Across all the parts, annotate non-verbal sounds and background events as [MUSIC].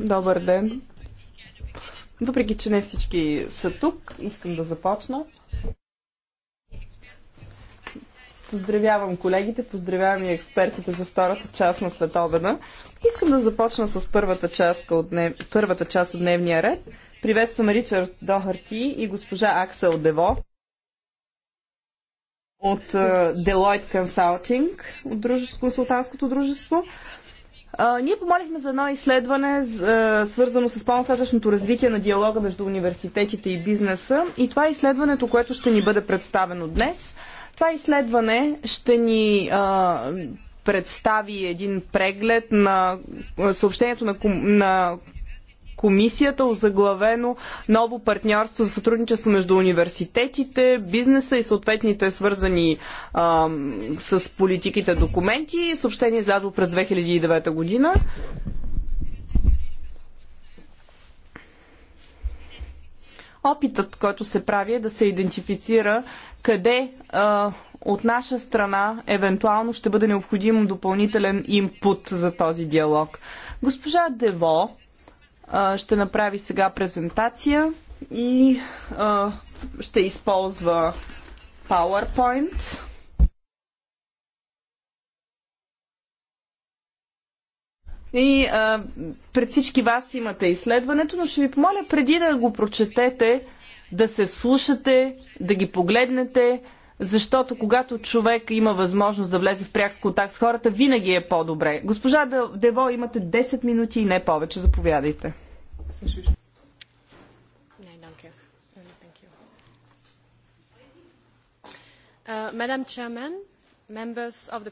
Добър ден. Въпреки, че не всички са тук, искам да започна. Поздравявам колегите, поздравявам и експертите за втората част на следобеда. Искам да започна с първата част от, днев... първата част от дневния ред. Приветствам Ричард Дохарти и госпожа Аксел Дево от Deloitte Consulting, от дружество, консултантското дружество. ние помолихме за едно изследване, свързано с по-нататъчното развитие на диалога между университетите и бизнеса. И това е изследването, което ще ни бъде представено днес. Това изследване ще ни представи един преглед на съобщението на, на комисията, озаглавено ново партньорство за сътрудничество между университетите, бизнеса и съответните свързани а, с политиките документи. Съобщение излязло през 2009 година. Опитът, който се прави е да се идентифицира къде а, от наша страна евентуално ще бъде необходим допълнителен импут за този диалог. Госпожа Дево ще направи сега презентация и ще използва PowerPoint. И а, пред всички вас имате изследването, но ще ви помоля преди да го прочетете, да се слушате, да ги погледнете, защото когато човек има възможност да влезе в пряк с контакт с хората, винаги е по-добре. Госпожа Дево, имате 10 минути и не повече. Заповядайте. Uh,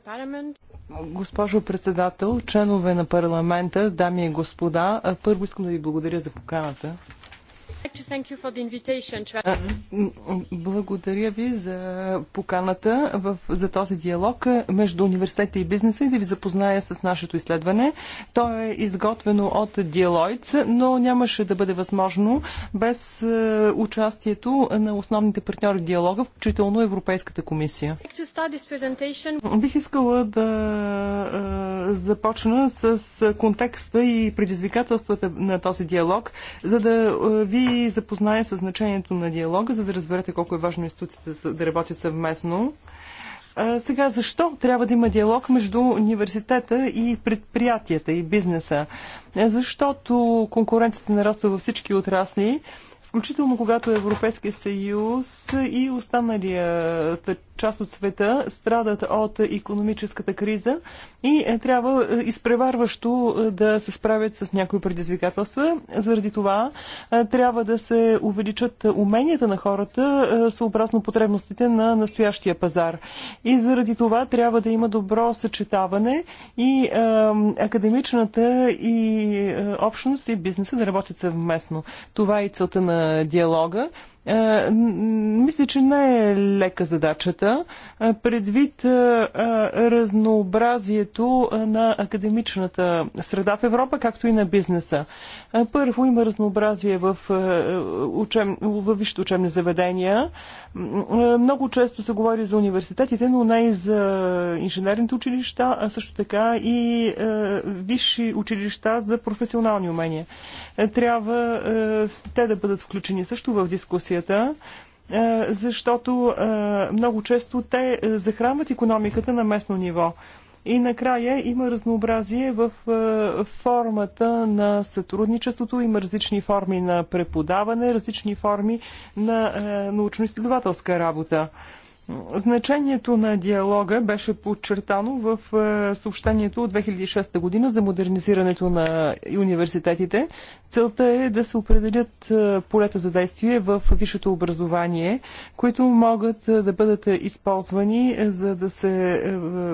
Госпожо председател, членове на парламента, дами и господа, първо искам да ви благодаря за поканата. Благодаря ви за поканата в, за този диалог между университета и бизнеса и да ви запозная с нашето изследване. То е изготвено от Диалойц, но нямаше да бъде възможно без участието на основните партньори в диалога, включително Европейската комисия. Бих искала да започна с контекста и предизвикателствата на този диалог, за да ви запознаем запозная с значението на диалога, за да разберете колко е важно институциите да работят съвместно. Сега, защо трябва да има диалог между университета и предприятията и бизнеса? Защото конкуренцията нараства във всички отрасли, включително когато Европейския съюз и останалията част от света страдат от економическата криза и е, трябва е, изпреварващо е, да се справят с някои предизвикателства. Заради това трябва да се увеличат уменията на хората съобразно потребностите на настоящия пазар. И заради това трябва да има добро съчетаване и академичната и общност и бизнеса да работят съвместно. Това е и целта на диалога. Е, мисля, че не е лека задачата, е, предвид е, разнообразието на академичната среда в Европа, както и на бизнеса. Първо има разнообразие в, учеб... в висшите учебни заведения, много често се говори за университетите, но не и за инженерните училища, а също така и е, висши училища за професионални умения. Е, трябва е, те да бъдат включени също в дискусията защото много често те захранват економиката на местно ниво. И накрая има разнообразие в е, формата на сътрудничеството. Има различни форми на преподаване, различни форми на е, научно-изследователска работа. Значението на диалога беше подчертано в е, съобщението от 2006 година за модернизирането на университетите. Целта е да се определят е, полета за действие в висшето образование, които могат е, да бъдат използвани за да се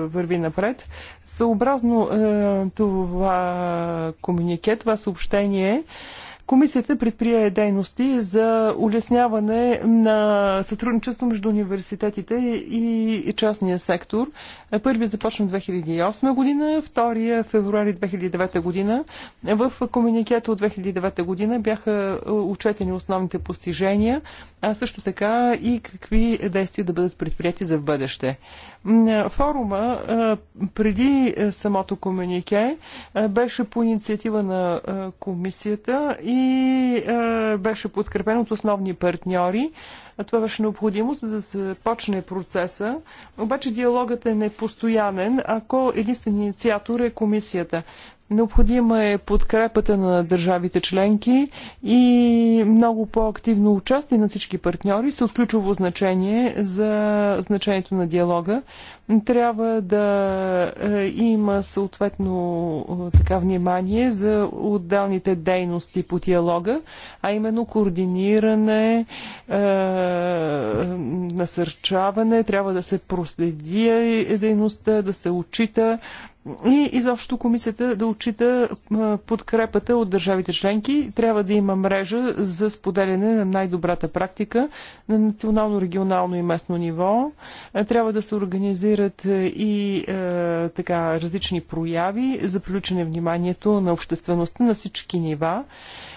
върви напред. Съобразно това комуникет, това съобщение, Комисията предприе дейности за улесняване на сътрудничество между университетите и частния сектор. Първият започна 2008 година, втория е февруари 2009 година. В комуникета от 2009 година бяха е, отчетени основните постижения, а също така и какви действия да бъдат предприяти за в бъдеще. Е, форума е, преди е, самото комюнике беше по инициатива на комисията и беше подкрепен от основни партньори. Това беше необходимо, за да се почне процеса. Обаче диалогът е непостоянен, ако единствен инициатор е комисията. Необходима е подкрепата на държавите членки и много по-активно участие на всички партньори с от ключово значение за значението на диалога. Трябва да е, има съответно е, така внимание за отдалните дейности по диалога, а именно координиране, е, насърчаване, трябва да се проследи дейността, да се отчита и изобщо комисията да отчита подкрепата от държавите членки. Трябва да има мрежа за споделяне на най-добрата практика на национално, регионално и местно ниво. Трябва да се организират и е, така различни прояви за привличане вниманието на обществеността на всички нива.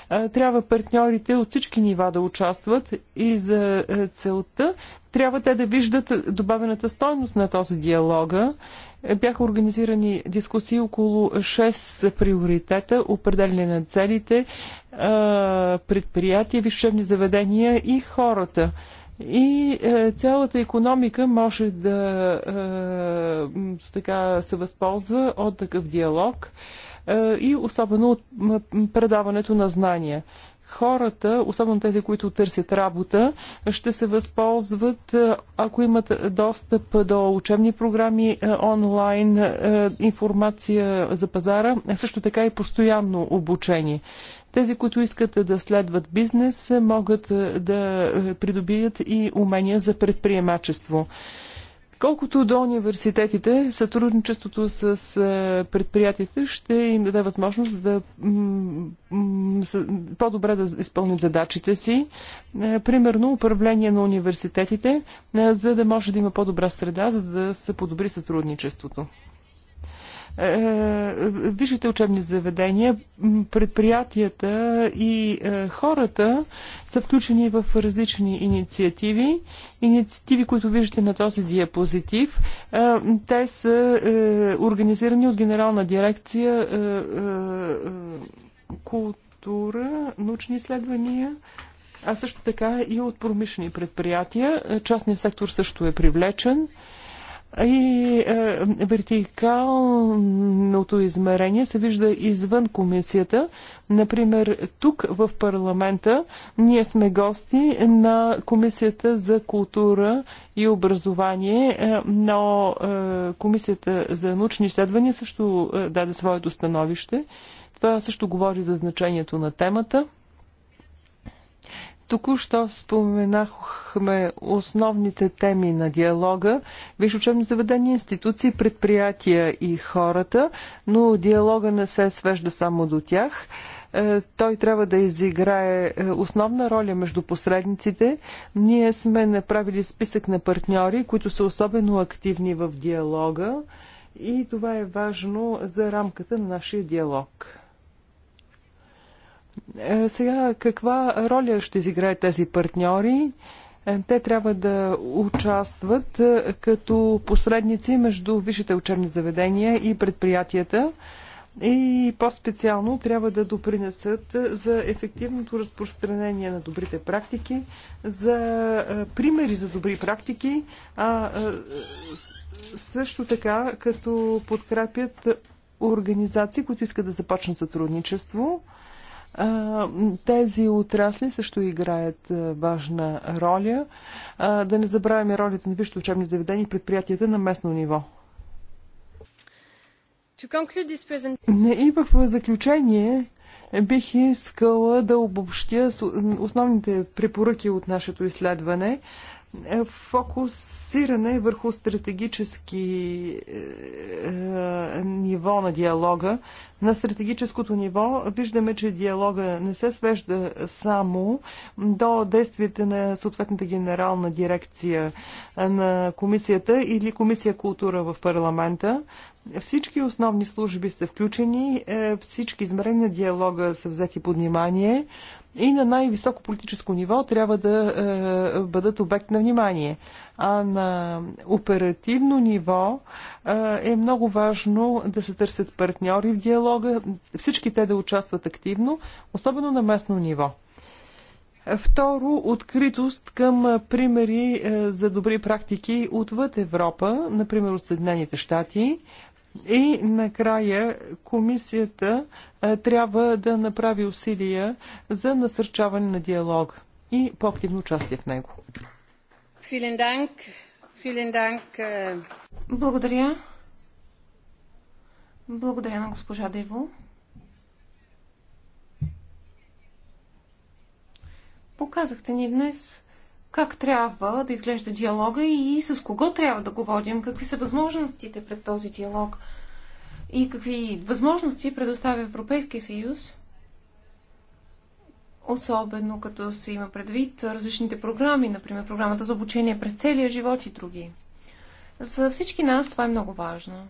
Трябва партньорите от всички нива да участват и за е, целта трябва те да виждат добавената стойност на този диалога. Е, бяха организирани дискусии около 6 приоритета, определене на целите, е, предприятия, висшебни заведения и хората. И е, цялата економика може да е, така се възползва от такъв диалог. Е, е, и особено от предаването на знания хората, особено тези, които търсят работа, ще се възползват, е, ако имат достъп до учебни програми, е, онлайн информация за пазара, също така и постоянно обучение. Тези, които искат да следват бизнес, могат да придобият и умения за предприемачество. Колкото до университетите, сътрудничеството с е, предприятията ще им даде възможност да по-добре да изпълнят задачите си. Е, примерно управление на университетите, е, за да може да има по-добра среда, за да се подобри сътрудничеството. Е, е, висшите учебни заведения, предприятията и е, хората са включени в различни инициативи. Инициативи, които виждате на този диапозитив, те са организирани от Генерална дирекция култура, научни изследвания, а също така и от промишлени предприятия. Частният сектор също е привлечен. И е, вертикалното измерение се вижда извън комисията. Например, тук в парламента ние сме гости на комисията за култура и образование, е, но е, комисията за научни изследвания също е, даде своето становище. Това също говори за значението на темата. Току-що споменахме основните теми на диалога. Виж учебни заведения, институции, предприятия и хората, но диалога не се свежда само до тях е, той трябва да изиграе е, основна роля между посредниците. Ние сме направили списък на партньори, които са особено активни в диалога и това е важно за рамката на нашия диалог. Е, сега, каква роля ще изиграят тези партньори? Е, те трябва да участват е, като посредници между висшите учебни заведения и предприятията и по-специално трябва да допринесат за ефективното разпространение на добрите практики, за примери за добри практики, а също така като подкрепят организации, които искат да започнат сътрудничество. Тези отрасли също играят важна роля. Да не забравяме ролята на висшите учебни заведения и предприятията на местно ниво. И в заключение бих искала да обобщя основните препоръки от нашето изследване. Е, фокусиране върху стратегически е, е, ниво на диалога. На стратегическото ниво виждаме, че диалога не се свежда само до действията на съответната генерална дирекция на комисията или комисия култура в парламента, всички основни служби са включени, всички измерения на диалога са взети под внимание и на най-високо политическо ниво трябва да е, бъдат обект на внимание. А на оперативно ниво е, е много важно да се търсят партньори в диалога, всички те да участват активно, особено на местно ниво. Второ, откритост към примери е, за добри практики отвъд Европа, например от Съединените щати. И накрая комисията трябва да направи усилия за насърчаване на диалог и по-активно участие в него. Благодаря. Благодаря на госпожа Дево. Показахте ни днес как трябва да изглежда диалога и с кого трябва да го водим, какви са възможностите пред този диалог и какви възможности предоставя Европейския съюз, особено като се има предвид различните програми, например програмата за обучение през целия живот и други. За всички нас това е много важно.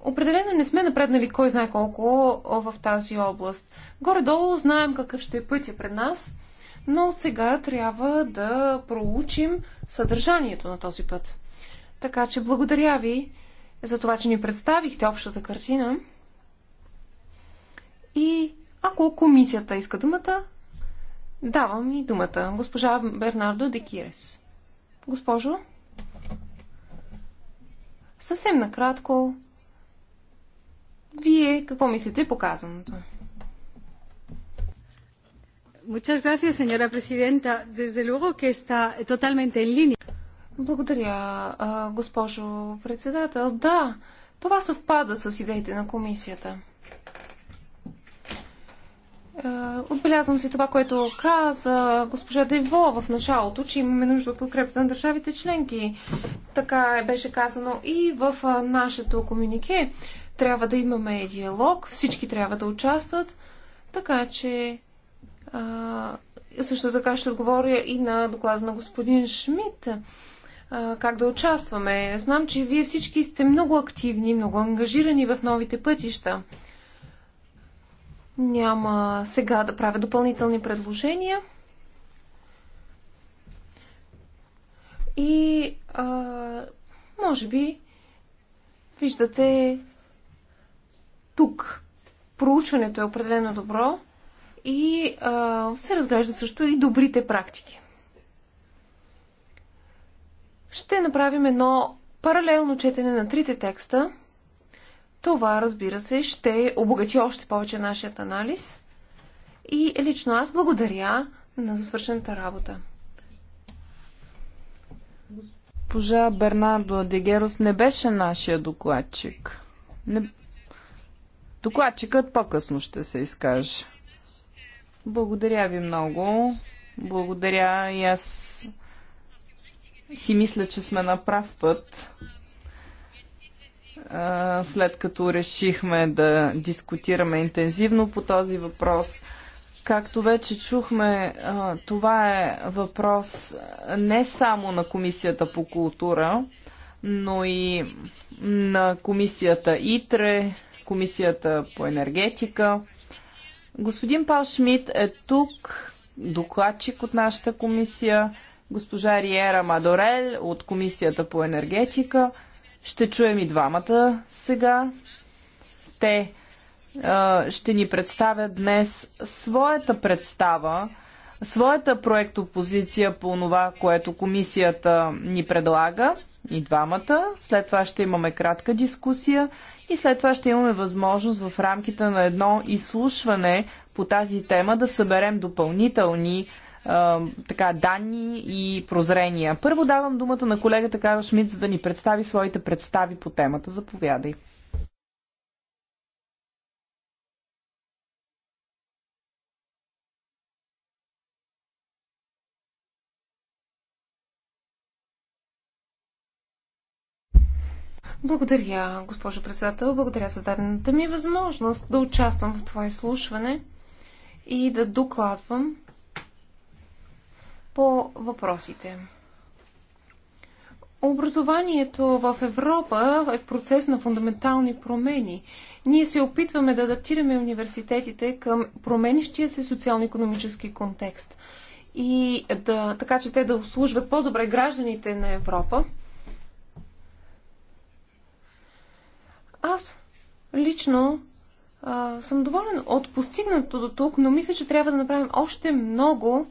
Определено не сме напреднали кой знае колко в тази област. Горе-долу знаем какъв ще е пътя пред нас – но сега трябва да проучим съдържанието на този път. Така че благодаря ви за това, че ни представихте общата картина. И ако комисията иска думата, давам и думата. Госпожа Бернардо Декирес. Госпожо? Съвсем накратко. Вие какво мислите по казаното? señora presidenta. Desde luego que está totalmente en línea. Благодаря, госпожо председател. Да, това съвпада с идеите на комисията. Отбелязвам си това, което каза госпожа Дево в началото, че имаме нужда от подкрепата на държавите членки. Така е, беше казано и в нашето комюнике. Трябва да имаме диалог, всички трябва да участват, така че а, също така ще отговоря и на доклада на господин Шмидт. Как да участваме? Знам, че вие всички сте много активни, много ангажирани в новите пътища. Няма сега да правя допълнителни предложения. И а, може би виждате тук проучването е определено добро и а, се разглежда също и добрите практики. Ще направим едно паралелно четене на трите текста. Това, разбира се, ще обогати още повече нашият анализ. И лично аз благодаря на засвършената работа. Госпожа Бернардо Дегерос не беше нашия докладчик. Не... Докладчикът по-късно ще се изкаже. Благодаря ви много. Благодаря и аз си мисля, че сме на прав път. След като решихме да дискутираме интензивно по този въпрос, Както вече чухме, това е въпрос не само на Комисията по култура, но и на Комисията ИТРЕ, Комисията по енергетика. Господин Пал Шмидт е тук, докладчик от нашата комисия, госпожа Риера Мадорел от Комисията по енергетика. Ще чуем и двамата сега. Те а, е, ще ни представят днес своята представа, своята проектопозиция по това, което комисията ни предлага и двамата. След това ще имаме кратка дискусия и след това ще имаме възможност в рамките на едно изслушване по тази тема да съберем допълнителни така, данни и прозрения. Първо давам думата на колегата Карл Шмидт, за да ни представи своите представи по темата. Заповядай. Благодаря, госпожо председател. Благодаря за дадената ми възможност да участвам в това изслушване и да докладвам по въпросите. Образованието в Европа е в процес на фундаментални промени. Ние се опитваме да адаптираме университетите към променищия се социално-економически контекст и да, така че те да обслужват по-добре гражданите на Европа Аз лично а, съм доволен от постигнато до тук, но мисля, че трябва да направим още много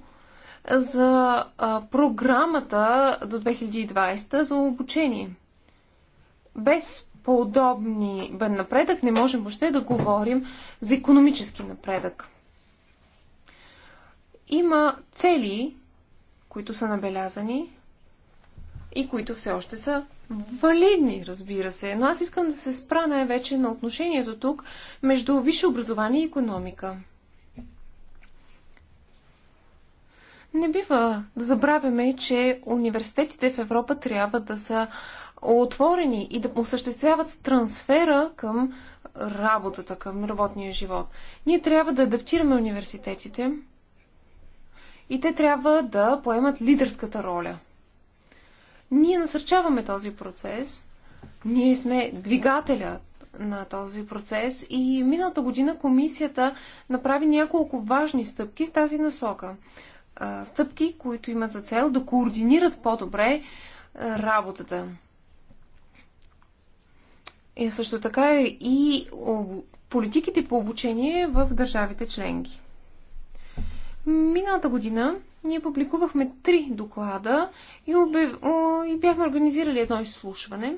за а, програмата до 2020 за обучение. Без подобни бен напредък не можем въобще да говорим за економически напредък. Има цели, които са набелязани, и които все още са валидни, разбира се. Но аз искам да се спра най-вече на отношението тук между висше образование и економика. Не бива да забравяме, че университетите в Европа трябва да са отворени и да осъществяват трансфера към работата, към работния живот. Ние трябва да адаптираме университетите и те трябва да поемат лидерската роля – ние насърчаваме този процес. Ние сме двигателя на този процес и миналата година комисията направи няколко важни стъпки в тази насока. Стъпки, които имат за цел да координират по-добре работата. И също така е и политиките по обучение в държавите членки. Миналата година ние публикувахме три доклада и, обе... и бяхме организирали едно изслушване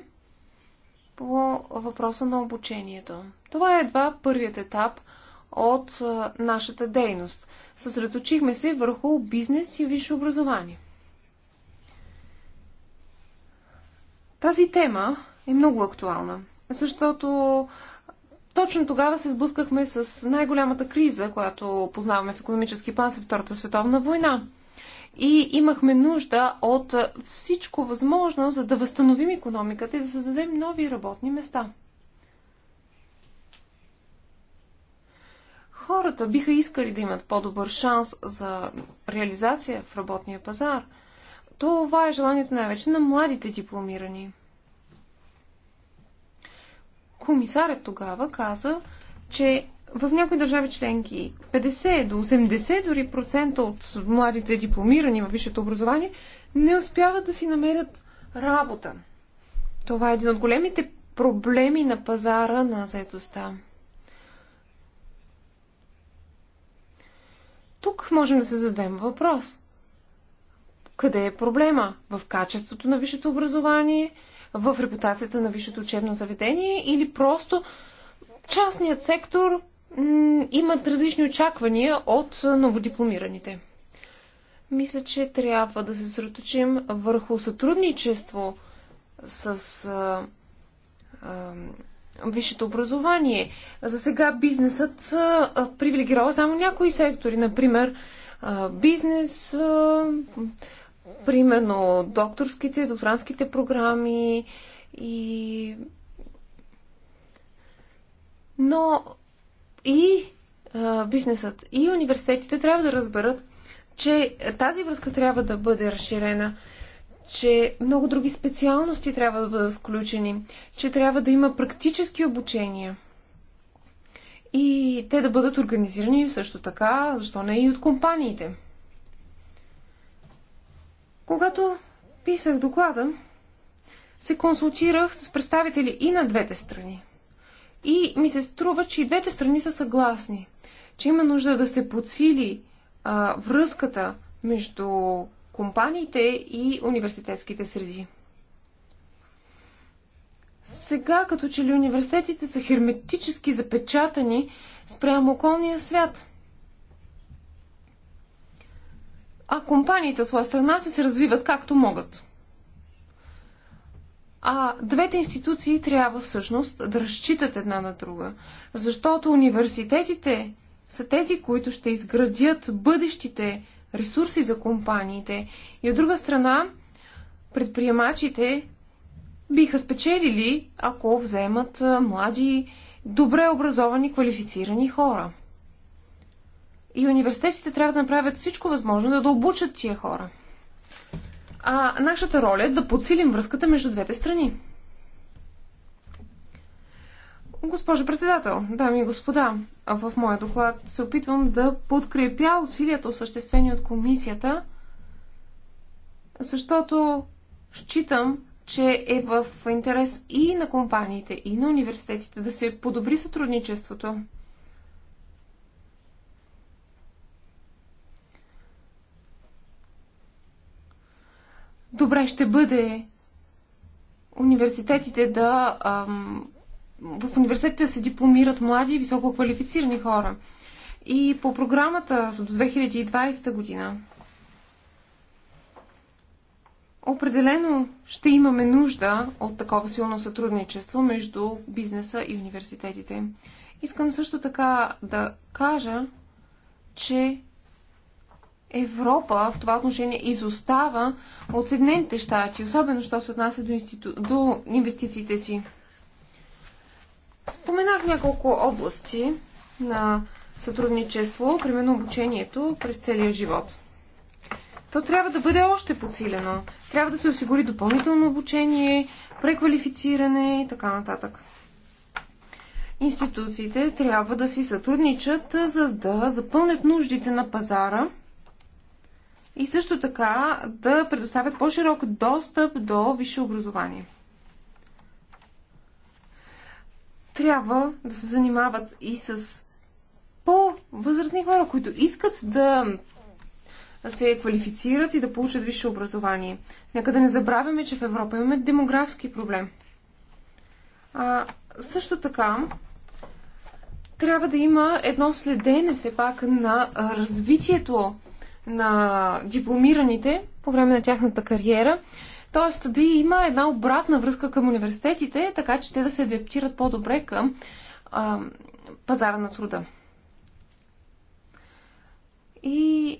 по въпроса на обучението. Това е едва първият етап от нашата дейност. Съсредоточихме се върху бизнес и висше образование. Тази тема е много актуална, защото точно тогава се сблъскахме с най-голямата криза, която познаваме в економически план след Втората световна война. И имахме нужда от всичко възможно, за да възстановим економиката и да създадем нови работни места. Хората биха искали да имат по-добър шанс за реализация в работния пазар. Това е желанието най-вече на младите дипломирани – комисарят тогава каза, че в някои държави членки 50 до 80 дори процента от младите дипломирани във висшето образование не успяват да си намерят работа. Това е един от големите проблеми на пазара на заедостта. Тук можем да се зададем въпрос. Къде е проблема? В качеството на висшето образование – в репутацията на висшето учебно заведение или просто частният сектор имат различни очаквания от новодипломираните. Мисля, че трябва да се сръточим върху сътрудничество с а, а, висшето образование. За сега бизнесът а, привилегирава само някои сектори, например а, бизнес, а, примерно докторските, докторантските програми и... Но и а, бизнесът, и университетите трябва да разберат, че тази връзка трябва да бъде разширена, че много други специалности трябва да бъдат включени, че трябва да има практически обучения. И те да бъдат организирани също така, защо не и от компаниите. Когато писах доклада, се консултирах с представители и на двете страни. И ми се струва, че и двете страни са съгласни, че има нужда да се подсили а, връзката между компаниите и университетските среди. Сега, като че ли университетите са херметически запечатани спрямо околния свят – а компаниите от своя страна се, се развиват както могат. А двете институции трябва всъщност да разчитат една на друга, защото университетите са тези, които ще изградят бъдещите ресурси за компаниите. И от друга страна, предприемачите биха спечелили, ако вземат млади, добре образовани, квалифицирани хора. И университетите трябва да направят всичко възможно да, да обучат тия хора. А нашата роля е да подсилим връзката между двете страни. Госпожо председател, дами и господа, в моя доклад се опитвам да подкрепя усилията, осъществени от комисията, защото считам, че е в интерес и на компаниите, и на университетите да се подобри сътрудничеството. добре ще бъде университетите да. Ам, в университетите се дипломират млади и високо квалифицирани хора. И по програмата за до 2020 година определено ще имаме нужда от такова силно сътрудничество между бизнеса и университетите. Искам също така да кажа, че Европа в това отношение изостава от Съединените щати, особено що се отнася до, институ... до инвестициите си. Споменах няколко области на сътрудничество, примерно обучението през целия живот. То трябва да бъде още подсилено. Трябва да се осигури допълнително обучение, преквалифициране и така нататък. Институциите трябва да си сътрудничат, за да запълнят нуждите на пазара – и също така да предоставят по-широк достъп до висше образование. Трябва да се занимават и с по-възрастни хора, които искат да се квалифицират и да получат висше образование. Нека да не забравяме, че в Европа имаме демографски проблем. А, също така, трябва да има едно следене все пак на развитието на дипломираните по време на тяхната кариера. Тоест да има една обратна връзка към университетите, така че те да се адаптират по-добре към а, пазара на труда. И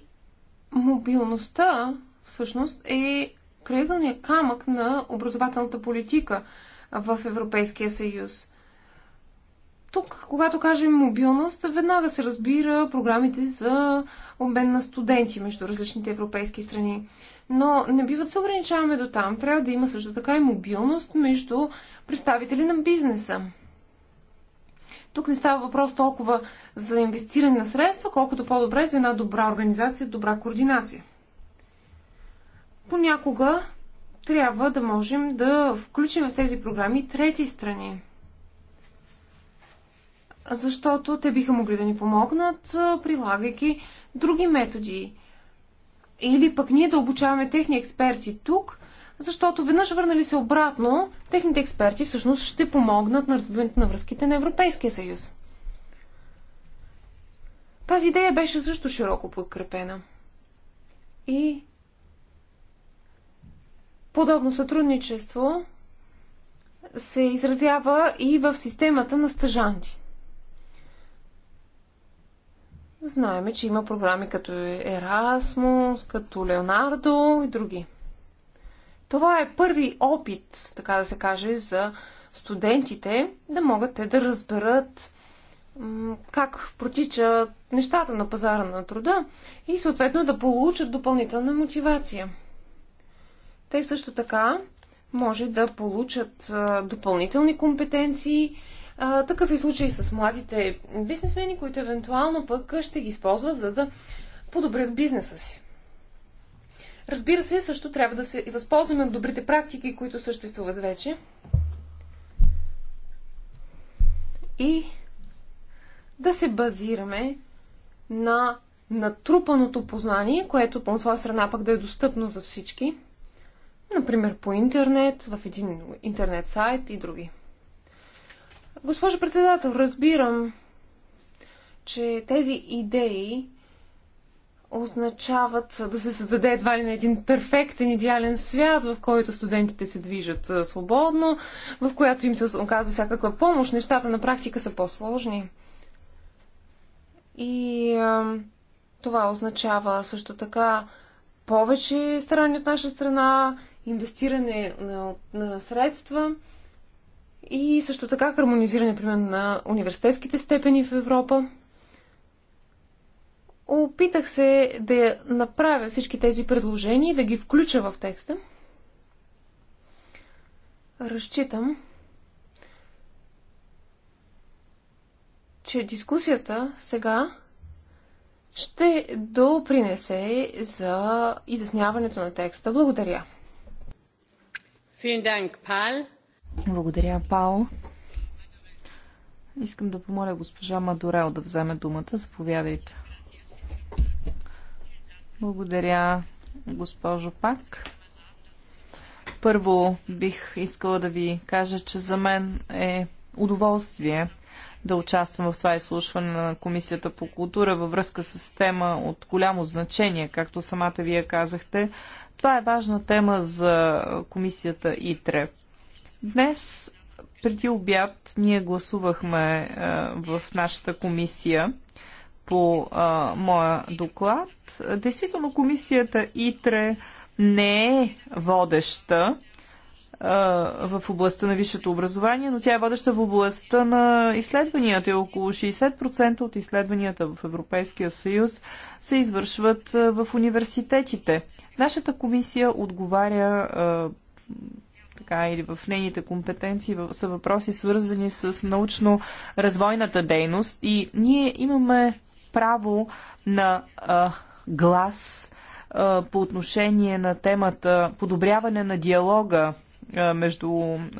мобилността всъщност е крайъгълният камък на образователната политика в Европейския съюз. Тук, когато кажем мобилност, веднага се разбира програмите за обмен на студенти между различните европейски страни. Но не бива да се ограничаваме до там. Трябва да има също така и мобилност между представители на бизнеса. Тук не става въпрос толкова за инвестиране на средства, колкото по-добре за една добра организация, добра координация. Понякога трябва да можем да включим в тези програми трети страни – защото те биха могли да ни помогнат, прилагайки други методи. Или пък ние да обучаваме техни експерти тук, защото веднъж върнали се обратно, техните експерти всъщност ще помогнат на развиването на връзките на Европейския съюз. Тази идея беше също широко подкрепена. И подобно сътрудничество се изразява и в системата на стъжанти. Знаеме, че има програми като Ерасмус, като Леонардо и други. Това е първи опит, така да се каже, за студентите да могат те да разберат как протичат нещата на пазара на труда и съответно да получат допълнителна мотивация. Те също така може да получат допълнителни компетенции а, такъв е случай с младите бизнесмени, които евентуално пък ще ги използват, за да подобрят бизнеса си. Разбира се, също трябва да се възползваме от добрите практики, които съществуват вече. И да се базираме на натрупаното познание, което по своя страна пък да е достъпно за всички. Например, по интернет, в един интернет сайт и други. Госпожо председател, разбирам, че тези идеи означават да се създаде едва ли на един перфектен, идеален свят, в който студентите се движат свободно, в която им се оказва всякаква помощ. Нещата на практика са по-сложни. И а, това означава също така повече страни от наша страна, инвестиране на, на средства – и също така хармонизиране, примерно, на университетските степени в Европа. Опитах се да направя всички тези предложения и да ги включа в текста. Разчитам, че дискусията сега ще допринесе за изясняването на текста. Благодаря. Dank, Пал. Благодаря, Пао. Искам да помоля госпожа Мадорел да вземе думата. Заповядайте. Благодаря, госпожо Пак. Първо бих искала да ви кажа, че за мен е удоволствие да участвам в това изслушване на Комисията по култура във връзка с тема от голямо значение, както самата вие казахте. Това е важна тема за Комисията ИТРЕ. Днес преди обяд ние гласувахме е, в нашата комисия по а, е, моя доклад. Действително комисията ИТРЕ не е водеща е, в областта на висшето образование, но тя е водеща в областта на изследванията. И около 60% от изследванията в Европейския съюз се извършват в университетите. Нашата комисия отговаря така, или в нейните компетенции са въпроси свързани с научно-развойната дейност и ние имаме право на а, глас а, по отношение на темата подобряване на диалога между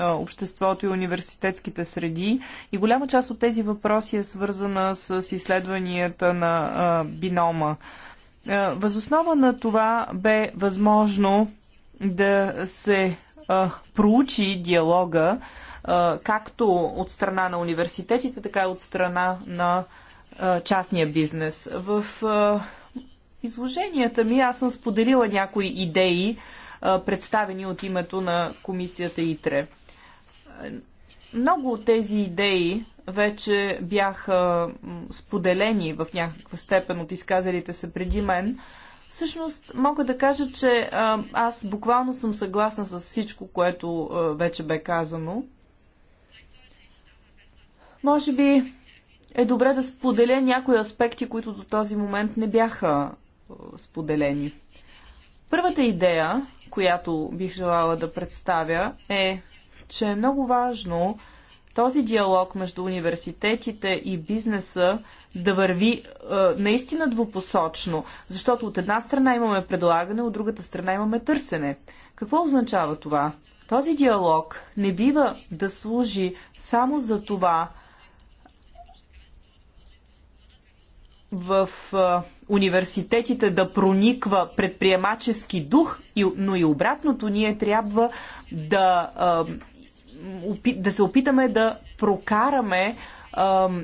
обществото и университетските среди. И голяма част от тези въпроси е свързана с изследванията на бинома. Възоснова на това бе възможно да се проучи диалога както от страна на университетите, така и от страна на частния бизнес. В изложенията ми аз съм споделила някои идеи, представени от името на комисията ИТРЕ. Много от тези идеи вече бяха споделени в някаква степен от изказалите се преди мен. Всъщност мога да кажа, че аз буквално съм съгласна с всичко, което вече бе казано. Може би е добре да споделя някои аспекти, които до този момент не бяха споделени. Първата идея, която бих желала да представя, е, че е много важно този диалог между университетите и бизнеса да върви а, е, наистина двупосочно, защото от една страна имаме предлагане, от другата страна имаме търсене. Какво означава това? Този диалог не бива да служи само за това в а, е, университетите да прониква предприемачески дух, но и обратното ние трябва да, а, е, да се опитаме да прокараме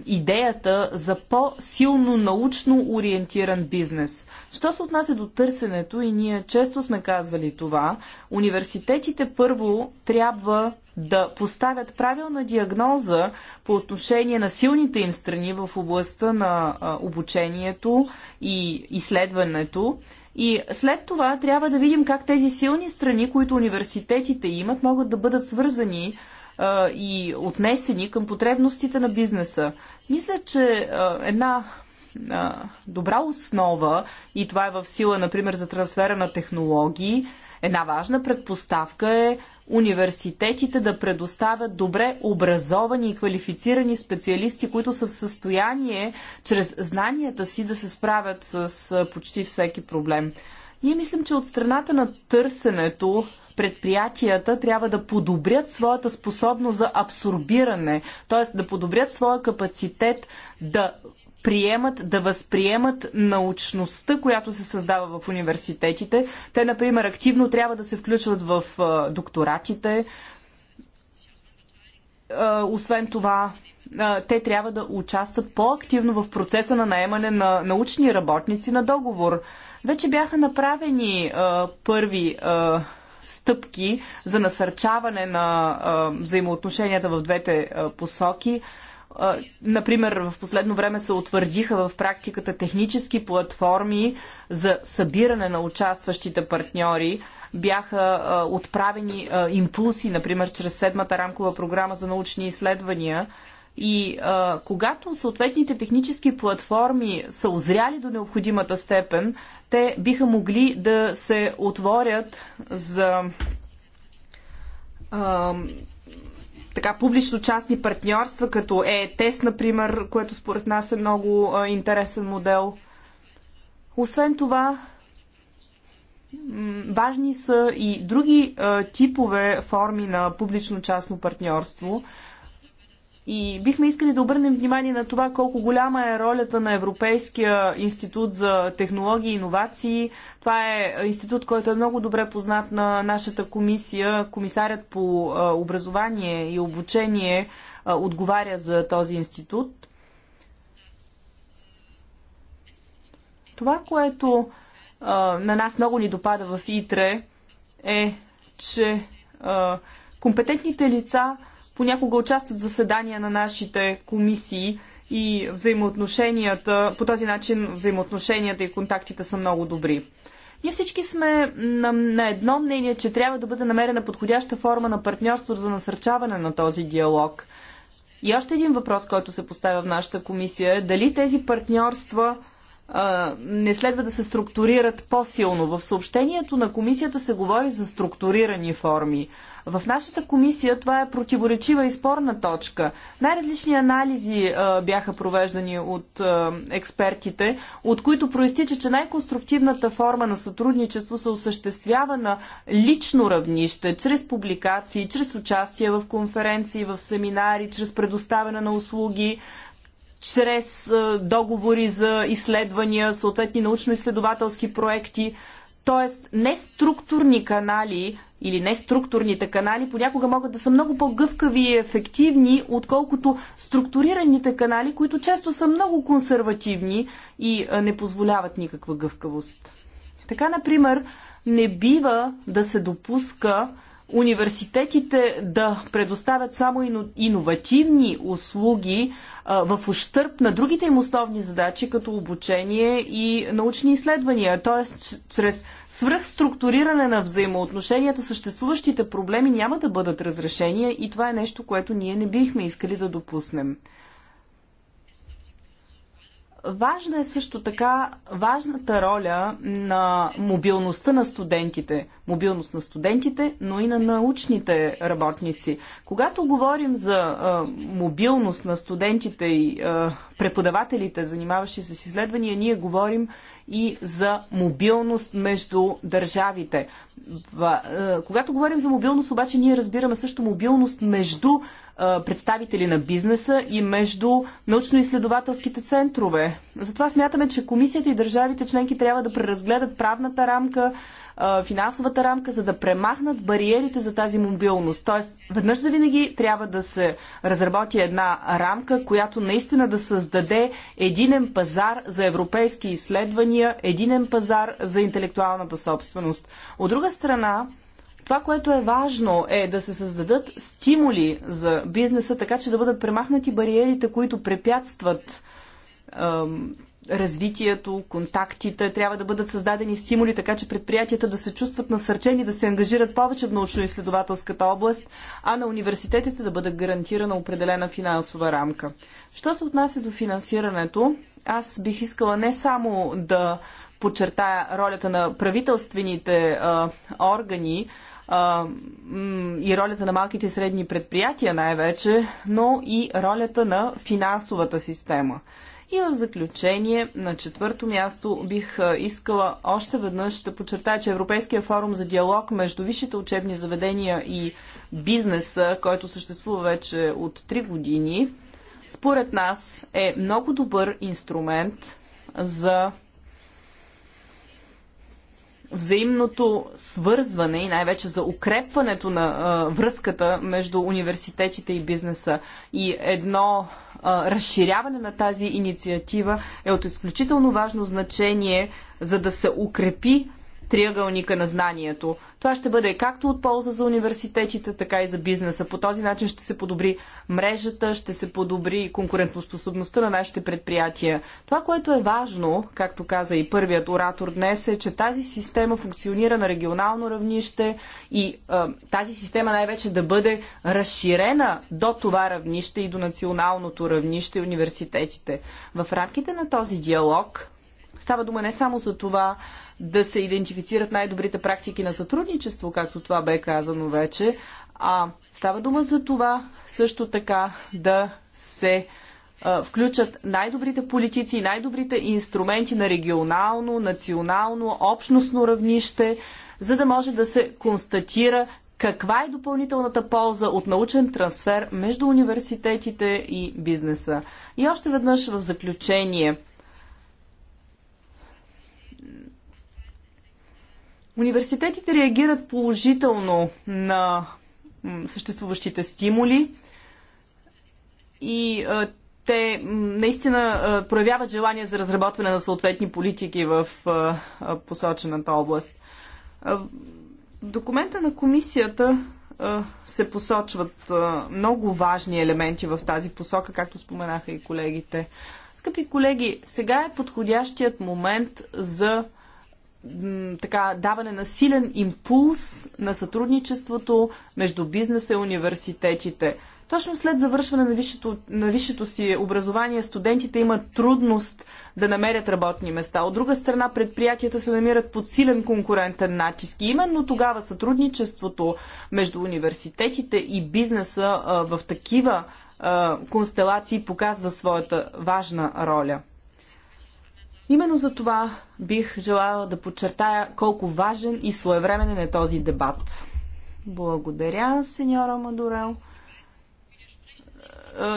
идеята за по-силно научно ориентиран бизнес. Що се отнася до търсенето, и ние често сме казвали това, университетите първо трябва да поставят правилна диагноза по отношение на силните им страни в областта на обучението и изследването, и след това трябва да видим как тези силни страни, които университетите имат, могат да бъдат свързани и отнесени към потребностите на бизнеса. Мисля, че една добра основа, и това е в сила, например, за трансфера на технологии, една важна предпоставка е университетите да предоставят добре образовани и квалифицирани специалисти, които са в състояние чрез знанията си да се справят с почти всеки проблем. Ние мислим, че от страната на търсенето предприятията трябва да подобрят своята способност за абсорбиране, т.е. да подобрят своя капацитет да приемат, да възприемат научността, която се създава в университетите. Те, например, активно трябва да се включват в докторатите. Освен това, те трябва да участват по-активно в процеса на наемане на научни работници на договор. Вече бяха направени а, първи а, стъпки за насърчаване на а, взаимоотношенията в двете а, посоки. А, например, в последно време се утвърдиха в практиката технически платформи за събиране на участващите партньори. Бяха а, отправени а, импулси, например, чрез седмата рамкова програма за научни изследвания. А, и а, когато съответните технически платформи са озряли до необходимата степен, те биха могли да се отворят за а, така публично-частни партньорства, като ЕТС, например, което според нас е много а, интересен модел. Освен това, важни са и други а, типове форми на публично-частно партньорство. И бихме искали да обърнем внимание на това колко голяма е ролята на Европейския институт за технологии и иновации. Това е институт, който е много добре познат на нашата комисия. Комисарят по образование и обучение отговаря за този институт. Това, което на нас много ни допада в ИТРЕ е, че компетентните лица понякога участват в заседания на нашите комисии и взаимоотношенията, по този начин взаимоотношенията и контактите са много добри. Ние всички сме на, на едно мнение, че трябва да бъде намерена подходяща форма на партньорство за насърчаване на този диалог. И още един въпрос, който се поставя в нашата комисия е дали тези партньорства не следва да се структурират по-силно. В съобщението на комисията се говори за структурирани форми. В нашата комисия това е противоречива и спорна точка. Най-различни анализи а, бяха провеждани от а, експертите, от които проистича, че най-конструктивната форма на сътрудничество се осъществява на лично равнище, чрез публикации, чрез участие в конференции, в семинари, чрез предоставяне на услуги, чрез е, договори за изследвания, съответни научно-изследователски проекти. Тоест, неструктурни канали или неструктурните канали понякога могат да са много по-гъвкави и ефективни, отколкото структурираните канали, които често са много консервативни и е, не позволяват никаква гъвкавост. Така, например, не бива да се допуска университетите да предоставят само иновативни услуги а, в ущърп на другите им основни задачи, като обучение и научни изследвания. Тоест, чрез свръхструктуриране на взаимоотношенията, съществуващите проблеми няма да бъдат разрешени и това е нещо, което ние не бихме искали да допуснем. Важна е също така важната роля на мобилността на студентите. Мобилност на студентите, но и на научните работници. Когато говорим за а, мобилност на студентите и а, преподавателите, занимаващи се с изследвания, ние говорим и за мобилност между държавите. Когато говорим за мобилност, обаче ние разбираме също мобилност между представители на бизнеса и между научно-изследователските центрове. Затова смятаме, че комисията и държавите членки трябва да преразгледат правната рамка, финансовата рамка, за да премахнат бариерите за тази мобилност. Тоест, веднъж за винаги трябва да се разработи една рамка, която наистина да създаде единен пазар за европейски изследвания, единен пазар за интелектуалната собственост. От друга страна, това, което е важно е да се създадат стимули за бизнеса, така че да бъдат премахнати бариерите, които препятстват ем, развитието, контактите. Трябва да бъдат създадени стимули, така че предприятията да се чувстват насърчени, да се ангажират повече в научно-изследователската област, а на университетите да бъде гарантирана определена финансова рамка. Що се отнася до финансирането, аз бих искала не само да подчертая ролята на правителствените а, органи и ролята на малките и средни предприятия най-вече, но и ролята на финансовата система. И в заключение, на четвърто място, бих искала още веднъж да подчертая, че Европейския форум за диалог между висшите учебни заведения и бизнеса, който съществува вече от 3 години, според нас е много добър инструмент за взаимното свързване и най-вече за укрепването на а, връзката между университетите и бизнеса и едно а, разширяване на тази инициатива е от изключително важно значение, за да се укрепи триъгълника на знанието. Това ще бъде както от полза за университетите, така и за бизнеса. По този начин ще се подобри мрежата, ще се подобри конкурентоспособността на нашите предприятия. Това, което е важно, както каза и първият оратор днес, е, че тази система функционира на регионално равнище и е, тази система най-вече да бъде разширена до това равнище и до националното равнище и университетите. В рамките на този диалог става дума не само за това, да се идентифицират най-добрите практики на сътрудничество, както това бе казано вече, а става дума за това също така да се включат най-добрите политици и най-добрите инструменти на регионално, национално, общностно равнище, за да може да се констатира каква е допълнителната полза от научен трансфер между университетите и бизнеса. И още веднъж в заключение – Университетите реагират положително на съществуващите стимули и те наистина проявяват желание за разработване на съответни политики в посочената област. В документа на комисията се посочват много важни елементи в тази посока, както споменаха и колегите. Скъпи колеги, сега е подходящият момент за така, даване на силен импулс на сътрудничеството между бизнеса и университетите. Точно след завършване на висшето, на висшето си образование студентите имат трудност да намерят работни места. От друга страна, предприятията се намират под силен конкурентен натиск. И именно тогава сътрудничеството между университетите и бизнеса а, в такива а, констелации показва своята важна роля. Именно за това бих желала да подчертая колко важен и своевременен е този дебат. Благодаря, сеньора Мадурел.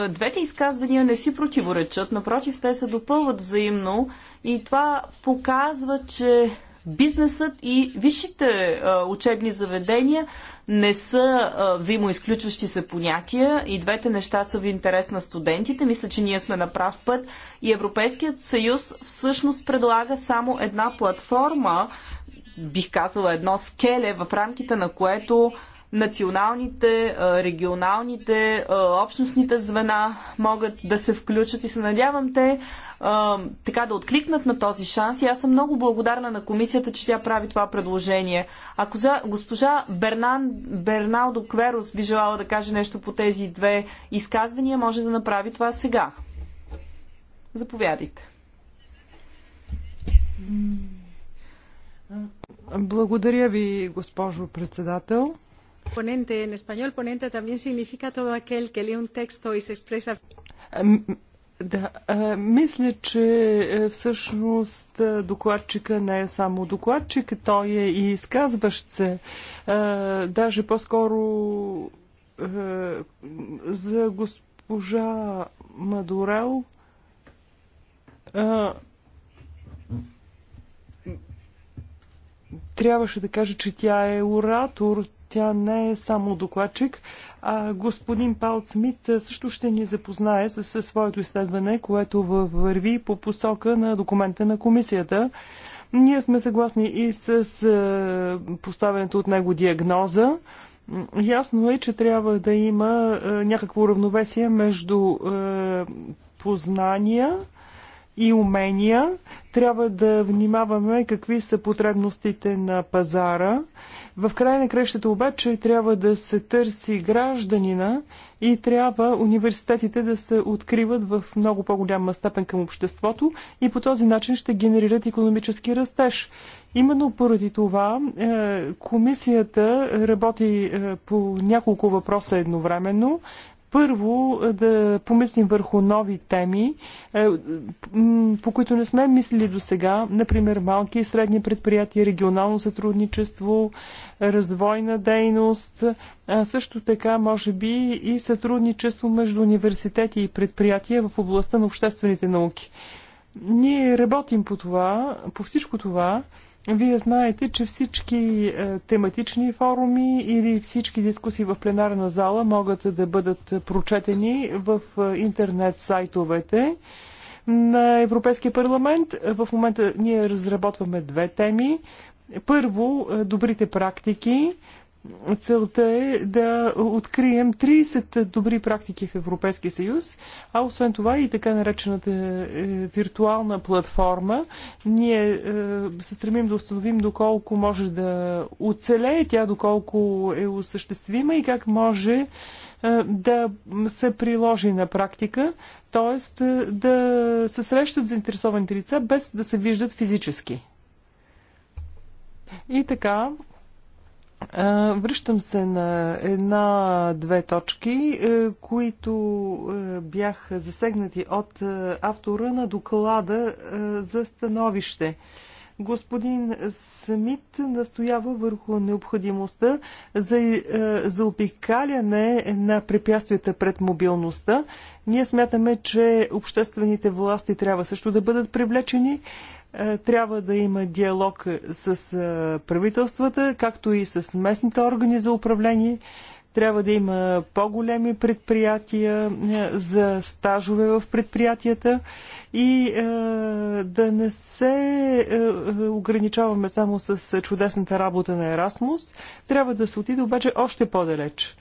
Е, двете изказвания не си противоречат, напротив, те се допълват взаимно и това показва, че бизнесът и висшите учебни заведения не са взаимоизключващи се понятия и двете неща са в интерес на студентите. Мисля, че ние сме на прав път и Европейският съюз всъщност предлага само една платформа, бих казала едно скеле, в рамките на което националните, регионалните, общностните звена могат да се включат и се надявам те така да откликнат на този шанс и аз съм много благодарна на комисията, че тя прави това предложение. Ако за, госпожа Бернан, Берналдо Кверос би желала да каже нещо по тези две изказвания, може да направи това сега. Заповядайте. Благодаря ви, госпожо председател. Ponente en español, ponente también significa todo aquel que lee un texto y se expresa. Да, е, мисля, че е, всъщност е, докладчика не е само докладчик, той е и изказващ се. даже по-скоро за госпожа Мадорел. трябваше да кажа, че тя е оратор, тя не е само докладчик. А господин Пал Смит също ще ни запознае с своето изследване, което върви по посока на документа на комисията. Ние сме съгласни и с е, поставянето от него диагноза. Ясно е, че трябва да има е, някакво равновесие между е, познания и умения. Трябва да внимаваме какви са потребностите на пазара в края на крещата обаче трябва да се търси гражданина и трябва университетите да се откриват в много по-голяма степен към обществото и по този начин ще генерират економически растеж. Именно поради това е, комисията работи е, по няколко въпроса едновременно първо е, да помислим върху нови теми, е, по които не сме мислили до сега, например малки и средни предприятия, регионално сътрудничество, развойна дейност, а също така може би и сътрудничество между университети и предприятия в областта на обществените науки. Ние работим по това, по всичко това. Вие знаете, че всички е, тематични форуми или всички дискусии в пленарна зала могат да бъдат прочетени в е, интернет сайтовете на Европейския парламент. В момента ние разработваме две теми. Първо, е, добрите практики Целта е да открием 30 добри практики в Европейския съюз, а освен това и така наречената е, виртуална платформа. Ние е, се стремим да установим доколко може да оцелее тя, доколко е осъществима и как може е, да се приложи на практика, т.е. да се срещат заинтересованите лица без да се виждат физически. И така, е, връщам се на една-две точки, е, които е, бяха засегнати от автора на доклада за становище. Господин Смит настоява върху необходимостта за опикаляне на препятствията пред мобилността. Ние смятаме, че обществените власти трябва също да бъдат привлечени. Е, трябва да има диалог с е, правителствата, както и с местните органи за управление. Трябва да има по-големи предприятия е, за стажове в предприятията и да не се ограничаваме само с чудесната работа на Ерасмус. Трябва да се отиде обаче още по-далеч.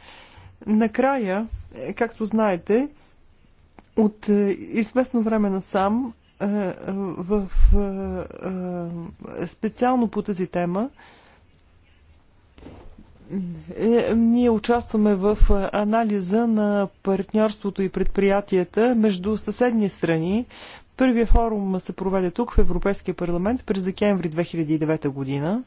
Накрая, както знаете, от известно време насам е, е, в, е, специално по тази тема. Ние участваме в анализа на партньорството и предприятията между съседни страни. Първия форум се проведе тук в Европейския парламент през декември 2009 година.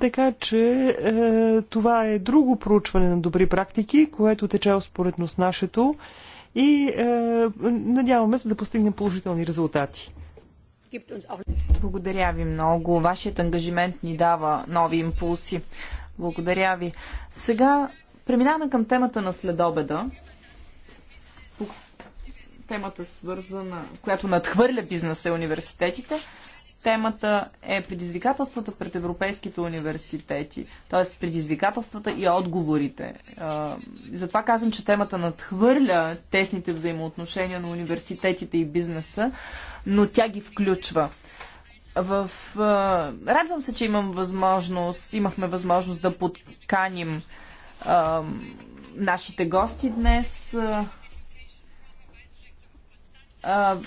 Така че е, това е друго проучване на добри практики, което тече успоредно с нашето. Е, и е, надяваме се да постигнем положителни резултати. Благодаря ви много. Вашият ангажимент ни дава нови импулси. Благодаря ви. Сега преминаваме към темата на следобеда. Темата свързана, която надхвърля бизнеса и университетите темата е предизвикателствата пред европейските университети, т.е. предизвикателствата и отговорите. Затова казвам, че темата надхвърля тесните взаимоотношения на университетите и бизнеса, но тя ги включва. В... Радвам се, че имам възможност, имахме възможност да подканим а, нашите гости днес. А,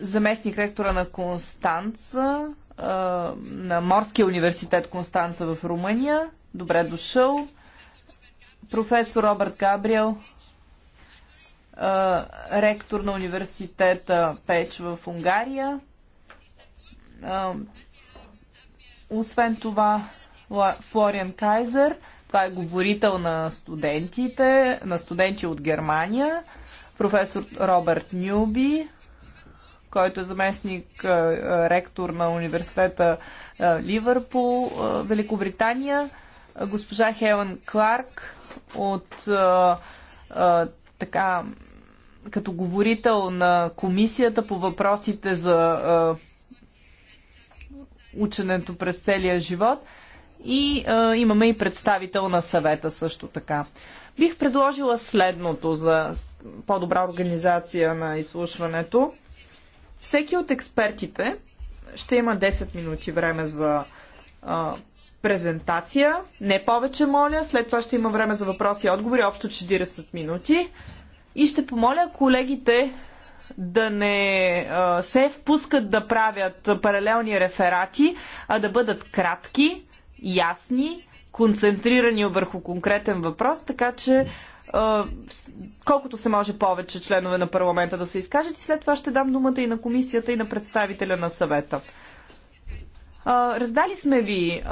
заместник ректора на Констанца, на Морския университет Констанца в Румъния. Добре дошъл. Професор Робърт Габриел, ректор на университета Печ в Унгария. Освен това, Флориан Кайзер, това е говорител на студентите, на студенти от Германия, професор Робърт Нюби, който е заместник ректор на университета Ливърпул, Великобритания, госпожа Хелен Кларк от така като говорител на комисията по въпросите за ученето през целия живот и а, имаме и представител на съвета също така. Бих предложила следното за по-добра организация на изслушването. Всеки от експертите ще има 10 минути време за а, презентация. Не повече, моля. След това ще има време за въпроси и отговори, общо 40 минути. И ще помоля колегите да не а, се впускат да правят паралелни реферати, а да бъдат кратки, ясни, концентрирани върху конкретен въпрос, така че колкото се може повече членове на парламента да се изкажат и след това ще дам думата и на комисията и на представителя на съвета. Раздали сме ви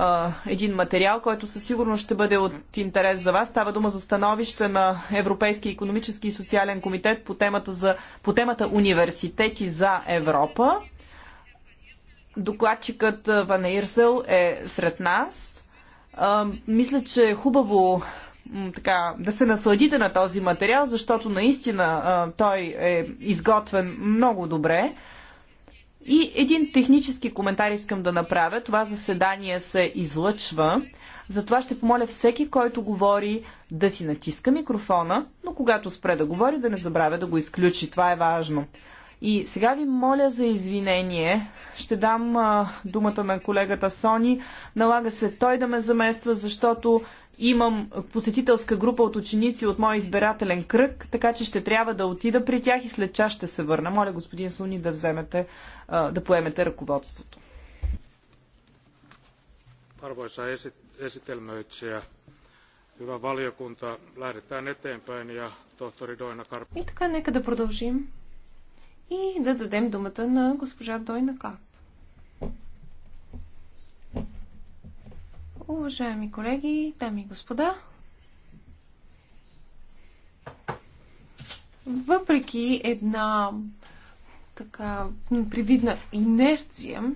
един материал, който със сигурност ще бъде от интерес за вас. Става дума за становище на Европейския економически и социален комитет по темата, за, по темата Университети за Европа. Докладчикът Ван Ирсел е сред нас. мисля, че е хубаво така, да се насладите на този материал, защото наистина а, той е изготвен много добре. И един технически коментар искам да направя. Това заседание се излъчва. Затова ще помоля всеки, който говори, да си натиска микрофона, но когато спре да говори, да не забравя да го изключи. Това е важно. И сега ви моля за извинение. Ще дам а, думата на колегата Сони. Налага се той да ме замества, защото имам посетителска група от ученици от моя избирателен кръг, така че ще трябва да отида при тях и след час ще се върна. Моля господин Сони да вземете, а, да поемете ръководството. Arvoisa esitelmöitsijä, hyvä valiokunta, lähdetään eteenpäin ja tohtori Doina И така, нека да продължим и да дадем думата на госпожа Дойна Кап. Уважаеми колеги, дами и господа, въпреки една така привидна инерция,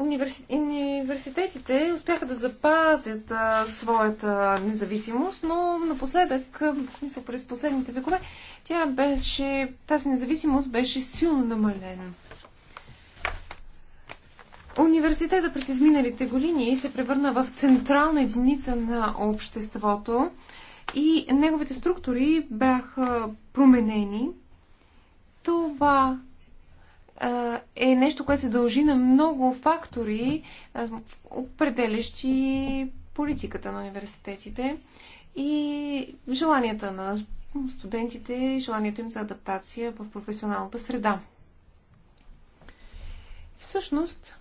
университетите успяха да запазят а, своята независимост, но напоследък, в смисъл през последните векове, тя беше, тази независимост беше силно намалена. Университета през изминалите години се превърна в централна единица на обществото и неговите структури бяха променени. Това е нещо, което се дължи на много фактори, определящи политиката на университетите и желанията на студентите и желанието им за адаптация в професионалната среда. Всъщност,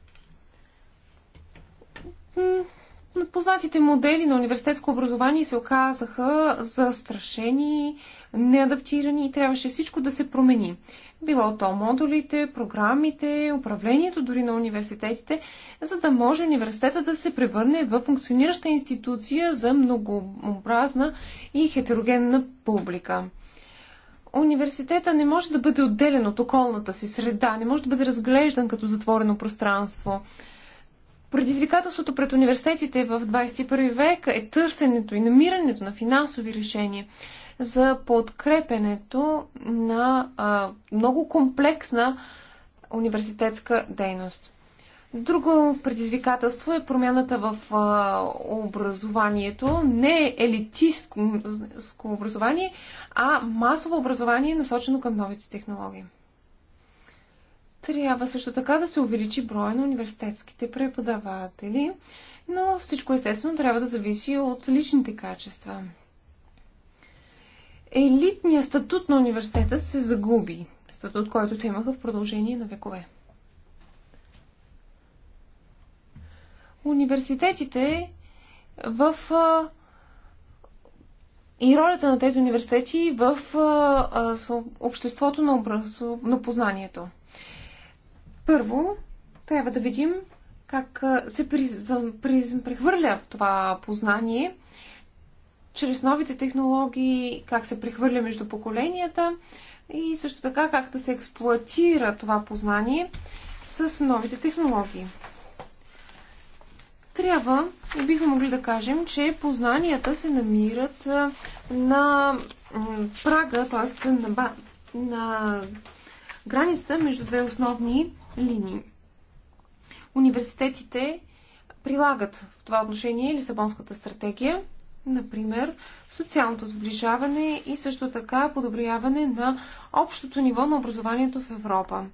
познатите модели на университетско образование се оказаха застрашени, неадаптирани и трябваше всичко да се промени. Било то модулите, програмите, управлението дори на университетите, за да може университета да се превърне в функционираща институция за многообразна и хетерогенна публика. Университета не може да бъде отделен от околната си среда, не може да бъде разглеждан като затворено пространство. Предизвикателството пред университетите в 21 век е търсенето и намирането на финансови решения за подкрепенето на а, много комплексна университетска дейност. Друго предизвикателство е промяната в а, образованието. Не елитистско образование, а масово образование, насочено към новите технологии. Трябва също така да се увеличи броя на университетските преподаватели, но всичко естествено трябва да зависи от личните качества. Елитният статут на университета се загуби, статут, който те имаха в продължение на векове. Университетите в и ролята на тези университети в обществото на, образ... на познанието. Първо, трябва да видим как се прехвърля това познание чрез новите технологии, как се прехвърля между поколенията и също така как да се експлуатира това познание с новите технологии. Трябва и бихме могли да кажем, че познанията се намират на прага, т.е. На, на границата между две основни линии. Университетите прилагат в това отношение Лисабонската стратегия, например социалното сближаване и също така подобряване на общото ниво на образованието в Европа.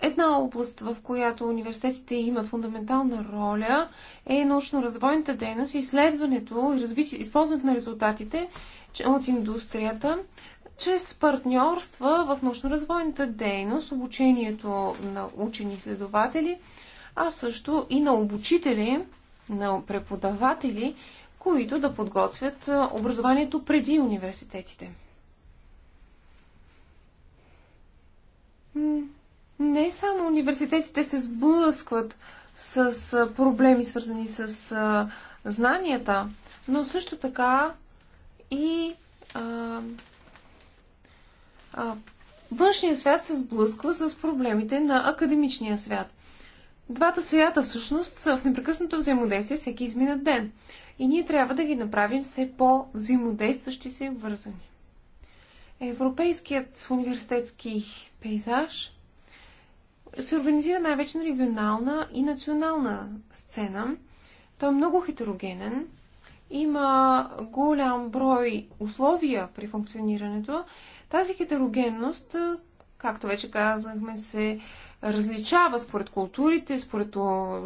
Една област, в която университетите имат фундаментална роля, е научно-развойната дейност, изследването и използването на резултатите от индустрията чрез партньорства в научно-развойната дейност, обучението на учени следователи, а също и на обучители, на преподаватели, които да подготвят образованието преди университетите. Не само университетите се сблъскват с проблеми, свързани с знанията, но също така и а, външният свят се сблъсква с проблемите на академичния свят. Двата свята всъщност са в непрекъснато взаимодействие всеки изминат ден. И ние трябва да ги направим все по-взаимодействащи се и вързани. Европейският университетски пейзаж се организира най-вече на регионална и национална сцена. Той е много хетерогенен, има голям брой условия при функционирането тази хетерогенност, както вече казахме, се различава според културите, според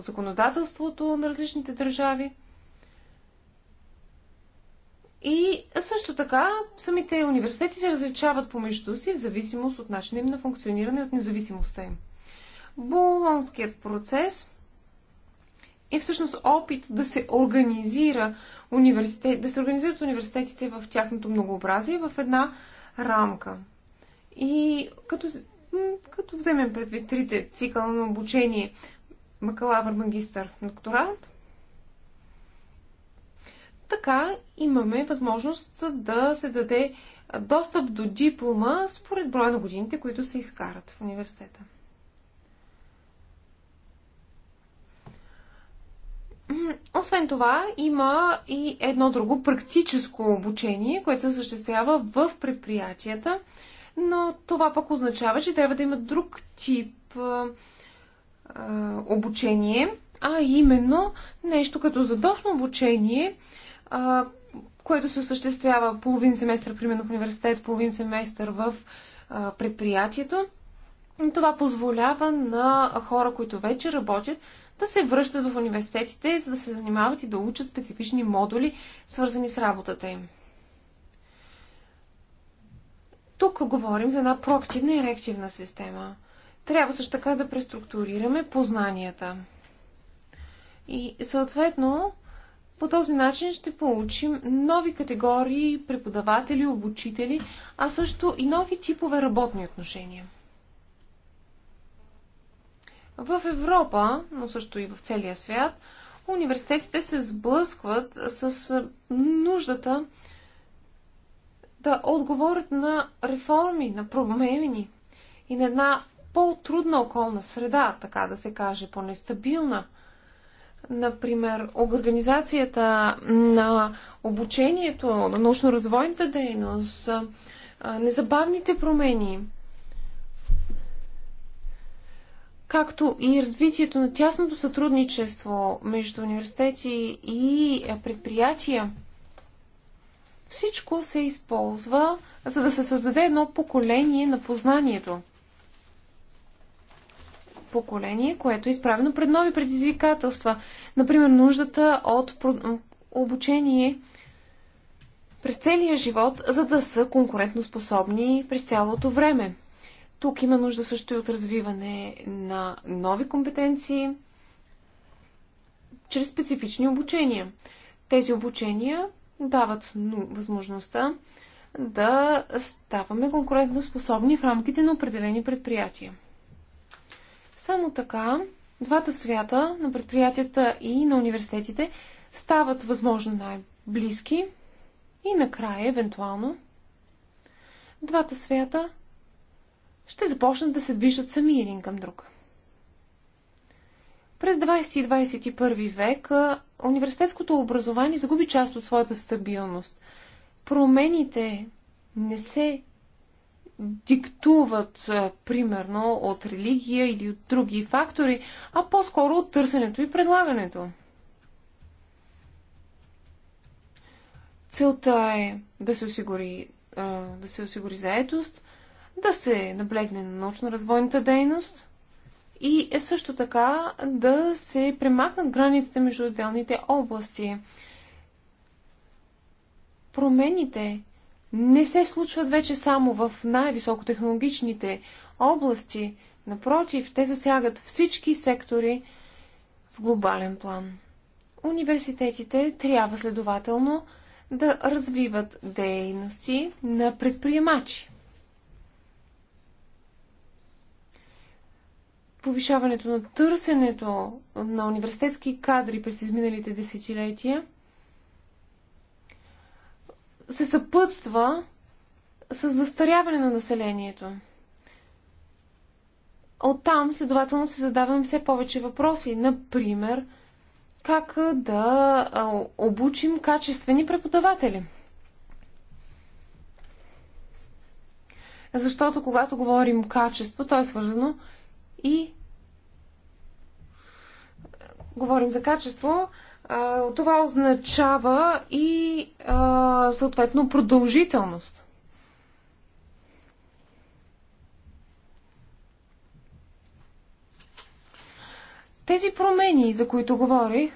законодателството на различните държави. И също така самите университети се различават помежду си в зависимост от начина им на функциониране, от независимостта им. Болонският процес е всъщност опит да се организира университет, да се организират университетите в тяхното многообразие в една рамка. И като, като вземем предвид трите цикъла на обучение, бакалавър, магистър, докторант, така имаме възможност да се даде достъп до диплома според броя на годините, които се изкарат в университета. Освен това, има и едно друго практическо обучение, което се осъществява в предприятията, но това пък означава, че трябва да има друг тип а, а, обучение, а именно нещо като задочно обучение, а, което се осъществява половин семестър, примерно в университет, половин семестър в а, предприятието. Това позволява на хора, които вече работят, да се връщат в университетите, за да се занимават и да учат специфични модули, свързани с работата им. Тук говорим за една проактивна и реактивна система. Трябва също така да преструктурираме познанията. И съответно, по този начин ще получим нови категории преподаватели, обучители, а също и нови типове работни отношения. В Европа, но също и в целия свят, университетите се сблъскват с нуждата да отговорят на реформи, на промени и на една по-трудна околна среда, така да се каже, по-нестабилна. Например, организацията на обучението, на научно-развойната дейност, незабавните промени – както и развитието на тясното сътрудничество между университети и е, предприятия, всичко се използва, за да се създаде едно поколение на познанието. Поколение, което е изправено пред нови предизвикателства. Например, нуждата от обучение през целия живот, за да са конкурентоспособни през цялото време. Тук има нужда също и от развиване на нови компетенции чрез специфични обучения. Тези обучения дават възможността да ставаме конкурентно способни в рамките на определени предприятия. Само така двата свята на предприятията и на университетите стават възможно най-близки и накрая, евентуално, двата свята ще започнат да се движат сами един към друг. През 20 и 21 век университетското образование загуби част от своята стабилност. Промените не се диктуват, примерно, от религия или от други фактори, а по-скоро от търсенето и предлагането. Целта е да се осигури, да се осигури заетост, да се наблегне на научно-развойната дейност и е също така да се премахнат границите между отделните области. Промените не се случват вече само в най-високотехнологичните области, напротив, те засягат всички сектори в глобален план. Университетите трябва следователно да развиват дейности на предприемачи повишаването на търсенето на университетски кадри през изминалите десетилетия се съпътства с застаряване на населението. Оттам, следователно, се задаваме все повече въпроси. Например, как да обучим качествени преподаватели. Защото когато говорим качество, то е свързано и говорим за качество, това означава и съответно продължителност. Тези промени, за които говорих,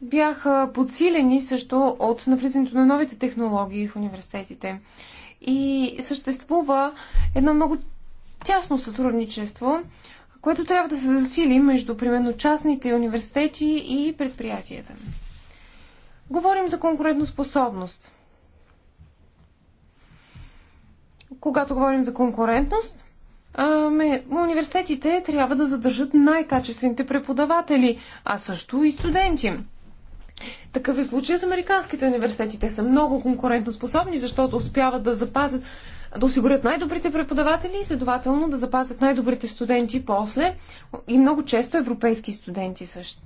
бяха подсилени също от навлизането на новите технологии в университетите. И съществува едно много тясно сътрудничество което трябва да се засили между, примерно, частните университети и предприятията. Говорим за конкурентоспособност. Когато говорим за конкурентност, университетите трябва да задържат най-качествените преподаватели, а също и студенти. Такъв е случай с американските университети. Те са много способни, защото успяват да запазят, да осигурят най-добрите преподаватели и следователно да запазят най-добрите студенти после и много често европейски студенти също.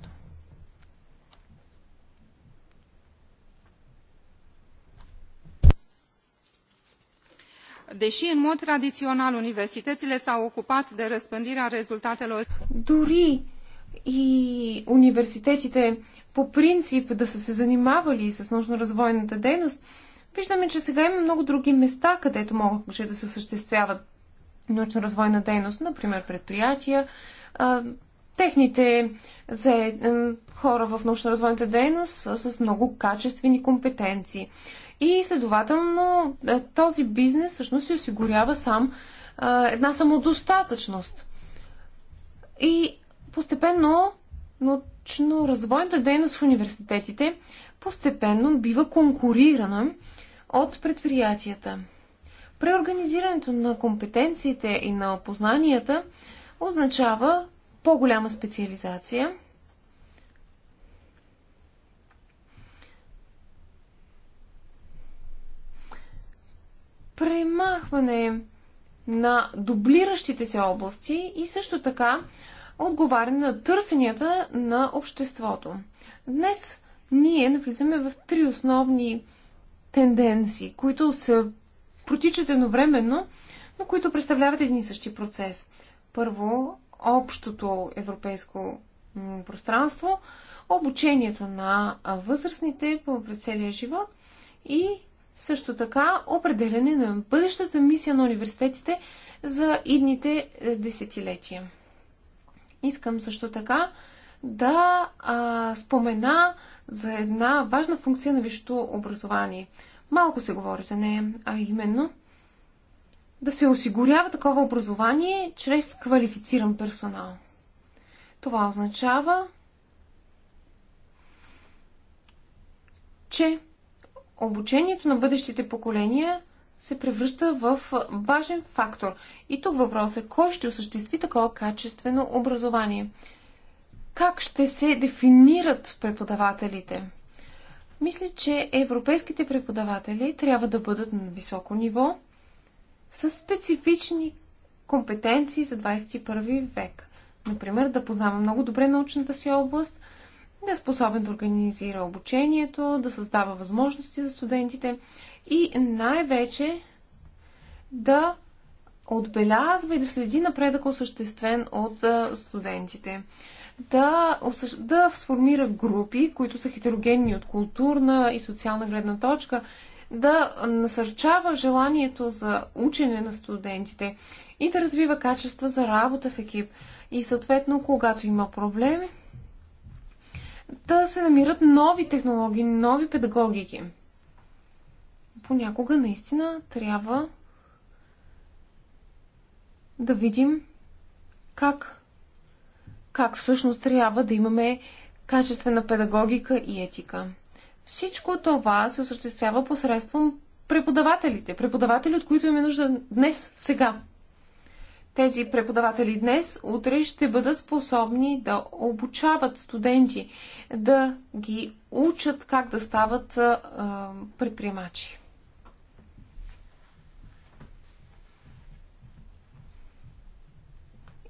deși în mod tradițional universitățile s-au ocupat de răspândirea rezultatelor. Dori и университетите по принцип да са се занимавали с научно-развойната дейност, виждаме, че сега има много други места, където може да се осъществяват научно-развойна дейност, например предприятия, техните за хора в научно-развойната дейност са с много качествени компетенции. И следователно е, този бизнес всъщност си осигурява сам е, една самодостатъчност. И постепенно научно-развойната дейност в университетите постепенно бива конкурирана от предприятията. Преорганизирането на компетенциите и на познанията означава по-голяма специализация. Премахване на дублиращите се области и също така отговаря на търсенията на обществото. Днес ние навлизаме в три основни тенденции, които се протичат едновременно, но които представляват един и същи процес. Първо, общото европейско пространство, обучението на възрастните през целия живот и също така определене на бъдещата мисия на университетите за идните е, десетилетия. Искам също така да а, спомена за една важна функция на висшето образование. Малко се говори за нея, а именно да се осигурява такова образование чрез квалифициран персонал. Това означава, че обучението на бъдещите поколения се превръща в важен фактор. И тук въпросът е кой ще осъществи такова качествено образование? Как ще се дефинират преподавателите? Мисля, че европейските преподаватели трябва да бъдат на високо ниво с специфични компетенции за 21 век. Например, да познава много добре научната си област, да е способен да организира обучението, да създава възможности за студентите и най-вече да отбелязва и да следи напредък осъществен от студентите. Да, да сформира групи, които са хетерогенни от културна и социална гледна точка, да насърчава желанието за учене на студентите и да развива качества за работа в екип. И съответно, когато има проблеми, да се намират нови технологии, нови педагогики – понякога наистина трябва да видим как, как всъщност трябва да имаме качествена педагогика и етика. Всичко това се осъществява посредством преподавателите. Преподаватели, от които имаме нужда днес, сега. Тези преподаватели днес, утре ще бъдат способни да обучават студенти, да ги учат как да стават а, предприемачи.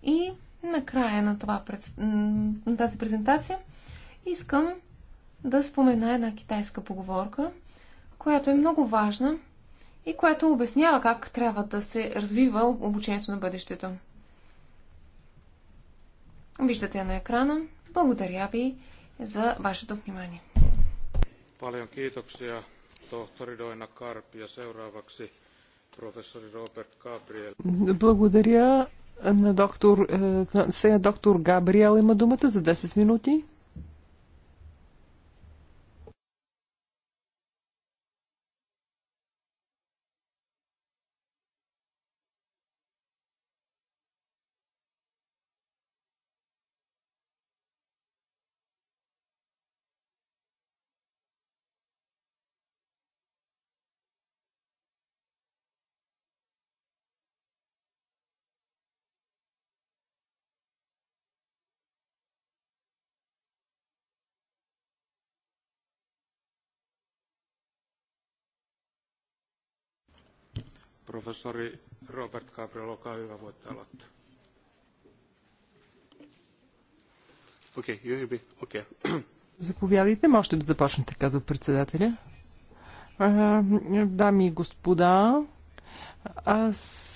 И накрая на, това, на тази презентация искам да спомена една китайска поговорка, която е много важна и която обяснява как трябва да се развива обучението на бъдещето. Виждате я на екрана. Благодаря ви за вашето внимание. Paljon kiitoksia tohtori Doina Karp ja seuraavaksi Благодаря на доктор... Е, Сега доктор Габриел има думата за 10 минути. Professori Robert Gabriel, olkaa hyvä, voitte aloittaa. Okay, Okay. Заповядайте, можете да започнете, казва председателя. Дами и господа, аз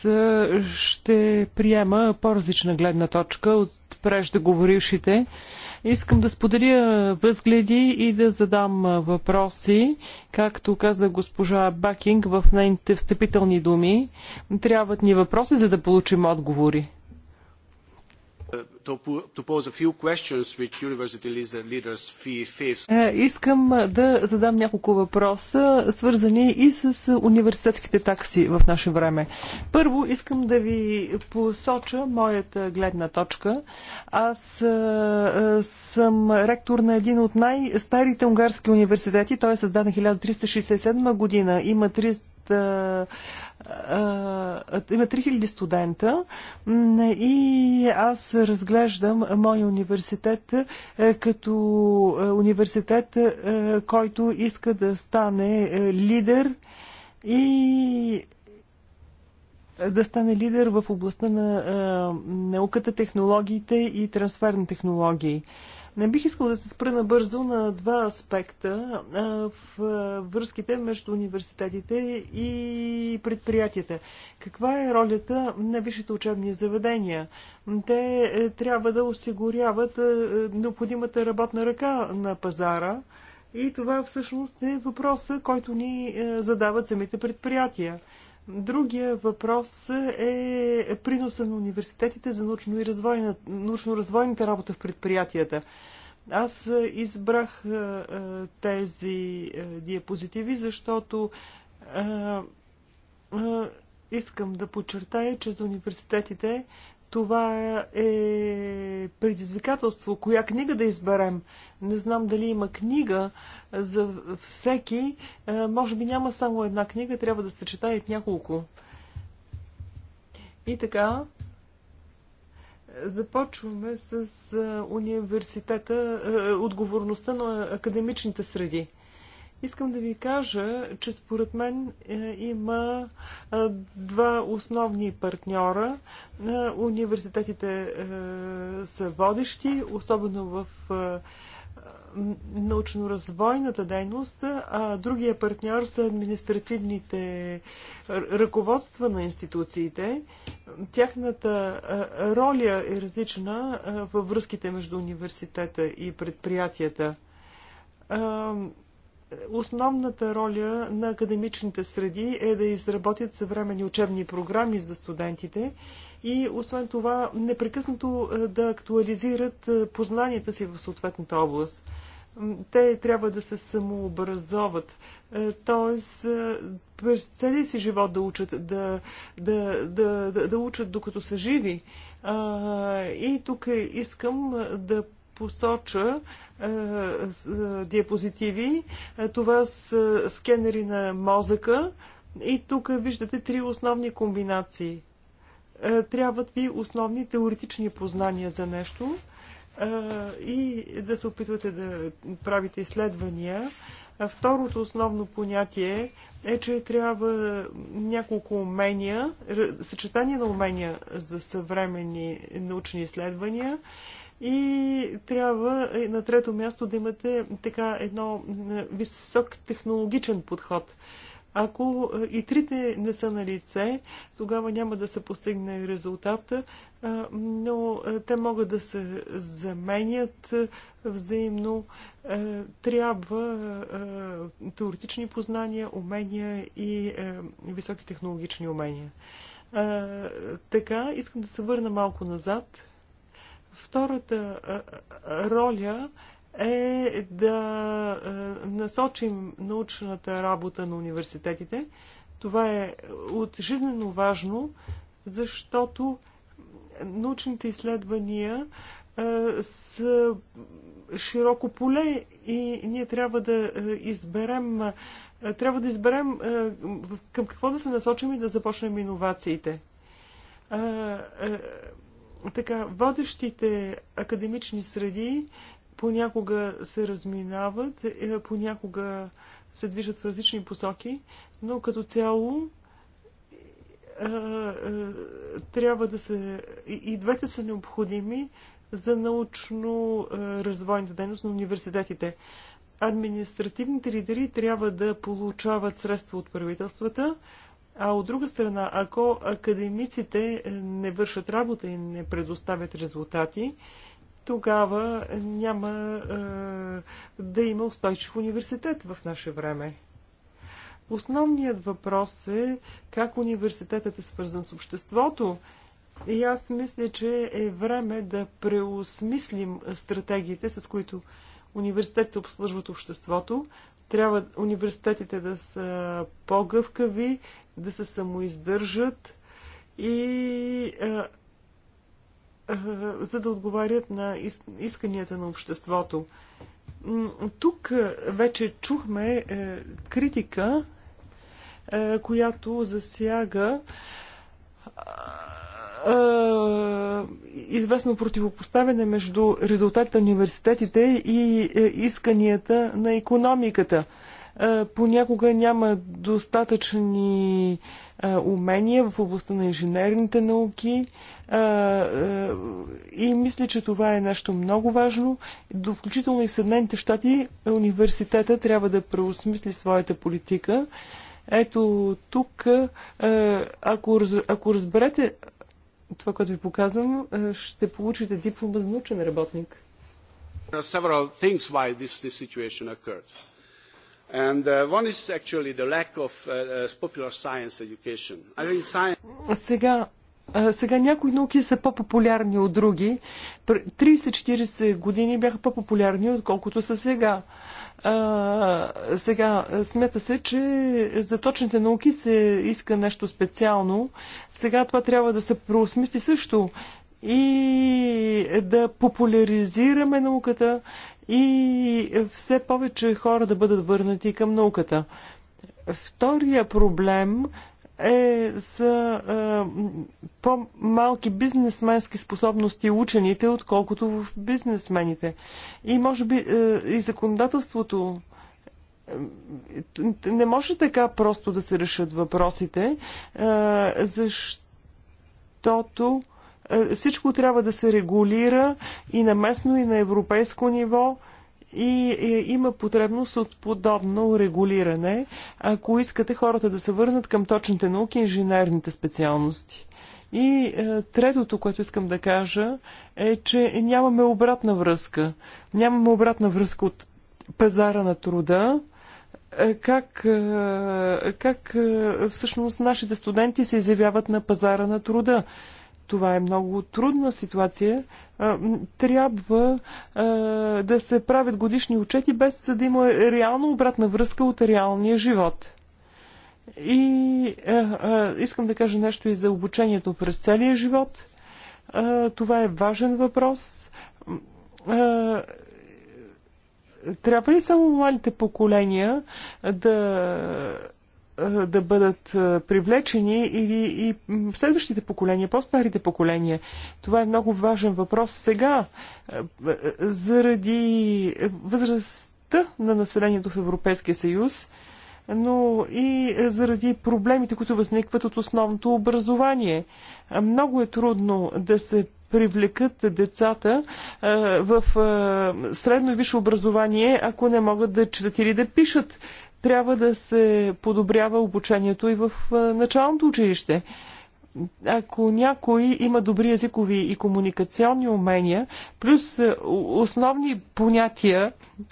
ще приема по-различна гледна точка от преждеговорившите. Искам да споделя възгледи и да задам въпроси. Както каза госпожа Бакинг в нейните встъпителни думи, трябват ни въпроси, за да получим отговори. Искам да задам няколко въпроса, свързани и с университетските такси в наше време. Първо, искам да ви посоча моята гледна точка. Аз съм ректор на един от най-старите унгарски университети. Той е създаден 1367 година. Има 30 има 3000 студента и аз разглеждам моя университет като университет, който иска да стане лидер и да стане лидер в областта на науката, технологиите и трансферни технологии. Не бих искал да се спра набързо на два аспекта в връзките между университетите и предприятията. Каква е ролята на висшите учебни заведения? Те е, трябва да осигуряват е, необходимата работна ръка на пазара. И това всъщност е въпроса, който ни е, задават самите предприятия. Другия въпрос е приноса на университетите за научно-развойната научно работа в предприятията. Аз избрах тези диапозитиви, защото искам да подчертая, че за университетите това е предизвикателство. Коя книга да изберем? Не знам дали има книга за всеки. Е, може би няма само една книга, трябва да се и няколко. И така, започваме с е, университета, е, отговорността на академичните среди. Искам да ви кажа, че според мен е, има е, два основни партньора. Е, университетите са водещи, особено в научно-развойната дейност, а другия партньор са административните ръководства на институциите. Тяхната роля е различна във връзките между университета и предприятията. Основната роля на академичните среди е да изработят съвремени учебни програми за студентите и освен това непрекъснато е, да актуализират е, познанията си в съответната област. Те трябва да се самообразоват, т.е. Е, през целия си живот да учат, да, да, да, да, да учат докато са живи. И тук искам да посоча е, е, диапозитиви. Е, това са скенери на мозъка. И тук виждате три основни комбинации. трябват ви основни теоретични познания за нещо и да се опитвате да правите изследвания. Второто основно понятие е, че трябва няколко умения, съчетание на умения за съвременни научни изследвания и трябва е, на трето място да имате така едно е, висок технологичен подход. Ако е, и трите не са на лице, тогава няма да се постигне резултата, но те могат да се заменят взаимно. Трябва теоретични познания, умения и високи технологични умения. Така, искам да се върна малко назад Втората роля е да насочим научната работа на университетите. Това е от жизнено важно, защото научните изследвания с широко поле и ние трябва да изберем трябва да изберем към какво да се насочим и да започнем иновациите така, водещите академични среди понякога се разминават, е, понякога се движат в различни посоки, но като цяло е, е, трябва да се. И двете са необходими за научно-развойната дейност на университетите. Административните лидери трябва да получават средства от правителствата, а от друга страна, ако академиците е, не вършат работа и не предоставят резултати, тогава няма е, да има устойчив университет в наше време. Основният въпрос е как университетът е свързан с обществото. И аз мисля, че е време да преосмислим стратегиите, с които университетите обслужват обществото, трябва университетите да са по-гъвкави, да се самоиздържат и а, а, за да отговарят на исканията на обществото. Тук вече чухме е, критика, е, която засяга е, известно противопоставяне между резултатите на университетите и е, исканията на економиката. Е, понякога няма достатъчни умения в областта на инженерните науки и мисля, че това е нещо много важно. До включително и в Съединените щати университета трябва да преосмисли своята политика. Ето тук, ако, ако разберете това, което ви показвам, е, ще получите диплома за научен работник. Сега сега някои науки са по-популярни от други. 30-40 години бяха по-популярни, отколкото са сега. А, сега, смята се, че за точните науки се иска нещо специално. Сега това трябва да се преосмисли също и да популяризираме науката и все повече хора да бъдат върнати към науката. Втория проблем е за е, по-малки бизнесменски способности учените, отколкото в бизнесмените. И може би е, и законодателството е, не може така просто да се решат въпросите, е, защото е, всичко трябва да се регулира и на местно, и на европейско ниво. Е, и има потребност от подобно регулиране, ако искате хората да се върнат към точните науки, инженерните специалности. И е, третото, което искам да кажа, е, че нямаме обратна връзка. Нямаме обратна връзка от пазара на труда, е, как, е, как е, всъщност нашите студенти се изявяват на пазара на труда. Това е много трудна ситуация, трябва да се правят годишни отчети, без да има реална обратна връзка от реалния живот. И а, а, искам да кажа нещо и за обучението през целия живот. А, това е важен въпрос. А, трябва ли само малите поколения да е, да бъдат е, привлечени или и следващите поколения, по-старите поколения. Това е много важен въпрос сега, е, заради възрастта на населението в Европейския съюз, но и заради проблемите, които възникват от основното образование. Много е трудно да се привлекат децата в средно и висше образование, ако не могат да четат или да пишат. Трябва да се подобрява обучението и в началното училище. Ако някой има добри езикови и комуникационни умения, плюс основни понятия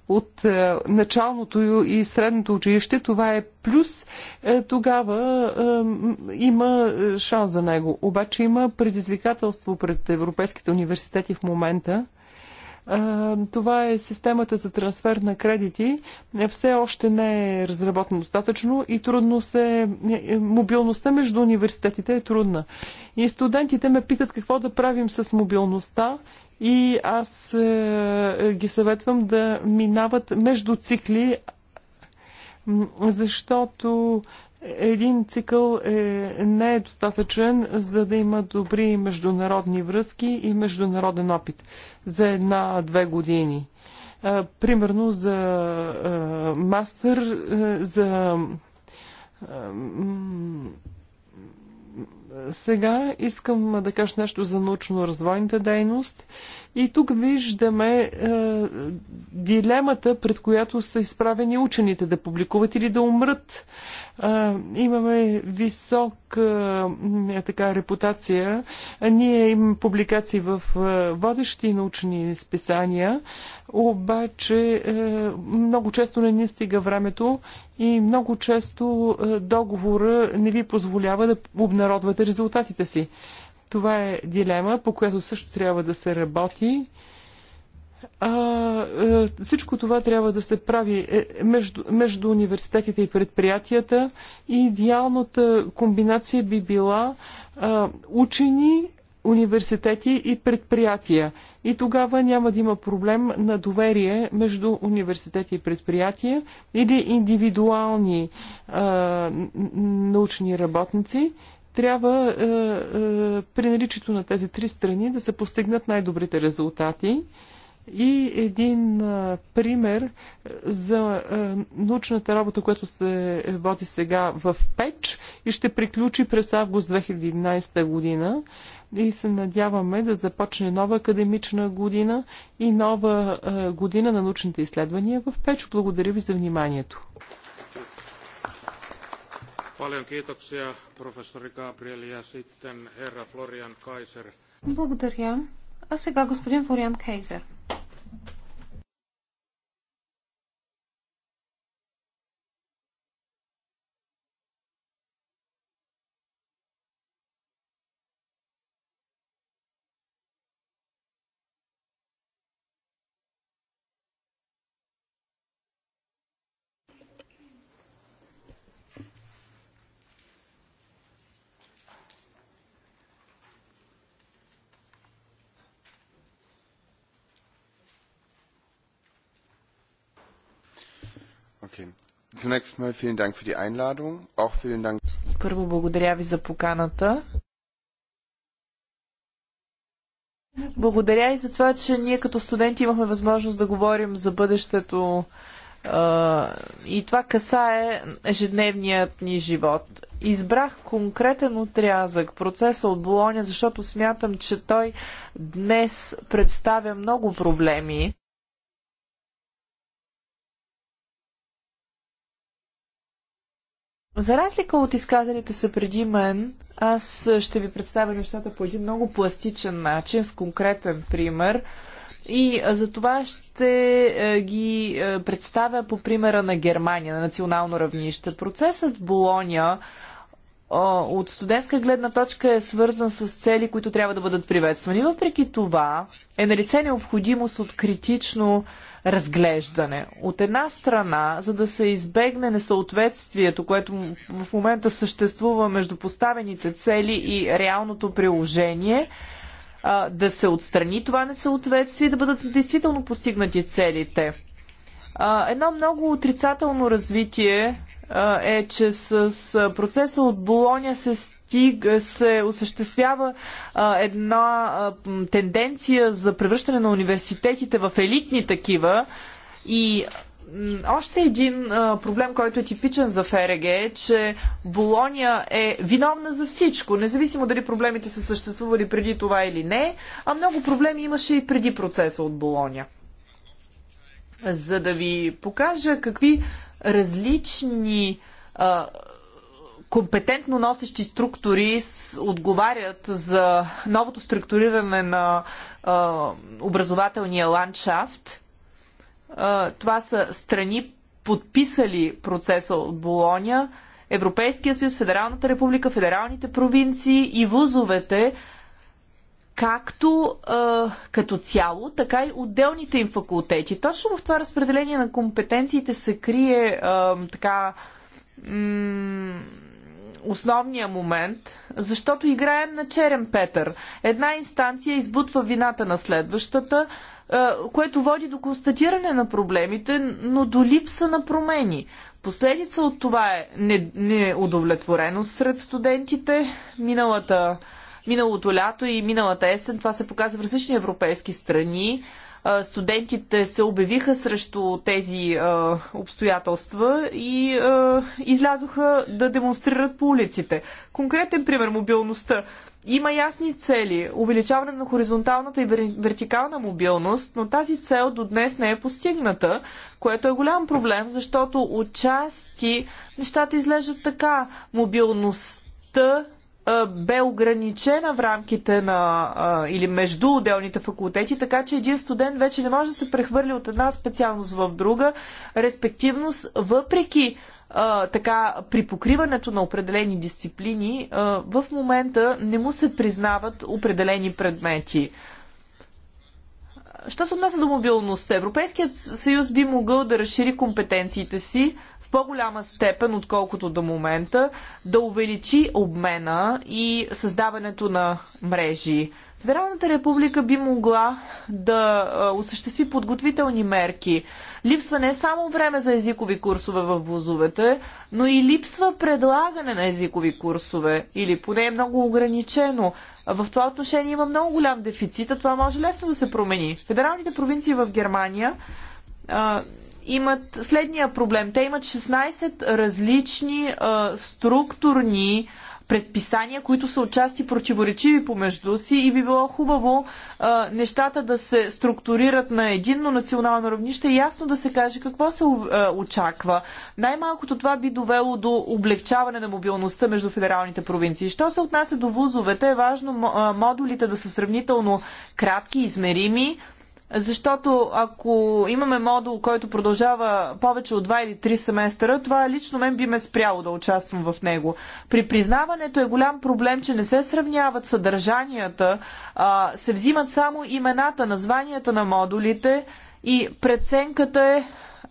от началното и средното училище, това е плюс, е, тогава има шанс за него. Обаче има предизвикателство пред европейските университети в момента това е системата за трансфер на кредити. Е, все още не е разработена достатъчно и трудно се... Е, е, мобилността между университетите е трудна. И студентите ме питат какво да правим с мобилността и аз ги съветвам да минават между цикли, защото един цикъл е, не е достатъчен, за да има добри международни връзки и международен опит за една-две години. Е, примерно за е, мастър, е, за. Е, сега искам да кажа нещо за научно-развойната дейност. И тук виждаме е, дилемата, пред която са изправени учените да публикуват или да умрат. Е, имаме висок е, така, репутация. Ние имаме публикации в водещи научни списания, обаче е, много често не ни стига времето и много често е, договора не ви позволява да обнародвате резултатите си. Това е дилема, по която също трябва да се работи а, е, всичко това трябва да се прави е, между, между университетите и предприятията. И идеалната комбинация би била а, учени, университети и предприятия. И тогава няма да има проблем на доверие между университети и предприятия или индивидуални а, научни работници. Трябва е, е, при наличието на тези три страни да се постигнат най-добрите резултати. И един а, пример за а, научната работа, която се води сега в Печ и ще приключи през август 2011 година. И се надяваме да започне нова академична година и нова а, година на научните изследвания в Печ. Благодаря ви за вниманието. Благодаря. А сега господин Фориан Кейзер. Първо благодаря ви за поканата. Благодаря и за това, че ние като студенти имахме възможност да говорим за бъдещето и това касае ежедневният ни живот. Избрах конкретен отрязък, процеса от Болоня, защото смятам, че той днес представя много проблеми За разлика от изказаните са преди мен, аз ще ви представя нещата по един много пластичен начин, с конкретен пример. И за това ще е, ги е, представя по примера на Германия, на национално равнище. Процесът Болоня от студентска гледна точка е свързан с цели, които трябва да бъдат приветствани. Въпреки това е налице необходимост от критично разглеждане. От една страна, за да се избегне несъответствието, което в момента съществува между поставените цели и реалното приложение, да се отстрани това несъответствие и да бъдат действително постигнати целите. Едно много отрицателно развитие е, че с процеса от Болоня се се осъществява една тенденция за превръщане на университетите в елитни такива и още един а, проблем, който е типичен за ФРГ е, че Болония е виновна за всичко, независимо дали проблемите са съществували преди това или не, а много проблеми имаше и преди процеса от Болония. За да ви покажа какви различни а, компетентно носещи структури отговарят за новото структуриране на а, образователния ландшафт. А, това са страни, подписали процеса от Болоня, Европейския съюз, Федералната република, федералните провинции и вузовете, както а, като цяло, така и отделните им факултети. Точно в това разпределение на компетенциите се крие а, така основния момент, защото играем на черен петър. Една инстанция избутва вината на следващата, което води до констатиране на проблемите, но до липса на промени. Последица от това е неудовлетвореност сред студентите. Миналата миналото лято и миналата есен. Това се показа в различни европейски страни. Студентите се обявиха срещу тези а, обстоятелства и а, излязоха да демонстрират по улиците. Конкретен пример мобилността. Има ясни цели увеличаване на хоризонталната и вертикална мобилност, но тази цел до днес не е постигната, което е голям проблем, защото отчасти нещата излежат така. Мобилността бе ограничена в рамките на а, или между отделните факултети, така че един студент вече не може да се прехвърли от една специалност в друга, респективно въпреки а, така при покриването на определени дисциплини, а, в момента не му се признават определени предмети. Що се отнася до мобилността? Европейският съюз би могъл да разшири компетенциите си в по-голяма степен, отколкото до момента, да увеличи обмена и създаването на мрежи. Федералната република би могла да осъществи подготвителни мерки. Липсва не само време за езикови курсове в вузовете, но и липсва предлагане на езикови курсове, или поне е много ограничено. В това отношение има много голям дефицит, а това може лесно да се промени. Федералните провинции в Германия а, имат следния проблем. Те имат 16 различни а, структурни а, предписания, които са отчасти противоречиви помежду си и би било хубаво а, нещата да се структурират на единно национално равнище и ясно да се каже какво се а, очаква. Най-малкото това би довело до облегчаване на мобилността между федералните провинции. Що се отнася до вузовете, е важно модулите да са сравнително кратки, измерими, защото ако имаме модул, който продължава повече от 2 или 3 семестъра, това лично мен би ме спряло да участвам в него. При признаването е голям проблем, че не се сравняват съдържанията, а, се взимат само имената, названията на модулите и преценката е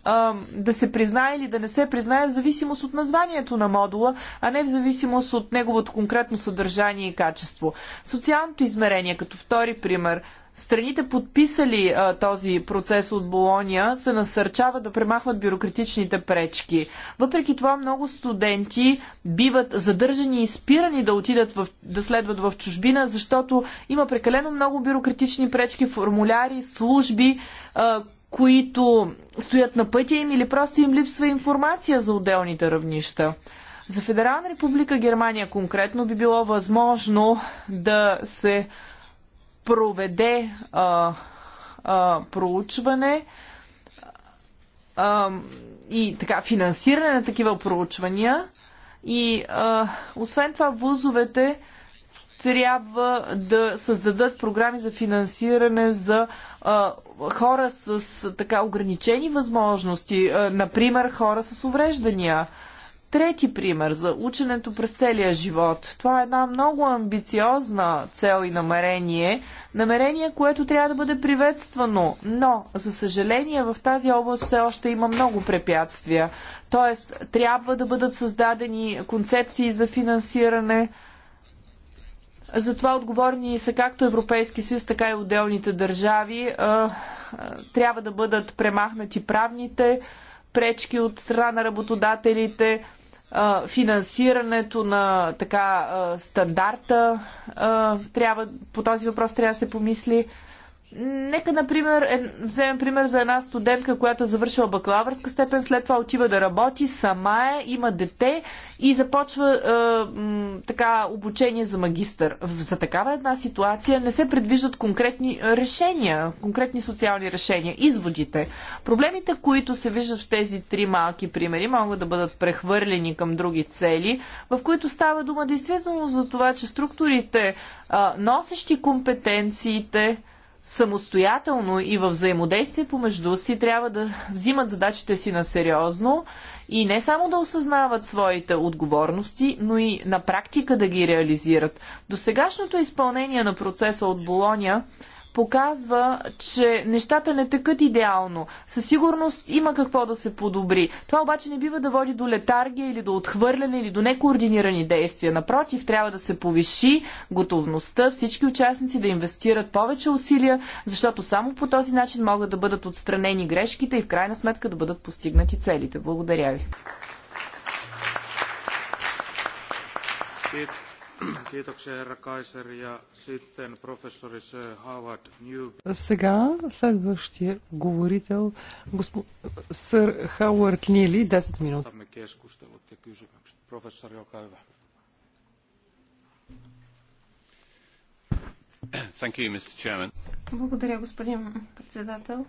а, да се признае или да не се признае в зависимост от названието на модула, а не в зависимост от неговото конкретно съдържание и качество. Социалното измерение, като втори пример – Страните подписали а, този процес от Болония се насърчават да премахват бюрократичните пречки. Въпреки това много студенти биват задържани и спирани да отидат в, да следват в чужбина, защото има прекалено много бюрократични пречки, формуляри, служби, а, които стоят на пътя им или просто им липсва информация за отделните равнища. За Федерална република Германия конкретно би било възможно да се проведе а, а, проучване а, и така финансиране на такива проучвания. И а, освен това, вузовете трябва да създадат програми за финансиране за а, хора с така ограничени възможности, а, например хора с увреждания. Трети пример за ученето през целия живот. Това е една много амбициозна цел и намерение. Намерение, което трябва да бъде приветствано, но, за съжаление, в тази област все още има много препятствия. Тоест, трябва да бъдат създадени концепции за финансиране, Затова отговорни са както Европейски съюз, така и отделните държави. Трябва да бъдат премахнати правните пречки от страна на работодателите финансирането на така стандарта трябва, по този въпрос трябва да се помисли. Нека, например, е, вземем пример за една студентка, която е завършила бакалавърска степен, след това отива да работи, сама е, има дете и започва е, м, така обучение за магистър. За такава една ситуация не се предвиждат конкретни решения, конкретни социални решения, изводите. Проблемите, които се виждат в тези три малки примери, могат да бъдат прехвърлени към други цели, в които става дума действително за това, че структурите, е, носещи компетенциите, самостоятелно и в взаимодействие помежду си трябва да взимат задачите си на сериозно и не само да осъзнават своите отговорности, но и на практика да ги реализират. До сегашното изпълнение на процеса от Болония показва, че нещата не тъкат идеално. Със сигурност има какво да се подобри. Това обаче не бива да води до летаргия или до отхвърляне или до некоординирани действия. Напротив, трябва да се повиши готовността всички участници да инвестират повече усилия, защото само по този начин могат да бъдат отстранени грешките и в крайна сметка да бъдат постигнати целите. Благодаря ви. Сега следващия говорител, госпо... сър Хауърд Нили, 10 минути. Професор, olkaa hyvä. Благодаря, господин председател.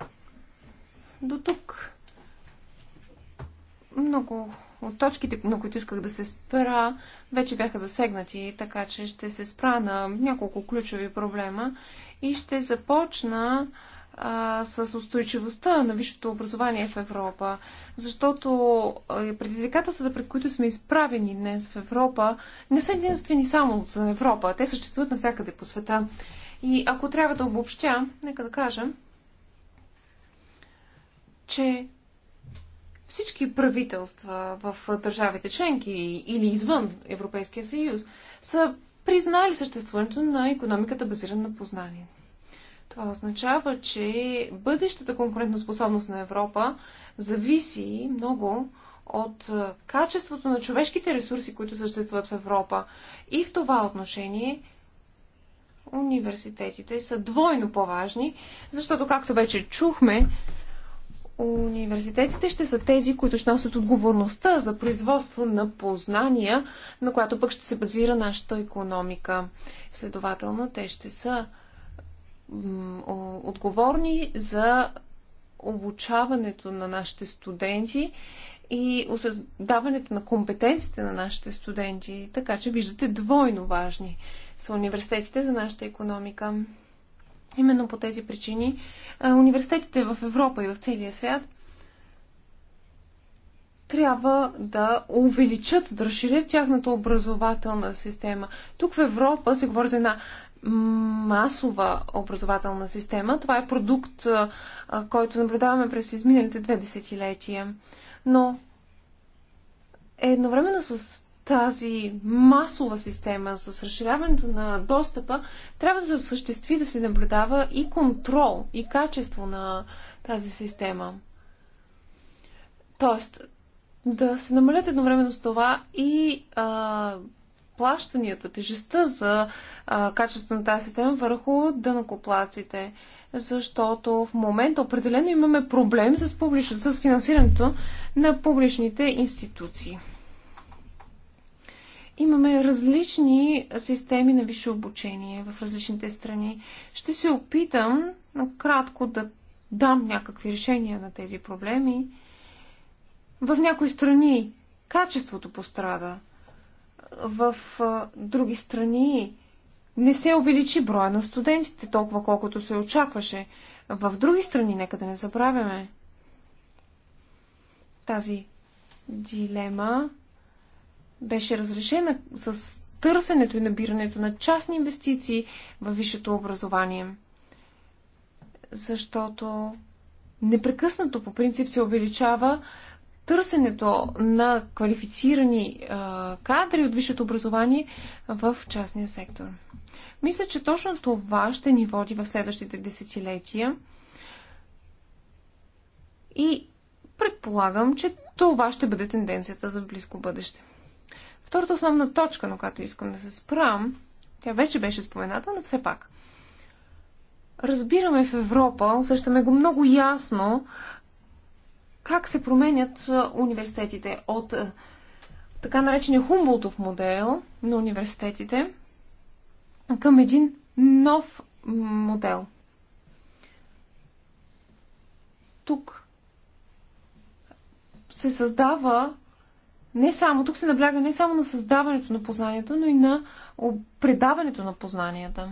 До тук много от точките, на които исках да се спра, вече бяха засегнати, така че ще се спра на няколко ключови проблема и ще започна а, с устойчивостта на висшето образование в Европа. Защото предизвикателствата, пред които сме изправени днес в Европа, не са единствени само за Европа. Те съществуват навсякъде по света. И ако трябва да обобщя, нека да кажем, че всички правителства в държавите членки или извън Европейския съюз са признали съществуването на економиката базирана на познание. Това означава, че бъдещата конкурентоспособност на Европа зависи много от качеството на човешките ресурси, които съществуват в Европа. И в това отношение университетите са двойно по-важни, защото, както вече чухме, университетите ще са тези, които ще носят отговорността за производство на познания, на която пък ще се базира нашата економика. Следователно, те ще са отговорни за обучаването на нашите студенти и даването на компетенциите на нашите студенти. Така че, виждате, двойно важни са университетите за нашата економика. Именно по тези причини университетите в Европа и в целия свят трябва да увеличат, да разширят тяхната образователна система. Тук в Европа се говори за една масова образователна система. Това е продукт, който наблюдаваме през изминалите две десетилетия. Но едновременно с тази масова система с разширяването на достъпа трябва да се осъществи да се наблюдава и контрол, и качество на тази система. Тоест, да се намалят едновременно с това и а, плащанията, тежестта за а, качество на тази система върху дънакоплаците. Защото в момента определено имаме проблем с, публично, с финансирането на публичните институции. Имаме различни системи на висше обучение в различните страни. Ще се опитам накратко да дам някакви решения на тези проблеми. В някои страни качеството пострада, в други страни не се увеличи броя на студентите толкова колкото се очакваше. В други страни, нека да не забравяме, тази дилема беше разрешена с търсенето и набирането на частни инвестиции във висшето образование. Защото непрекъснато по принцип се увеличава търсенето на квалифицирани а, кадри от висшето образование в частния сектор. Мисля, че точно това ще ни води в следващите десетилетия. И предполагам, че това ще бъде тенденцията за близко бъдеще. Втората основна точка, на която искам да се спрам, тя вече беше спомената, но все пак. Разбираме в Европа, усещаме го много ясно, как се променят университетите от така наречения Хумболтов модел на университетите към един нов модел. Тук се създава не само, тук се набляга не само на създаването на познанието, но и на предаването на познанията.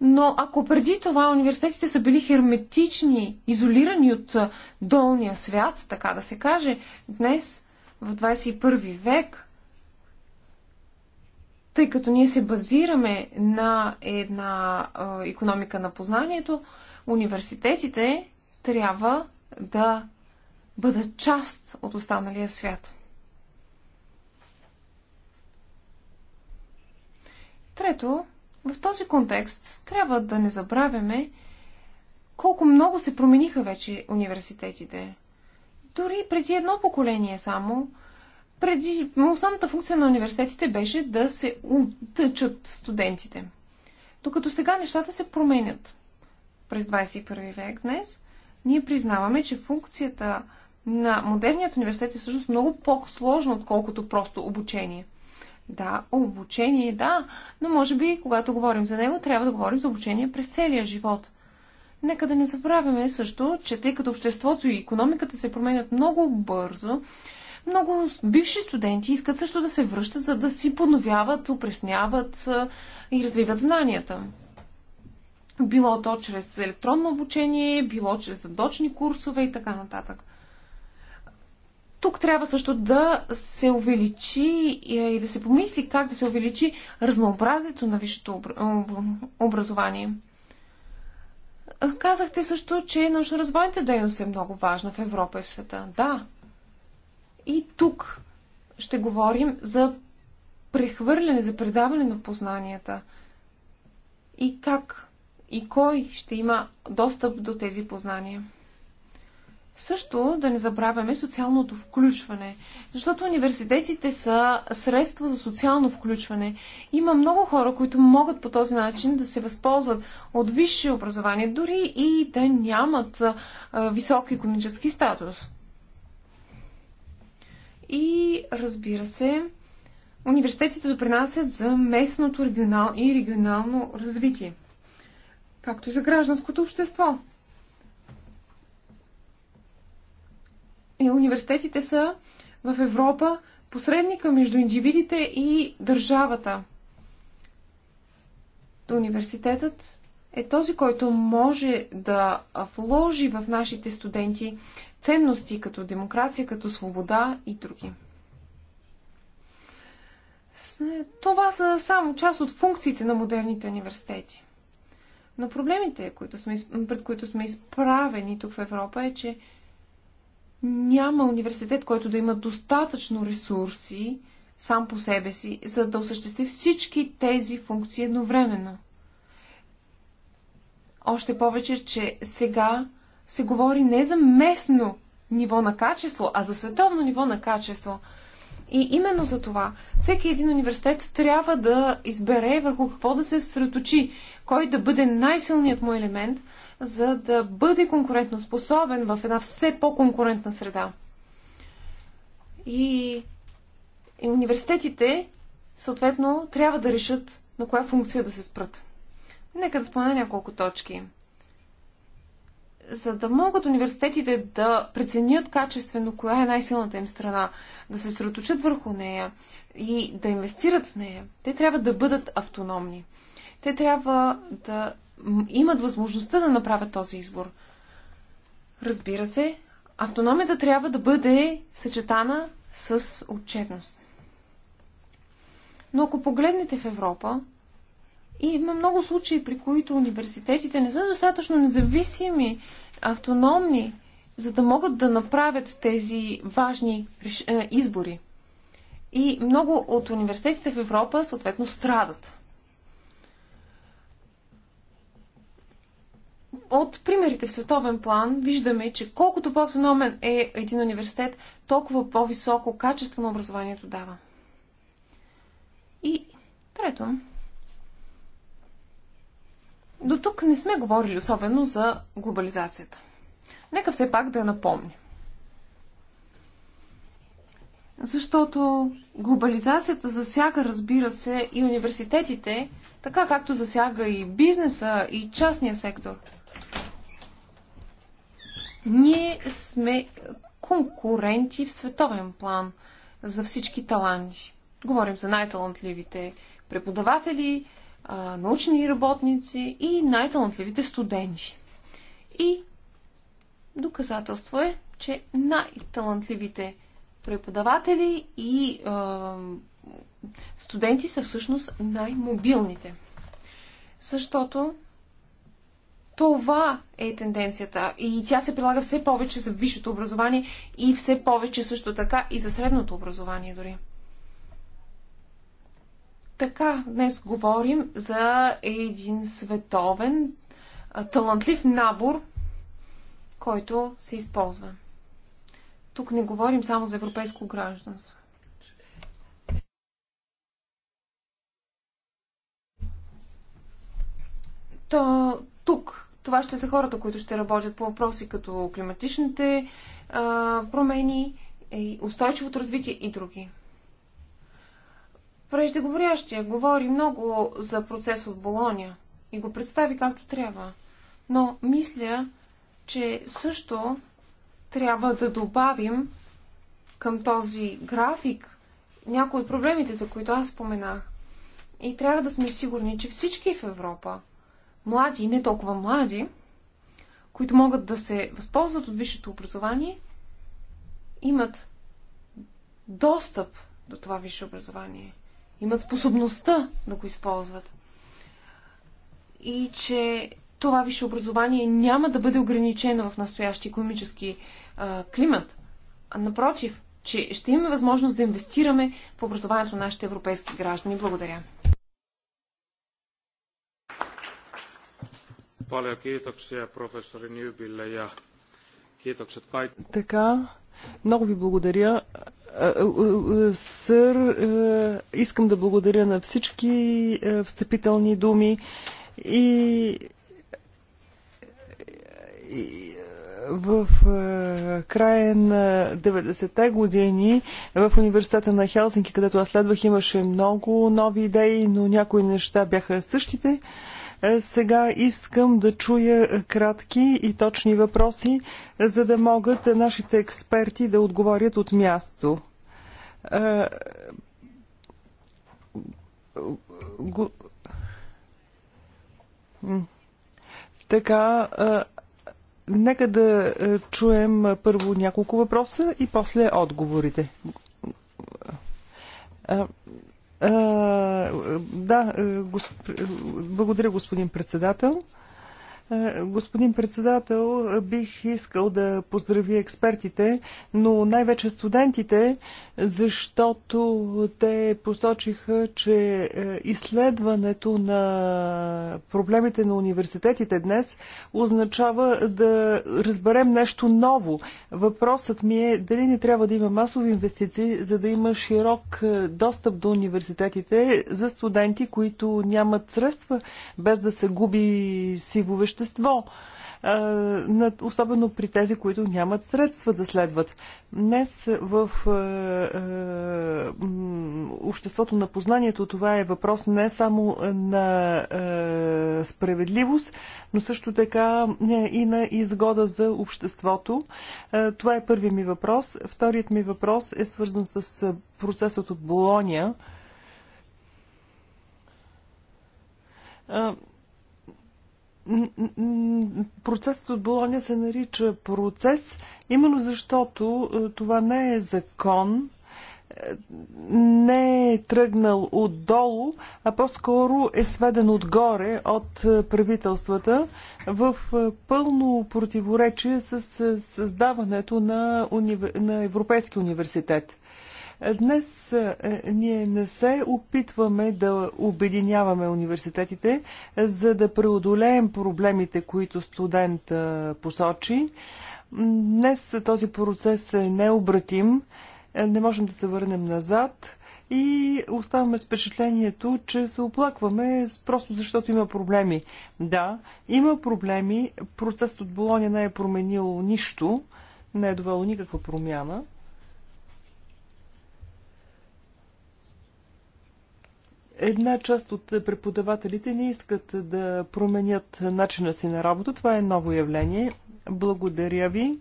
Но ако преди това университетите са били херметични, изолирани от долния свят, така да се каже, днес в 21 век, тъй като ние се базираме на една економика на познанието, университетите трябва да бъда част от останалия свят. Трето, в този контекст трябва да не забравяме колко много се промениха вече университетите. Дори преди едно поколение само, преди основната функция на университетите беше да се утъчат студентите. Докато сега нещата се променят. През 21 век днес ние признаваме, че функцията на модерният университет е всъщност много по-сложно, отколкото просто обучение. Да, обучение, да, но може би, когато говорим за него, трябва да говорим за обучение през целия живот. Нека да не забравяме също, че тъй като обществото и економиката се променят много бързо, много бивши студенти искат също да се връщат, за да си подновяват, опресняват и развиват знанията. Било то чрез електронно обучение, било чрез задочни курсове и така нататък. Тук трябва също да се увеличи е, и да се помисли как да се увеличи разнообразието на висшето образование. Е, казахте също, че научно-развойната дейност е много важна в Европа и в света. Да. И тук ще говорим за прехвърляне, за предаване на познанията. И как и кой ще има достъп до тези познания. Също да не забравяме социалното включване, защото университетите са средства за социално включване. Има много хора, които могат по този начин да се възползват от висше образование, дори и да нямат висок економически статус. И разбира се, университетите допринасят за местното регионал и регионално развитие, както и за гражданското общество. Е, университетите са в Европа посредника между индивидите и държавата. Университетът е този, който може да вложи в нашите студенти ценности като демокрация, като свобода и други. Това са само част от функциите на модерните университети. Но проблемите, които сме, пред които сме изправени тук в Европа е, че няма университет, който да има достатъчно ресурси сам по себе си, за да осъществи всички тези функции едновременно. Още повече, че сега се говори не за местно ниво на качество, а за световно ниво на качество. И именно за това всеки един университет трябва да избере върху какво да се съсредоточи, кой да бъде най-силният му елемент – за да бъде конкурентоспособен в една все по-конкурентна среда. И, и университетите, съответно, трябва да решат на коя функция да се спрат. Нека да спомена няколко точки. За да могат университетите да преценят качествено коя е най-силната им страна, да се средоточат върху нея и да инвестират в нея, те трябва да бъдат автономни. Те трябва да имат възможността да направят този избор. Разбира се, автономията трябва да бъде съчетана с отчетност. Но ако погледнете в Европа, и има много случаи, при които университетите не са достатъчно независими, автономни, за да могат да направят тези важни е, избори. И много от университетите в Европа съответно страдат. от примерите в световен план виждаме, че колкото по феномен е един университет, толкова по-високо качество на образованието дава. И трето. До тук не сме говорили особено за глобализацията. Нека все пак да я напомня. Защото глобализацията засяга, разбира се, и университетите, така както засяга и бизнеса, и частния сектор – ние сме конкуренти в световен план за всички таланти. Говорим за най-талантливите преподаватели, научни работници и най-талантливите студенти. И доказателство е, че най-талантливите преподаватели и студенти са всъщност най-мобилните. Защото това е тенденцията и тя се прилага все повече за висшето образование и все повече също така и за средното образование дори. Така, днес говорим за един световен талантлив набор, който се използва. Тук не говорим само за европейско гражданство. То, тук това ще са хората, които ще работят по въпроси като климатичните промени, устойчивото развитие и други. Преждеговорящия говори много за процес от Болония и го представи както трябва. Но мисля, че също трябва да добавим към този график някои от проблемите, за които аз споменах. И трябва да сме сигурни, че всички в Европа млади и не толкова млади, които могат да се възползват от висшето образование, имат достъп до това висше образование, имат способността да го използват. И че това висше образование няма да бъде ограничено в настоящия економически а, климат, а напротив, че ще имаме възможност да инвестираме в образованието на нашите европейски граждани. Благодаря. Paljon kiitoksia професори Нюбиле ja kiitokset kaikille. Така, много ви благодаря. Е, е, е, сър, искам да благодаря на всички встъпителни думи и, в края на 90-те години в университета на Хелсинки, където аз следвах, имаше много нови идеи, но някои неща бяха същите. Е, сега искам да чуя кратки и точни въпроси, за да могат нашите експерти да отговорят от място. Е, така, е, нека да чуем първо няколко въпроса и после отговорите. Е, е, да, е, госп... благодаря господин председател. Е, господин председател, бих искал да поздрави експертите, но най-вече студентите, защото те посочиха, че е, изследването на проблемите на университетите днес означава да разберем нещо ново. Въпросът ми е дали не трябва да има масови инвестиции, за да има широк е, достъп до университетите за студенти, които нямат средства, без да се губи сивовещ същество е, особено при тези, които нямат средства да следват. Днес в е, е, обществото на познанието това е въпрос не само на справедливост, но също така и на изгода за обществото. Това е първият ми въпрос. Вторият ми въпрос е свързан с процесът от Болония Процесът от Болоня се нарича процес, именно защото е, това не е закон, е, не е тръгнал отдолу, а по-скоро е сведен отгоре от е, правителствата в пълно противоречие с създаването на, универ... на Европейски университет. Днес е, ние не се опитваме да обединяваме университетите, за да преодолеем проблемите, които студент е, посочи. Днес този процес е необратим, е, не можем да се върнем назад и оставаме с впечатлението, че се оплакваме просто защото има проблеми. Да, има проблеми, процесът от Болония не е променил нищо, не е довело никаква промяна – Една част от преподавателите не искат да променят начина си на работа. Това е ново явление. Благодаря ви.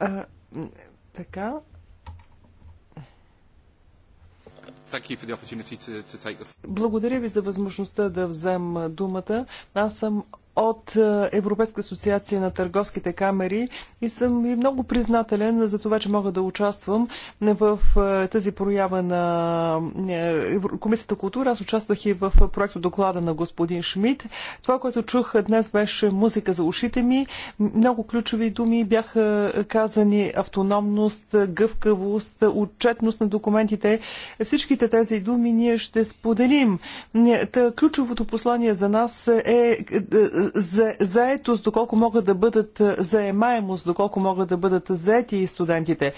А, така. Благодаря ви за възможността да взем думата. Аз съм от е, Европейска асоциация на търговските камери и съм и много признателен за това, че мога да участвам в е, тази проява на е, Комисията култура. Аз участвах и в проекто доклада на господин Шмидт. Това, което чух днес беше музика за ушите ми. Много ключови думи бяха казани автономност, гъвкавост, отчетност на документите. Всичките тези думи ние ще споделим. Ключовото послание за нас е за, заетост, доколко могат да бъдат заемаемост, доколко могат да бъдат заети студентите.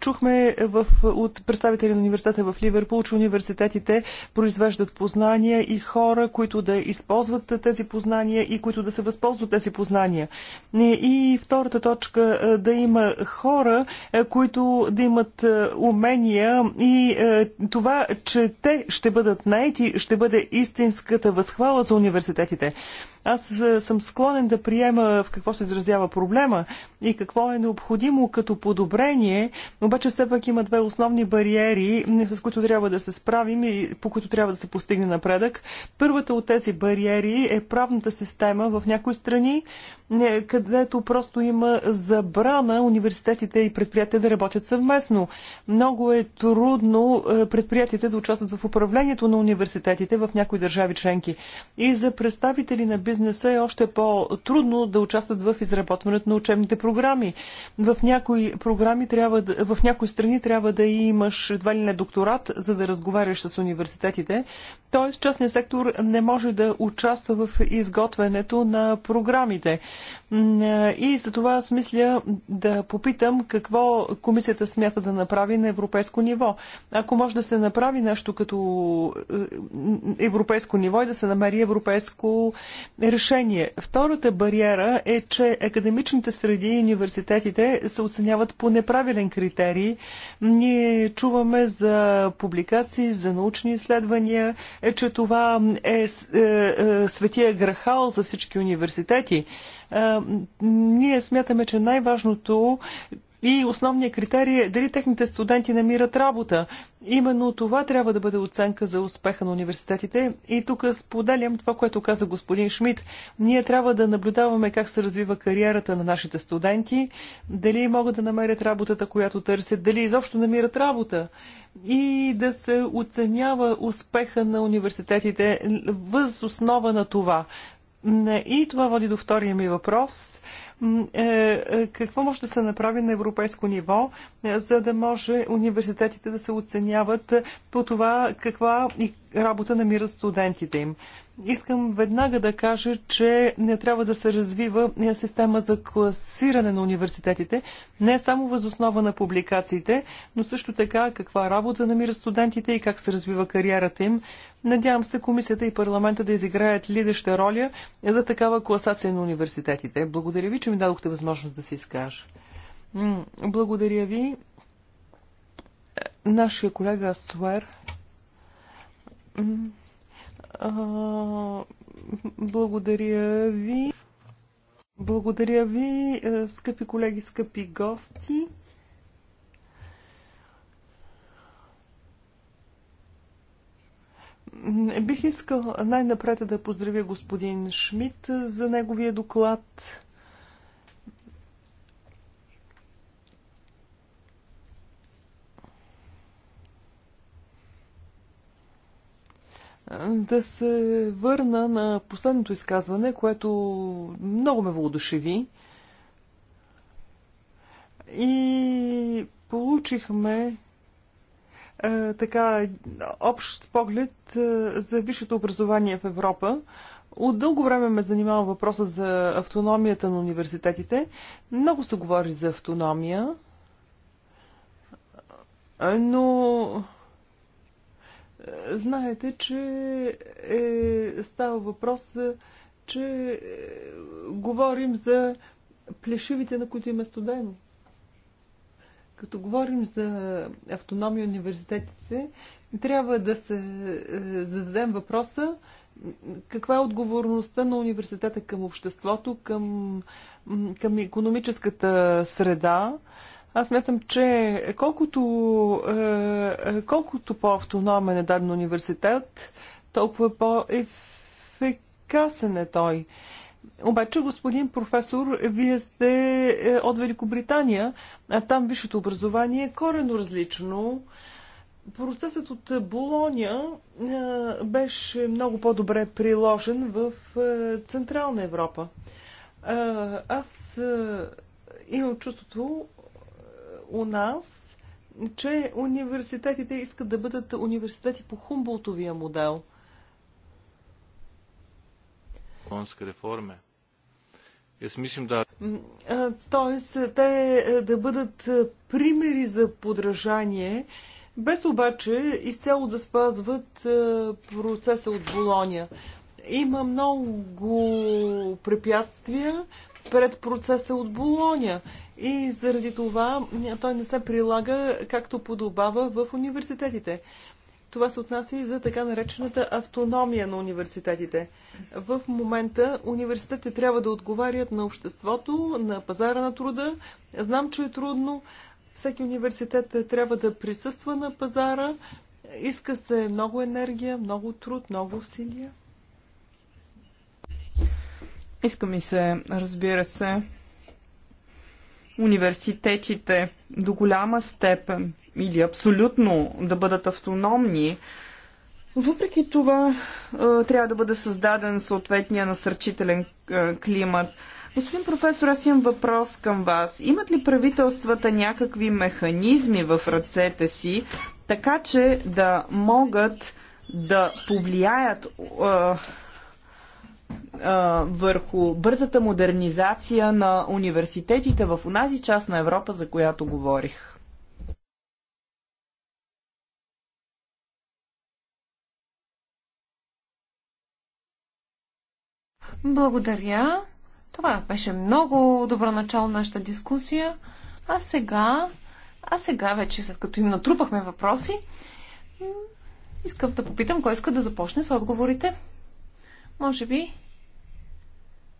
Чухме в, от представители на университета в Ливерпул, че университетите произвеждат познания и хора, които да използват тези познания и които да се възползват тези познания. И втората точка да има хора, които да имат умения и това, че те ще бъдат наети, ще бъде истинската възхвала за университетите. Аз е, съм склонен да приема в какво се изразява проблема, и какво е необходимо като подобрение, обаче все пак има две основни бариери, с които трябва да се справим и по които трябва да се постигне напредък. Първата от тези бариери е правната система в някои страни, е, където просто има забрана университетите и предприятия да работят съвместно. Много е трудно е, предприятията да участват в управлението на университетите в някои държави членки. И за представители на бизнеса е още по-трудно да участват в изработването на учебните програми програми. В някои програми трябва да, в някои страни трябва да имаш едва ли не докторат, за да разговаряш с университетите. Тоест, частният сектор не може да участва в изготвянето на програмите. И за това аз мисля да попитам какво комисията смята да направи на европейско ниво. Ако може да се направи нещо като е, европейско ниво и да се намери европейско решение. Втората бариера е, че академичните среди и университетите се оценяват по неправилен критерий. Ние чуваме за публикации, за научни изследвания, е, че това е, е, е светия грахал за всички университети. Е, ние смятаме, че най-важното и основният критерий е дали техните студенти намират работа. Именно това трябва да бъде оценка за успеха на университетите. И тук споделям това, което каза господин Шмидт. Ние трябва да наблюдаваме как се развива кариерата на нашите студенти, дали могат да намерят работата, която търсят, дали изобщо намират работа. И да се оценява успеха на университетите въз основа на това. Е, и това води до втория ми въпрос. Е, е, какво може да се направи на европейско ниво, за да може университетите да се оценяват по това каква работа намират студентите им? Искам веднага да кажа, че не трябва да се развива система за класиране на университетите, не само възоснова на публикациите, но също така каква работа намират студентите и как се развива кариерата им. Надявам се комисията и парламента да изиграят лидеща роля за такава класация на университетите. Благодаря ви, че ми дадохте възможност да се изкажа. Благодаря ви. Нашия колега Суер. Благодаря ви. Благодаря ви, е, скъпи колеги, скъпи гости. Бих искал най-напред да поздравя господин Шмидт за неговия доклад. Да се върна на последното изказване, което много ме въодушеви. И получихме е, така общ поглед е, за висшето образование в Европа. От дълго време ме занимава въпроса за автономията на университетите. Много се говори за автономия, но е, знаете, че е, става въпрос, че говорим за плешивите, на които има студено. Като говорим за автономия университетите, трябва да се е, зададем въпроса каква е отговорността на университета към обществото, към, към економическата среда. Аз мятам, че колкото, е, е, колкото по-автономен е даден университет, толкова по-ефективен ефикасен е той. Обаче, господин професор, вие сте е, от Великобритания, а там висшето образование е корено различно. Процесът от Болония е, беше много по-добре приложен в е, Централна Европа. Аз имам чувството у нас, че университетите искат да бъдат университети по хумболтовия модел конска реформе. Jaz mislim, da. Тоест, те е, да бъдат е, примери за подражание, без обаче изцяло да спазват е, процеса от Болония. Има много препятствия пред процеса от Болония и заради това той не се прилага както подобава в университетите. Това се отнася и за така наречената автономия на университетите. В момента университетите трябва да отговарят на обществото, на пазара на труда. Знам, че е трудно. Всеки университет трябва да присъства на пазара. Иска се много енергия, много труд, много усилия. Иска ми се, разбира се, университетите до голяма степен или абсолютно да бъдат автономни, въпреки това, трябва да бъде създаден съответния насърчителен климат. Господин професор, аз имам въпрос към вас. Имат ли правителствата някакви механизми в ръцете си, така че да могат да повлияят върху бързата модернизация на университетите в онази част на Европа, за която говорих? Благодаря. Това беше много добро начало на нашата дискусия. А сега, а сега вече, след като им натрупахме въпроси, искам да попитам кой иска да започне с отговорите. Може би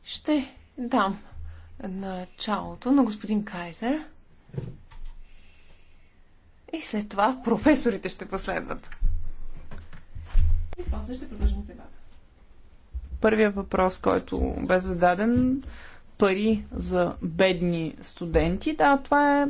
ще дам началото на господин Кайзер. И след това професорите ще последват. И после ще продължим с дебата. Първият въпрос, който бе зададен, пари за бедни студенти. Да, това е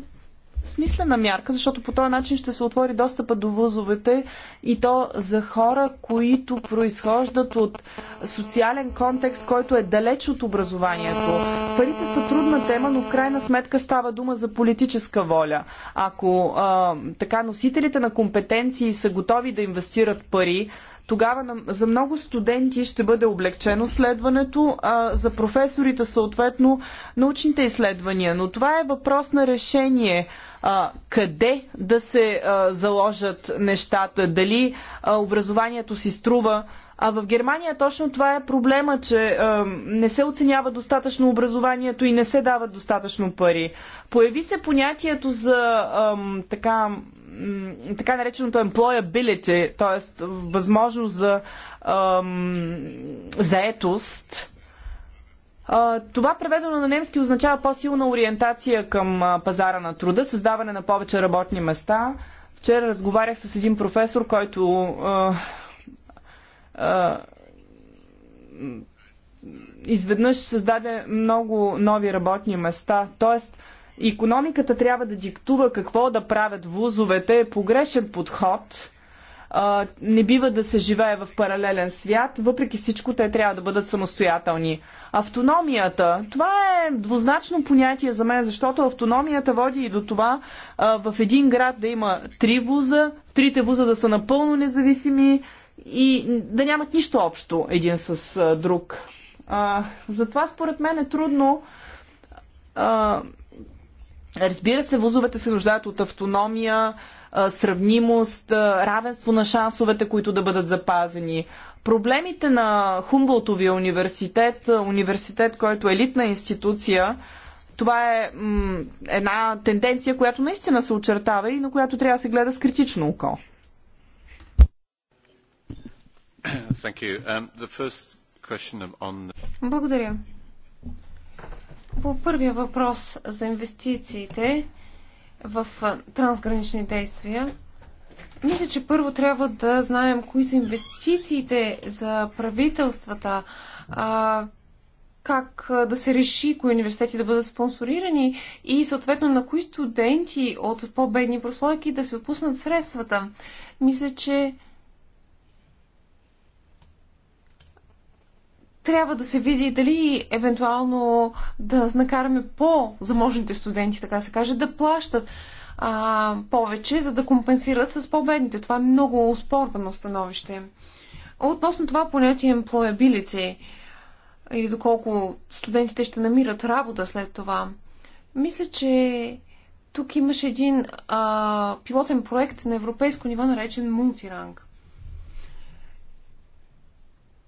смислена мярка, защото по този начин ще се отвори достъпа до вузовете и то за хора, които произхождат от социален контекст, който е далеч от образованието. Парите са трудна тема, но в крайна сметка става дума за политическа воля. Ако а, така носителите на компетенции са готови да инвестират пари, тогава за много студенти ще бъде облегчено следването, а за професорите съответно научните изследвания. Но това е въпрос на решение. А, къде да се а, заложат нещата? Дали а, образованието си струва? А в Германия точно това е проблема, че а, не се оценява достатъчно образованието и не се дават достатъчно пари. Появи се понятието за а, така така нареченото employability, т.е. възможност за заетост. Това преведено на немски означава по-силна ориентация към пазара на труда, създаване на повече работни места. Вчера разговарях с един професор, който а, а, изведнъж създаде много нови работни места. Тоест, економиката трябва да диктува какво да правят вузовете е погрешен подход. не бива да се живее в паралелен свят, въпреки всичко те трябва да бъдат самостоятелни. Автономията, това е двузначно понятие за мен, защото автономията води и до това в един град да има три вуза, трите вуза да са напълно независими и да нямат нищо общо един с друг. затова според мен е трудно Разбира се, вузовете се нуждаят от автономия, сравнимост, равенство на шансовете, които да бъдат запазени. Проблемите на Хумболтовия университет, университет, който е елитна институция, това е една тенденция, която наистина се очертава и на която трябва да се гледа с критично око. Um, Благодаря. По първия въпрос за инвестициите в трансгранични действия, мисля, че първо трябва да знаем кои са инвестициите за правителствата, как да се реши кои университети да бъдат спонсорирани и съответно на кои студенти от по-бедни прослойки да се отпуснат средствата. Мисля, че трябва да се види дали евентуално да накараме по-заможните студенти, така се каже, да плащат а, повече, за да компенсират с по-бедните. Това е много спорно становище. Относно това понятие employability или доколко студентите ще намират работа след това, мисля, че тук имаш един а, пилотен проект на европейско ниво, наречен мултиранг.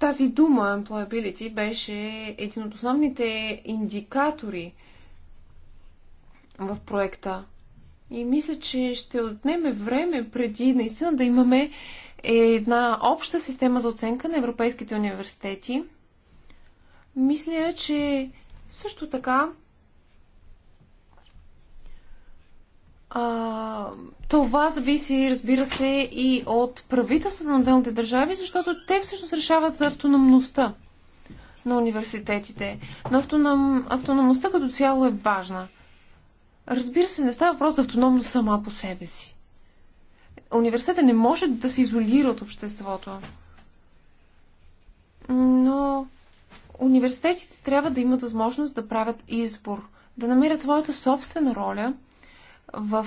Тази дума employability беше един от основните индикатори в проекта. И мисля, че ще отнеме време преди наистина да имаме една обща система за оценка на европейските университети. Мисля, че също така А, това зависи, разбира се, и от правителствата на отделните държави, защото те всъщност решават за автономността на университетите. Но автоном, автономността като цяло е важна. Разбира се, не става въпрос за автономност сама по себе си. Университета не може да се изолира от обществото. Но университетите трябва да имат възможност да правят избор, да намерят своята собствена роля – в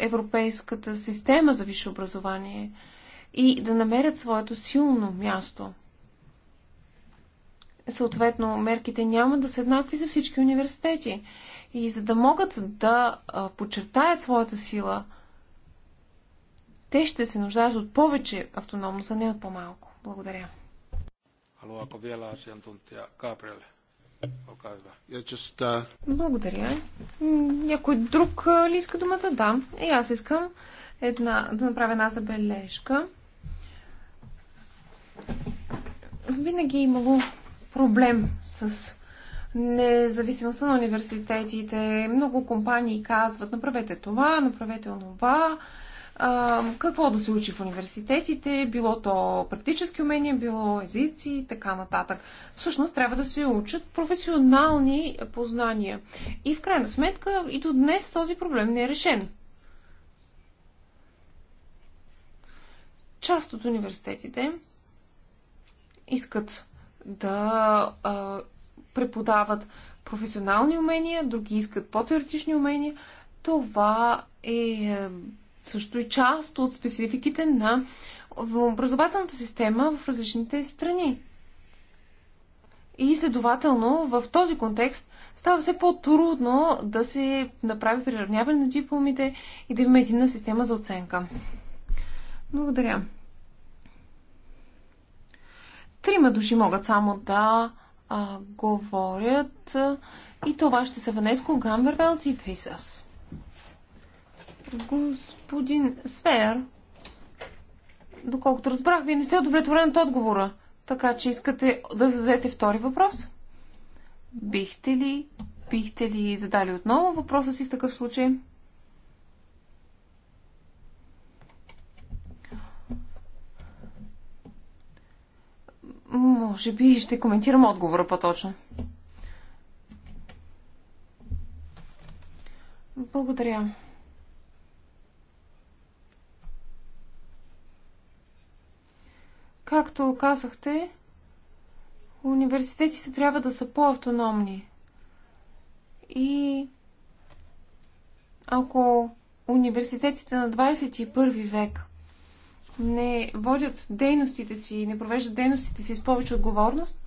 европейската система за висше образование и да намерят своето силно място. Съответно, мерките няма да са еднакви за всички университети. И за да могат да подчертаят своята сила, те ще се нуждаят от повече автономност, а не от по-малко. Благодаря. Haluaako vielä asiantuntija Gabriel благодаря. Някой друг ли иска думата? Да. И аз искам една, да направя една забележка. Винаги е имало проблем с независимостта на университетите. Много компании казват, направете това, направете онова какво да се учи в университетите, било то практически умения, било езици и така нататък. Всъщност трябва да се учат професионални познания. И в крайна сметка и до днес този проблем не е решен. Част от университетите искат да а, преподават професионални умения, други искат по-теоретични умения. Това е също и част от спецификите на образователната система в различните страни. И следователно, в този контекст става все по-трудно да се направи приравняване на дипломите и да има единна система за оценка. Благодаря. Трима души могат само да а, говорят и това ще са Ванеско, Гамбервелт и Фейсас. Господин Сфер, доколкото разбрах, вие не сте удовлетворен от отговора, така че искате да зададете втори въпрос? Бихте ли, бихте ли задали отново въпроса си в такъв случай? Може би ще коментирам отговора по-точно. Благодаря. Както казахте, университетите трябва да са по-автономни. И ако университетите на 21 век не водят дейностите си, не провеждат дейностите си с повече отговорност,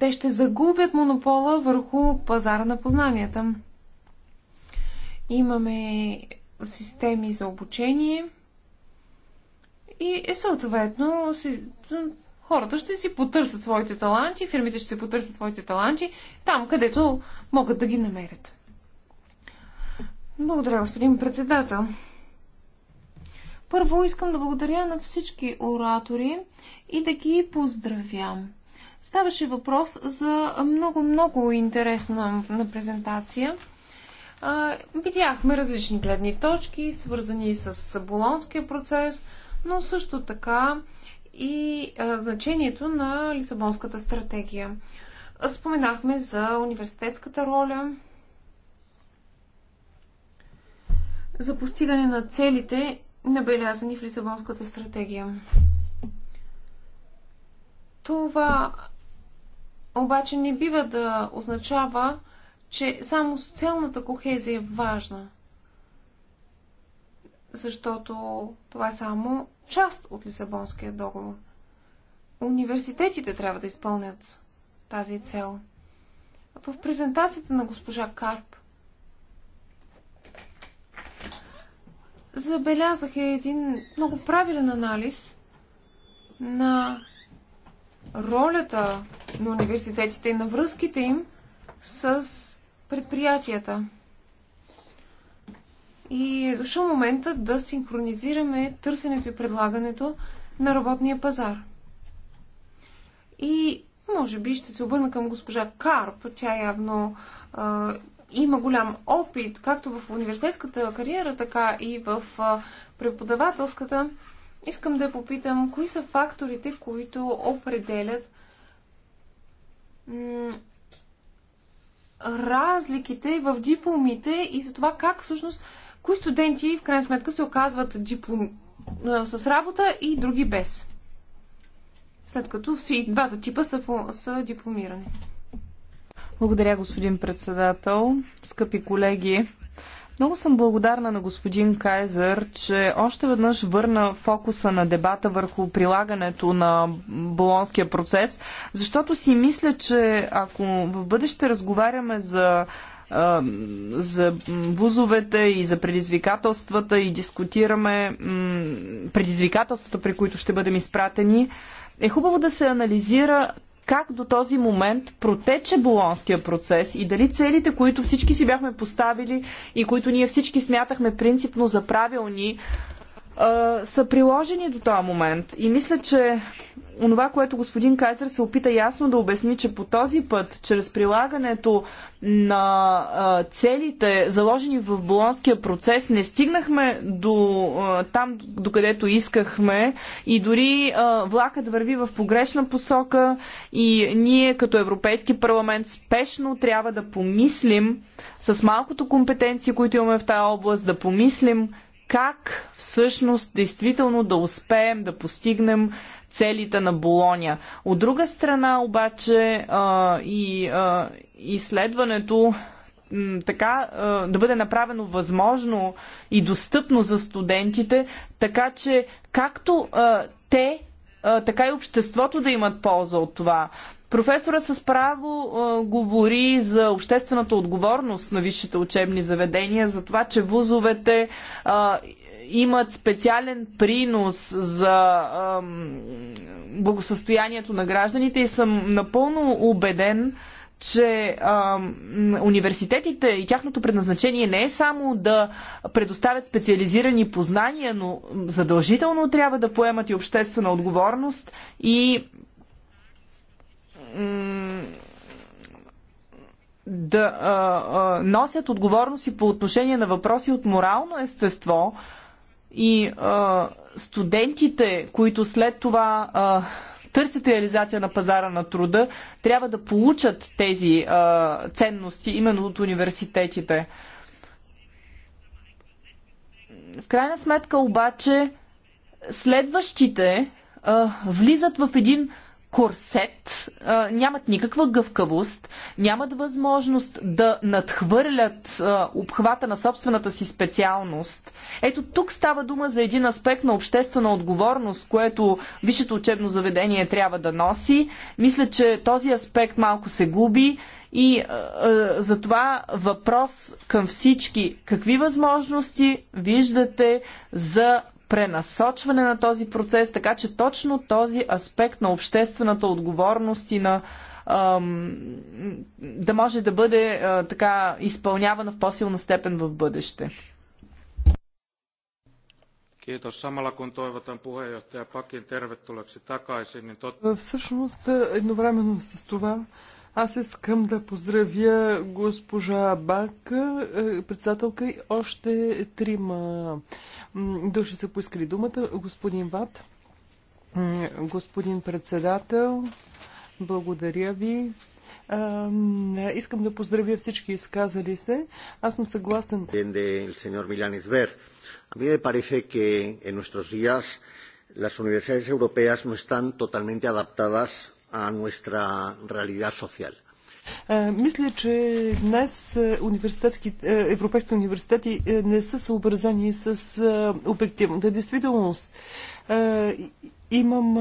те ще загубят монопола върху пазара на познанията. Имаме системи за обучение – и е съответно си, хората ще си потърсят своите таланти, фирмите ще си потърсят своите таланти там, където могат да ги намерят. Благодаря, господин председател. Първо искам да благодаря на всички оратори и да ги поздравям. Ставаше въпрос за много-много интересна на презентация. Видяхме различни гледни точки, свързани с болонския процес – но също така и значението на Лисабонската стратегия. Споменахме за университетската роля, за постигане на целите, набелязани в Лисабонската стратегия. Това обаче не бива да означава, че само социалната кохезия е важна – защото това е само част от Лисабонския договор. Университетите трябва да изпълнят тази цел. В презентацията на госпожа Карп забелязах един много правилен анализ на ролята на университетите и на връзките им с предприятията. И е дошъл момента да синхронизираме търсенето и предлагането на работния пазар. И може би ще се обърна към госпожа Карп. Тя явно а, има голям опит, както в университетската кариера, така и в а, преподавателската. Искам да я попитам, кои са факторите, които определят разликите в дипломите и за това как всъщност кои студенти в крайна сметка се оказват диплом... с работа и други без. След като всички двата типа са, са дипломирани. Благодаря, господин председател. Скъпи колеги, много съм благодарна на господин Кайзер, че още веднъж върна фокуса на дебата върху прилагането на болонския процес, защото си мисля, че ако в бъдеще разговаряме за за вузовете и за предизвикателствата и дискутираме предизвикателствата, при които ще бъдем изпратени, е хубаво да се анализира как до този момент протече болонския процес и дали целите, които всички си бяхме поставили и които ние всички смятахме принципно за правилни, са приложени до този момент. И мисля, че онова, което господин Кайзер се опита ясно да обясни, че по този път, чрез прилагането на а, целите, заложени в болонския процес, не стигнахме до а, там, докъдето искахме и дори а, влакът върви в погрешна посока и ние като Европейски парламент спешно трябва да помислим с малкото компетенции, които имаме в тази област, да помислим как всъщност действително да успеем да постигнем целите на Болоня. От друга страна обаче а, и а, изследването така да бъде направено възможно и достъпно за студентите, така че както те, така и обществото да имат полза от това. Професора с право а, говори за обществената отговорност на висшите учебни заведения, за това, че вузовете а, имат специален принос за а, благосъстоянието на гражданите и съм напълно убеден, че а, университетите и тяхното предназначение не е само да предоставят специализирани познания, но задължително трябва да поемат и обществена отговорност и да а, а, носят отговорности по отношение на въпроси от морално естество и а, студентите, които след това а, търсят реализация на пазара на труда, трябва да получат тези а, ценности именно от университетите. В крайна сметка обаче следващите а, влизат в един корсет, нямат никаква гъвкавост, нямат възможност да надхвърлят обхвата на собствената си специалност. Ето тук става дума за един аспект на обществена отговорност, което висшето учебно заведение трябва да носи. Мисля, че този аспект малко се губи. И е, затова въпрос към всички. Какви възможности виждате за пренасочване на този процес, така че точно този аспект на обществената отговорност и на да може да бъде така изпълнявана в по-силна степен в бъдеще. Всъщност, едновременно с това, аз искам да поздравя госпожа Бак, е, председателка и още трима души са поискали думата. Господин Ват, господин председател, благодаря ви. Е, искам да поздравя всички изказали се. Аз съм съгласен. A mí las universidades europeas no están totalmente adaptadas a nuestra realidad social. Е, мисля, че днес е, е, европейските университети не са съобразени с обективната действителност. Имам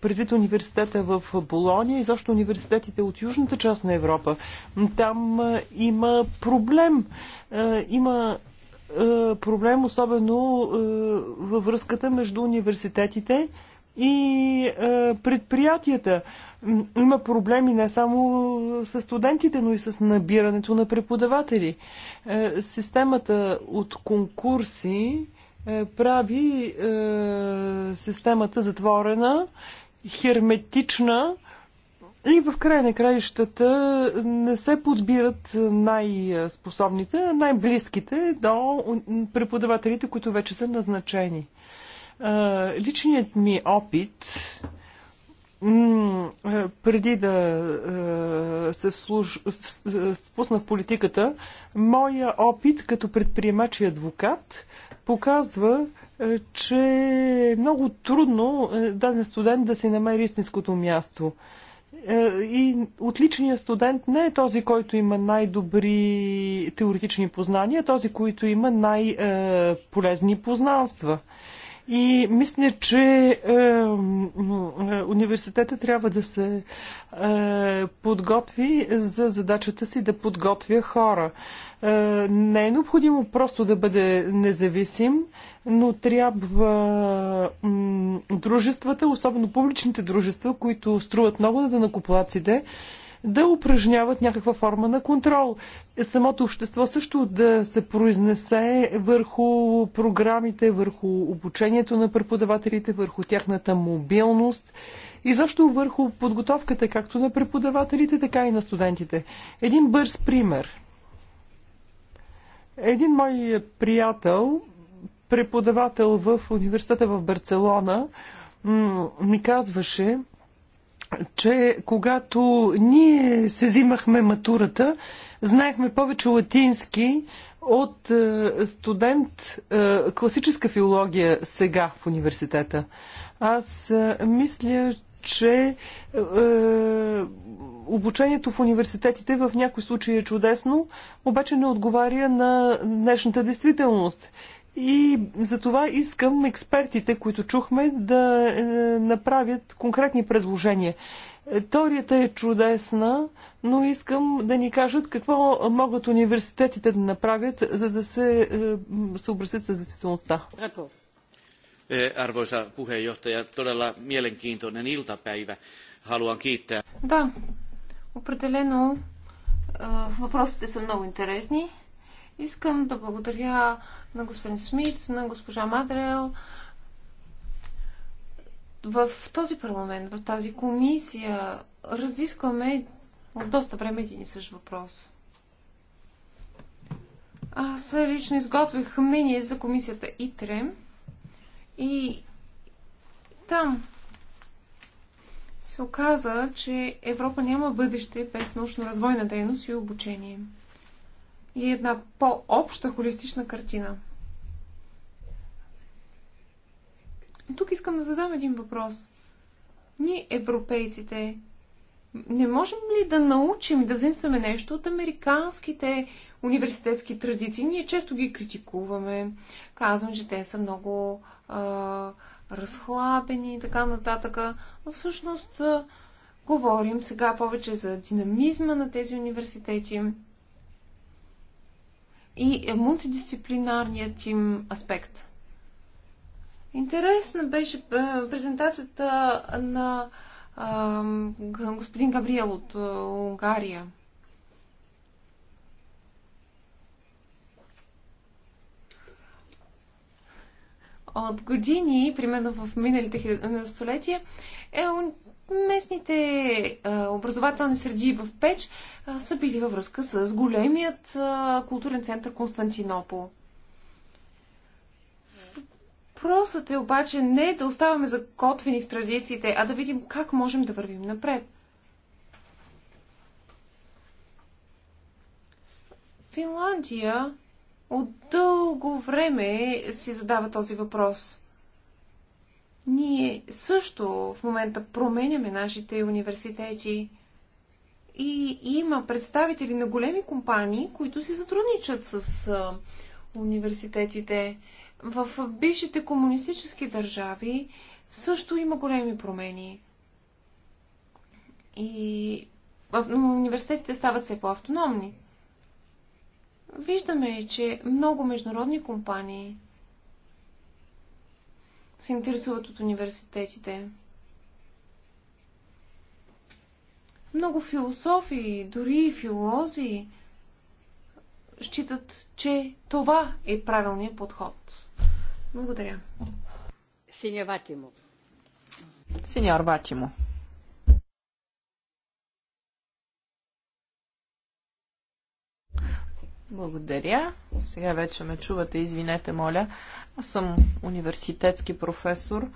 предвид университета в Болония и защо университетите от южната част на Европа. Там има проблем. Има проблем, особено във връзката между университетите и и е, предприятията. Има проблеми не само с студентите, но и с набирането на преподаватели. Е, системата от конкурси е, прави системата затворена, херметична и в край на краищата не се подбират най-способните, най-близките до преподавателите, които вече са назначени. Личният ми опит преди да се вслуж... впусна в политиката, моя опит като предприемач и адвокат показва, че е много трудно даден студент да си намери истинското място. И отличният студент не е този, който има най-добри теоретични познания, а този, който има най-полезни познанства. И мисля, че е, е, университета трябва да се е, подготви за задачата си да подготвя хора. Е, не е необходимо просто да бъде независим, но трябва дружествата, особено публичните дружества, които струват много на накоплаците, да да упражняват някаква форма на контрол. Самото общество също да се произнесе върху програмите, върху обучението на преподавателите, върху тяхната мобилност и защо върху подготовката както на преподавателите, така и на студентите. Един бърз пример. Един мой приятел, преподавател в университета в Барселона, ми казваше, че когато ние се взимахме матурата, знаехме повече латински от е, студент е, класическа филология сега в университета. Аз е, мисля, че е, обучението в университетите в някои случаи е чудесно, обаче не отговаря на днешната действителност. И за това искам експертите, които чухме, да е, направят конкретни предложения. Е, теорията е чудесна, но искам да ни кажат какво могат университетите да направят, за да се е, съобразят с действителността. Arvoisa puheenjohtaja, todella mielenkiintoinen iltapäivä. Haluan kiittää. Да, определено въпросите са много интересни. Искам да благодаря на господин Смит, на госпожа Мадрел. В този парламент, в тази комисия, разискваме от доста време един и същ въпрос. Аз лично изготвих мнение за комисията ИТРЕ и там се оказа, че Европа няма бъдеще без научно-развойна дейност и обучение и една по-обща холистична картина. Тук искам да задам един въпрос. Ние, европейците, не можем ли да научим да взимаме нещо от американските университетски традиции? Ние често ги критикуваме. Казвам, че те са много а, разхлабени и така нататък. Но всъщност а, говорим сега повече за динамизма на тези университети и мултидисциплинарният им аспект. Интересна беше презентацията на господин Габриел от Унгария. От години, примерно в миналите столетия, е, местните а, образователни среди в Печ а, са били във връзка с големият а, културен център Константинопол. Въпросът е обаче не да оставаме закотвени в традициите, а да видим как можем да вървим напред. Финландия от дълго време си задава този въпрос. Ние също в момента променяме нашите университети и има представители на големи компании, които си сътрудничат с университетите. В бившите комунистически държави също има големи промени. И университетите стават все по-автономни. Виждаме, че много международни компании – се интересуват от университетите. Много философи, дори и филолози считат, че това е правилният подход. Благодаря. Синьор Ватимо. Синьор Ватимо. Благодаря. Сега вече ме чувате, извинете, моля. Аз съм университетски професор,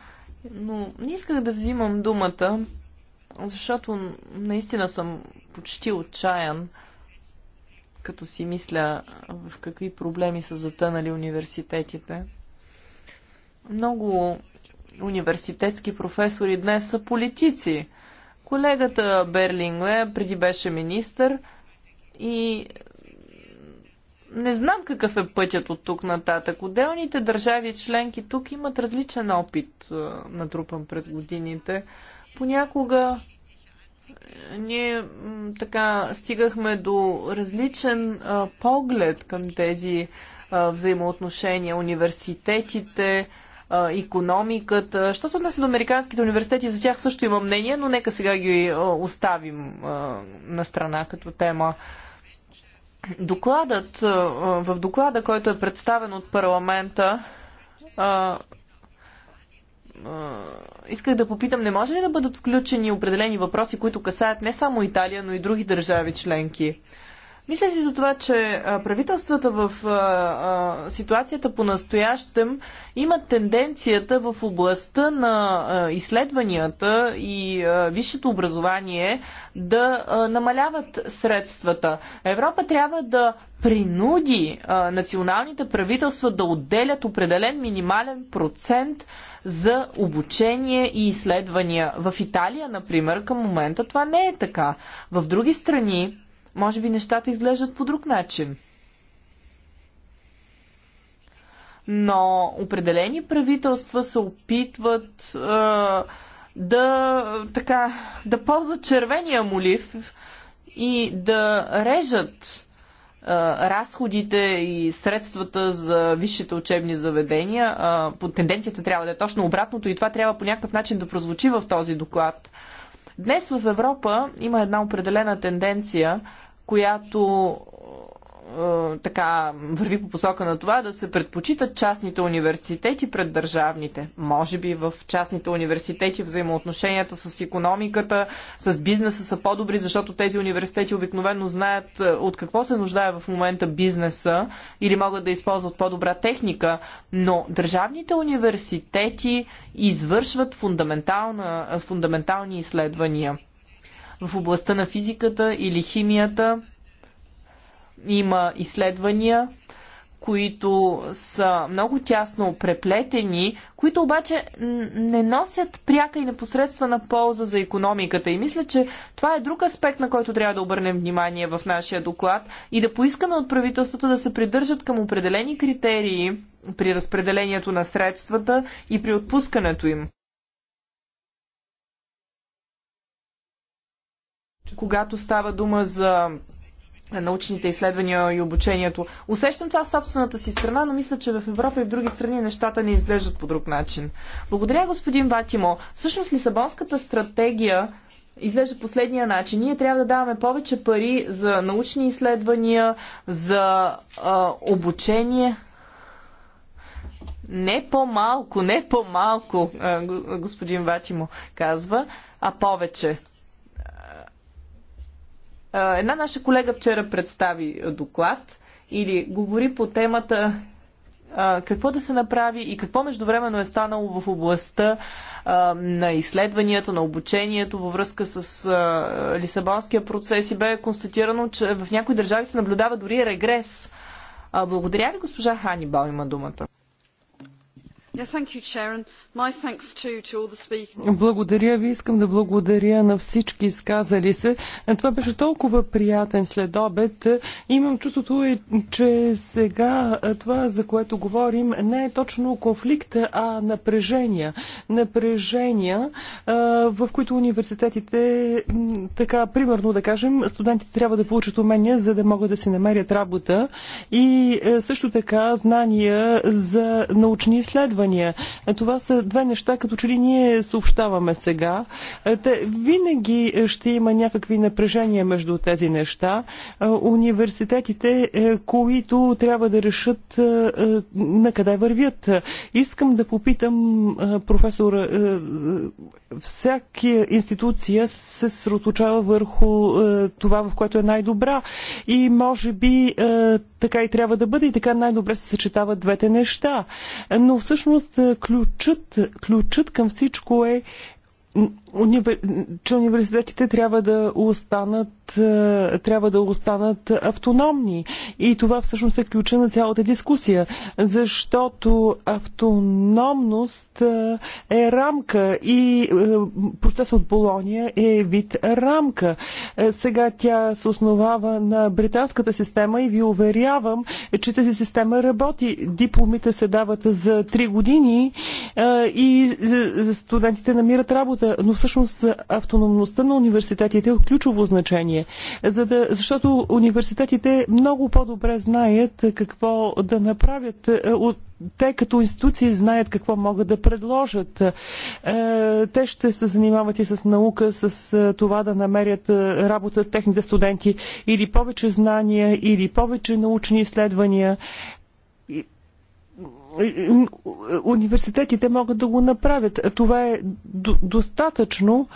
но не исках да взимам думата, защото наистина съм почти отчаян, като си мисля в какви проблеми са затънали университетите. Много университетски професори днес са политици. Колегата Берлингве преди беше министър и не знам какъв е пътят от тук нататък. Отделните държави и членки тук имат различен опит, натрупан през годините. Понякога ние така стигахме до различен а, поглед към тези а, взаимоотношения. Университетите, а, економиката. Що се отнася до американските университети, за тях също има мнение, но нека сега ги оставим а, на страна като тема. А, Докладът, в доклада, който е представен от парламента, исках да попитам, не може ли да бъдат включени определени въпроси, които касаят не само Италия, но и други държави членки? Мисля си за това, че правителствата в ситуацията по настоящем имат тенденцията в областта на изследванията и висшето образование да намаляват средствата. Европа трябва да принуди а, националните правителства да отделят определен минимален процент за обучение и изследвания. В Италия, например, към момента това не е така. В други страни може би нещата изглеждат по друг начин. Но определени правителства се опитват е, да, така, да ползват червения молив и да режат разходите и средствата за висшите учебни заведения. По тенденцията трябва да е точно обратното и това трябва по някакъв начин да прозвучи в този доклад. Днес в Европа има една определена тенденция, която е, така върви по посока на това да се предпочитат частните университети пред държавните. Може би в частните университети взаимоотношенията с економиката, с бизнеса са по-добри, защото тези университети обикновено знаят е, от какво се нуждае в момента бизнеса или могат да използват по-добра техника, но държавните университети извършват фундаментални изследвания в областта на физиката или химията – има изследвания, които са много тясно преплетени, които обаче не носят пряка и непосредствена полза за економиката. И мисля, че това е друг аспект, на който трябва да обърнем внимание в нашия доклад и да поискаме от правителствата да се придържат към определени критерии при разпределението на средствата и при отпускането им. Когато става дума за научните изследвания и обучението. Усещам това в собствената си страна, но мисля, че в Европа и в други страни нещата не изглеждат по друг начин. Благодаря, господин Батимо. Всъщност Лисабонската стратегия изглежда последния начин. Ние трябва да даваме повече пари за научни изследвания, за а, обучение. Не по-малко, не по-малко, господин Ватимо казва, а повече. Една наша колега вчера представи доклад или говори по темата какво да се направи и какво междувременно е станало в областта на изследванията, на обучението във връзка с Лисабонския процес и бе констатирано, че в някои държави се наблюдава дори регрес. благодаря ви, госпожа Ханибал има думата. Благодаря ви. Искам да благодаря на всички изказали се. Това беше толкова приятен след обед. Имам чувството, е, че сега е, това, за което говорим, не е точно конфликт, а напрежения. Напрежения, е, в които университетите, така, примерно да кажем, студентите трябва да получат умения, за да могат да си намерят работа и е, също така знания за научни изследвания изследвания. Това са две неща, като че ли ние съобщаваме сега. Те винаги ще има някакви напрежения между тези неща. Университетите, е, които трябва да решат е, е, на къде вървят. Искам да попитам професора всяка институция се съсредоточава върху е, това, в което е най-добра. И може би е, така и трябва да бъде и така най-добре се съчетават двете неща. Но всъщност е, ключът, ключът към всичко е универ... че университетите трябва да останат, е, трябва да останат автономни. И това всъщност е ключа на цялата дискусия, защото автономност е, е рамка и е, процесът от Болония е вид рамка. Сега тя се основава на британската система и ви уверявам, че тази система работи. Дипломите се дават за 3 години и студентите намират работа, но всъщност автономността на университетите е от ключово значение, за да, защото университетите много по-добре знаят какво да направят от е, те като институции знаят какво могат да предложат. Е, те ще се занимават и с наука, с е, това да намерят работа техните студенти или повече знания, или повече научни изследвания университетите могат да го направят. Това е достатъчно.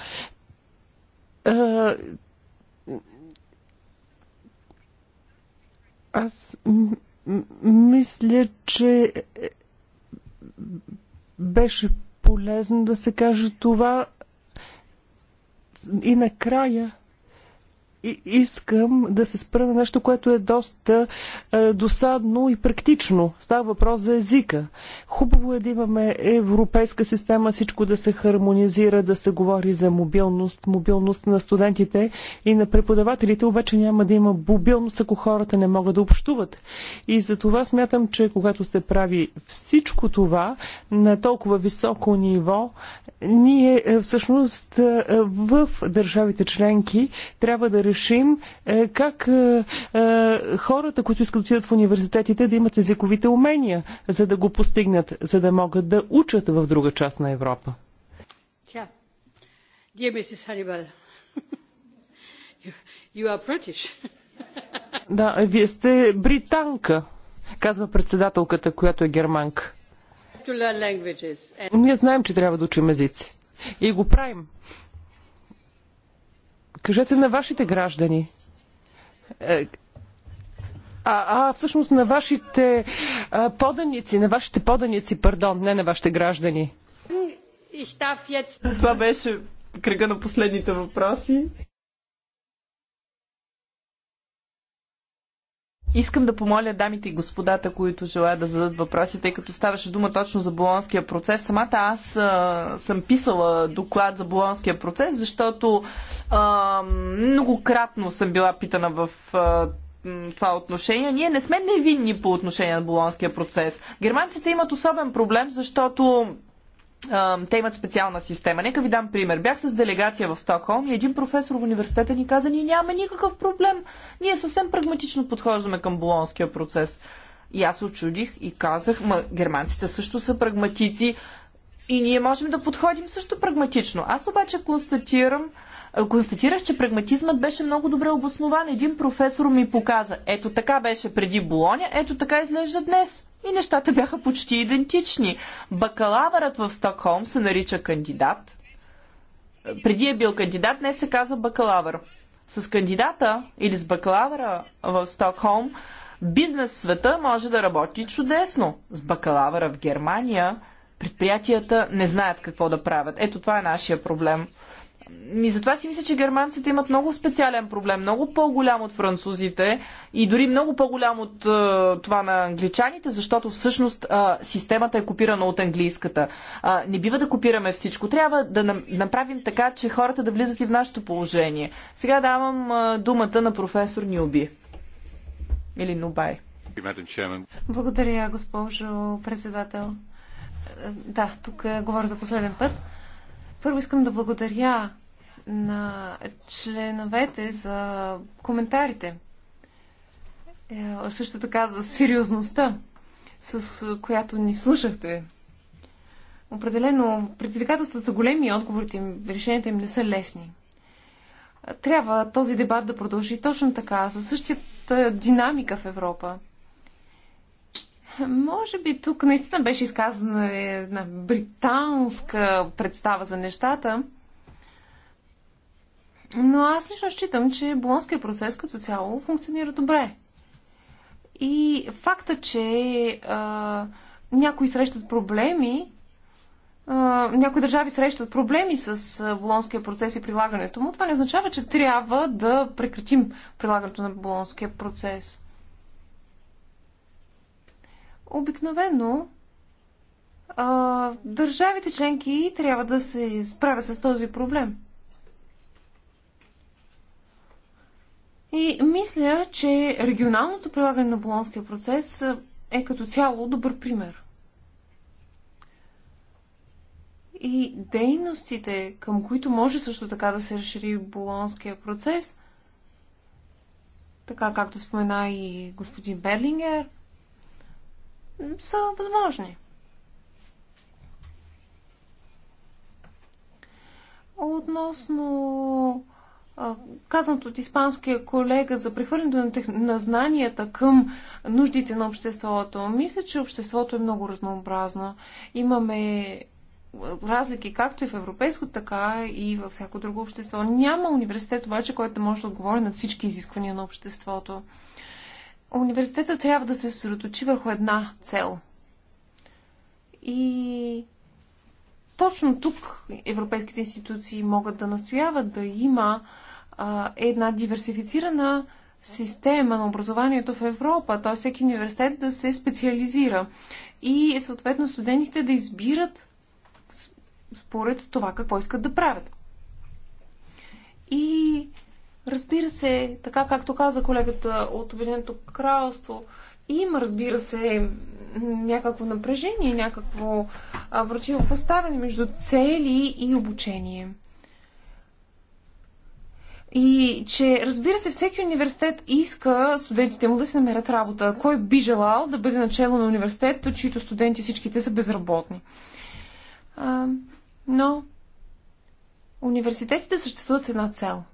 Аз мисля, че беше полезно да се каже това и накрая. И искам да се спра на нещо, което е доста е, досадно и практично. Става въпрос за езика. Хубаво е да имаме европейска система, всичко да се хармонизира, да се говори за мобилност, мобилност на студентите и на преподавателите, обаче няма да има мобилност, ако хората не могат да общуват. И за това смятам, че когато се прави всичко това на толкова високо ниво, ние е, всъщност е, в държавите членки трябва да решим решим е, как е, е, хората, които искат да отидат в университетите, да имат езиковите умения, за да го постигнат, за да могат да учат в друга част на Европа. Тя. [LAUGHS] you are British. Да, вие сте британка, казва председателката, която е германка. Ние знаем, че трябва да учим езици. И го правим. Кажете на вашите граждани. Е, а, а всъщност на вашите а, поданици, на вашите поданици, пардон, не на вашите граждани. Това беше кръга на последните въпроси. Искам да помоля дамите и господата, които желаят да зададат въпроси, тъй като ставаше дума точно за болонския процес. Самата аз а, съм писала доклад за болонския процес, защото а, многократно съм била питана в а, това отношение. Ние не сме невинни по отношение на болонския процес. Германците имат особен проблем, защото те имат специална система. Нека ви дам пример. Бях с делегация в Стокхолм и един професор в университета ни каза, ние нямаме никакъв проблем. Ние съвсем прагматично подхождаме към болонския процес. И аз очудих и казах, ма германците също са прагматици, и ние можем да подходим също прагматично. Аз обаче констатирам, констатирах, че прагматизмът беше много добре обоснован. Един професор ми показа, ето така беше преди Болоня, ето така изглежда днес. И нещата бяха почти идентични. Бакалавърът в Стокхолм се нарича кандидат. Преди е бил кандидат, днес се казва бакалавър. С кандидата или с бакалавъра в Стокхолм бизнес света може да работи чудесно. С бакалавъра в Германия предприятията не знаят какво да правят. Ето това е нашия проблем. И затова си мисля, че германците имат много специален проблем, много по-голям от французите и дори много по-голям от е, това на англичаните, защото всъщност е, системата е копирана от английската. Е, не бива да копираме всичко. Трябва да направим така, че хората да влизат и в нашето положение. Сега давам е, думата на професор Нюби. Или Нубай. Благодаря, госпожо председател. Да, тук е, говоря за последен път. Първо искам да благодаря на членовете за коментарите. Е, също така за сериозността, с която ни слушахте. Определено, предизвикателствата са големи и отговорите им, решенията им не са лесни. Трябва този дебат да продължи точно така, със същата динамика в Европа. Може би тук наистина беше изказана една британска представа за нещата. Но аз лично считам, че болонския процес като цяло функционира добре. И факта, че а, някои срещат проблеми, а, някои държави срещат проблеми с болонския процес и прилагането му, това не означава, че трябва да прекратим прилагането на болонския процес. Обикновено а, държавите членки трябва да се справят с този проблем. И мисля, че регионалното прилагане на болонския процес е като цяло добър пример. И дейностите, към които може също така да се разшири болонския процес, така както спомена и господин Берлингер – са възможни. Относно казаното от испанския колега за прехвърлянето на, тех... на знанията към нуждите на обществото. Мисля, че обществото е много разнообразно. Имаме разлики както и в европейско, така и във всяко друго общество. Няма университет обаче, който може да отговори на всички изисквания на обществото университета трябва да се съсредоточи върху една цел. И точно тук европейските институции могат да настояват да има а, една диверсифицирана система на образованието в Европа, т.е. всеки университет да се специализира и съответно студентите да избират според това какво искат да правят. И Разбира се, така както каза колегата от Обединеното кралство, има, разбира се, някакво напрежение, някакво поставяне между цели и обучение. И че, разбира се, всеки университет иска студентите му да си намерят работа. Кой би желал да бъде начало на университет, чието студенти всичките са безработни? А, но университетите съществуват с една цел –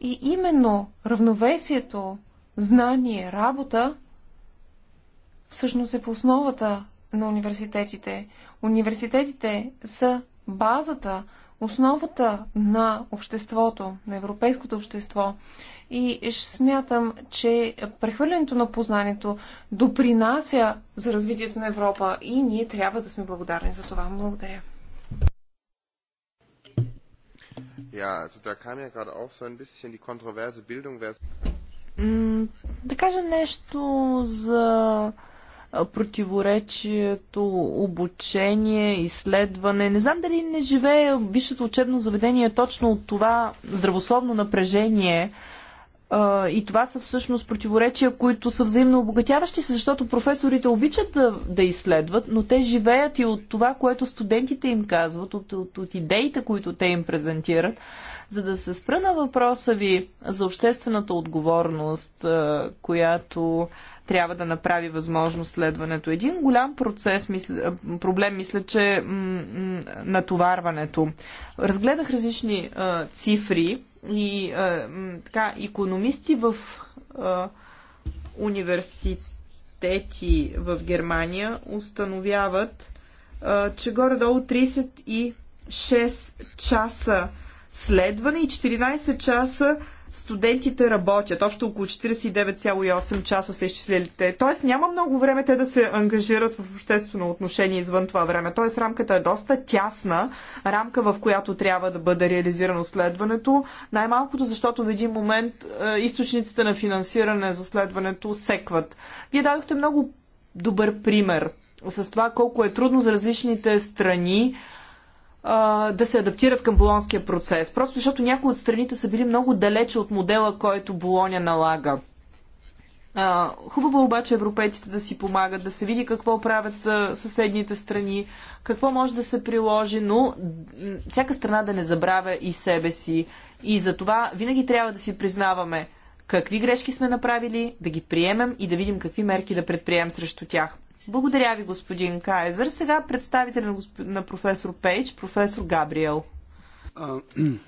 и именно равновесието, знание, работа всъщност е в основата на университетите. Университетите са базата, основата на обществото, на европейското общество. И смятам, че прехвърлянето на познанието допринася за развитието на Европа и ние трябва да сме благодарни за това. Благодаря. Ja, also da kam ja gerade auch so ein bisschen die kontroverse Bildung. Да кажа нещо за противоречието, обучение, изследване. Не знам дали не живее висшето учебно заведение точно от това здравословно напрежение, и това са всъщност противоречия, които са взаимно обогатяващи се, защото професорите обичат да, да изследват, но те живеят и от това, което студентите им казват, от, от, от идеите, които те им презентират. За да се спра на въпроса ви за обществената отговорност, която трябва да направи възможно следването. Един голям процес, мисля, проблем, мисля, че натоварването. Разгледах различни а, цифри и а, така, економисти в а, университети в Германия установяват, а, че горе-долу 36 часа следване и 14 часа студентите работят. Общо около 49,8 часа са изчислили те. Тоест няма много време те да се ангажират в обществено отношение извън това време. Тоест рамката е доста тясна, рамка в която трябва да бъде реализирано следването. Най-малкото, защото в един момент е, източниците на финансиране за следването секват. Вие дадохте много добър пример с това колко е трудно за различните страни да се адаптират към болонския процес. Просто защото някои от страните са били много далече от модела, който Болоня налага. А, хубаво е обаче европейците да си помагат, да се види какво правят за съседните страни, какво може да се приложи, но всяка страна да не забравя и себе си. И за това винаги трябва да си признаваме какви грешки сме направили, да ги приемем и да видим какви мерки да предприемем срещу тях. Благодаря ви, господин Кайзер. Сега представител на, госп... на професор Пейдж, професор Габриел. Uh,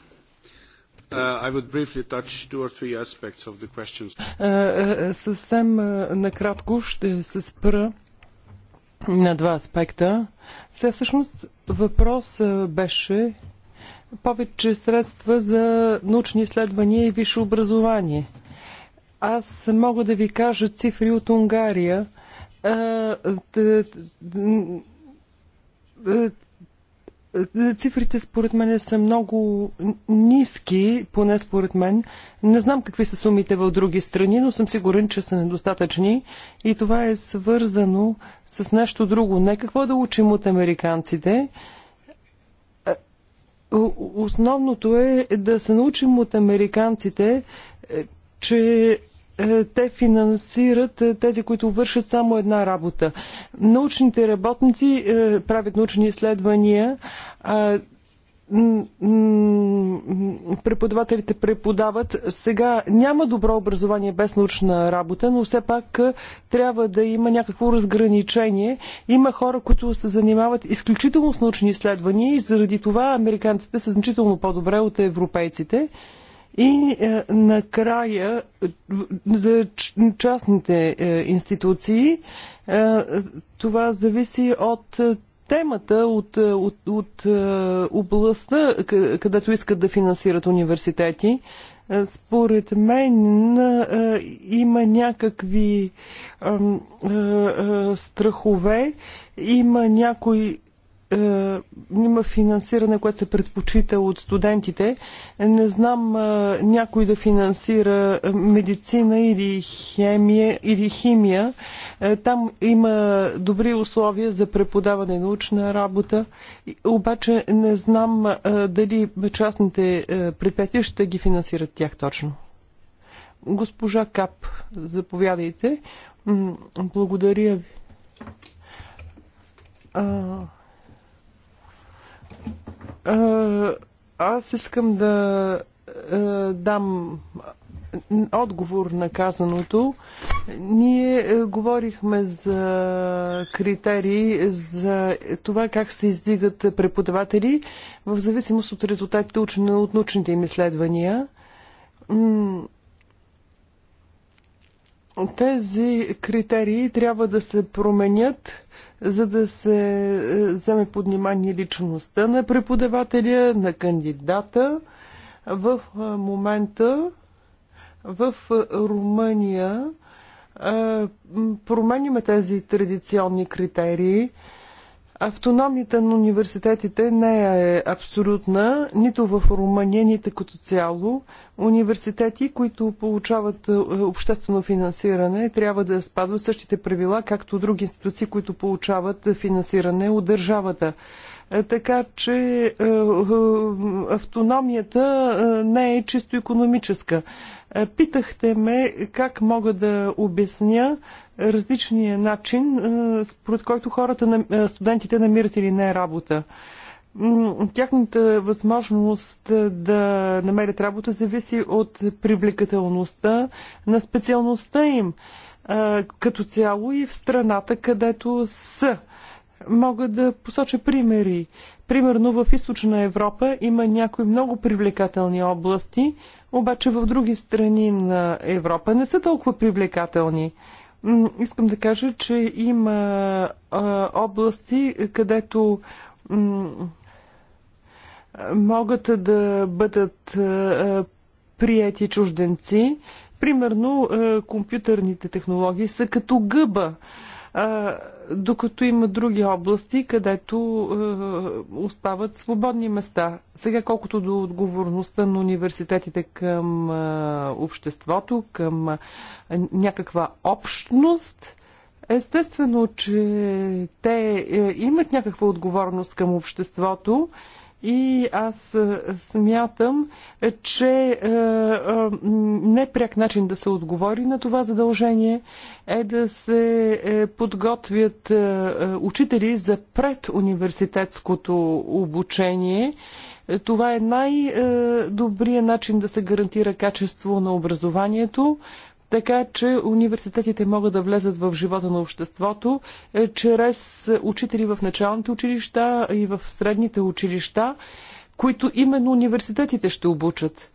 uh, съвсем накратко ще се спра на два аспекта. Сега всъщност въпрос беше повече средства за научни изследвания и висше образование. Аз мога да ви кажа цифри от Унгария – Цифрите според мен са много ниски, поне според мен. Не знам какви са сумите в други страни, но съм сигурен, че са недостатъчни и това е свързано с нещо друго. Не какво да учим от американците. Основното е да се научим от американците, е, че е, те финансират е, тези, които вършат само една работа. Научните работници е, правят научни изследвания, преподавателите преподават. Сега няма добро образование без научна работа, но все пак трябва да има някакво разграничение. Има хора, които се занимават изключително с научни изследвания и заради това американците са значително по-добре от европейците. И е, накрая за частните е, институции е, това зависи от е, темата, от, е, от, от е, областта, където искат да финансират университети. Според мен има някакви страхове, има някои е, има финансиране, което се предпочита от студентите. Не знам е, някой да финансира е, медицина или химия, или химия. Там има добри условия за преподаване на научна работа, обаче не знам дали частните предприятия ще ги финансират тях точно. Госпожа Кап, заповядайте. Благодаря ви. Аз искам да дам отговор на казаното. Ние говорихме за критерии, за това как се издигат преподаватели в зависимост от резултатите от научните им изследвания. Тези критерии трябва да се променят за да се е, вземе под внимание личността на преподавателя, на кандидата. В е, момента в е, Румъния променяме тези традиционни критерии Автономията на университетите не е абсолютна, нито в Румъния, нито като цяло. Университети, които получават е, обществено финансиране, трябва да спазват същите правила, както други институции, които получават финансиране от държавата. Е, така че е, автономията не е чисто економическа. Питахте ме как мога да обясня различния начин, според който хората, студентите намират или не работа. Тяхната възможност да намерят работа зависи от привлекателността на специалността им като цяло и в страната, където са. Мога да посоча примери. Примерно в източна Европа има някои много привлекателни области, обаче в други страни на Европа не са толкова привлекателни искам да кажа, че има области, където могат да бъдат прияти чужденци. Примерно, компютърните технологии са като гъба докато има други области, където е, остават свободни места. Сега колкото до отговорността на университетите към е, обществото, към е, някаква общност, естествено, че те е, имат някаква отговорност към обществото. Е, и аз е, смятам, че е, е, непряк начин да се отговори на това задължение е да се подготвят учители за предуниверситетското обучение. Това е най-добрият начин да се гарантира качество на образованието така че университетите могат да влезат в живота на обществото е, чрез учители в началните училища и в средните училища, които именно университетите ще обучат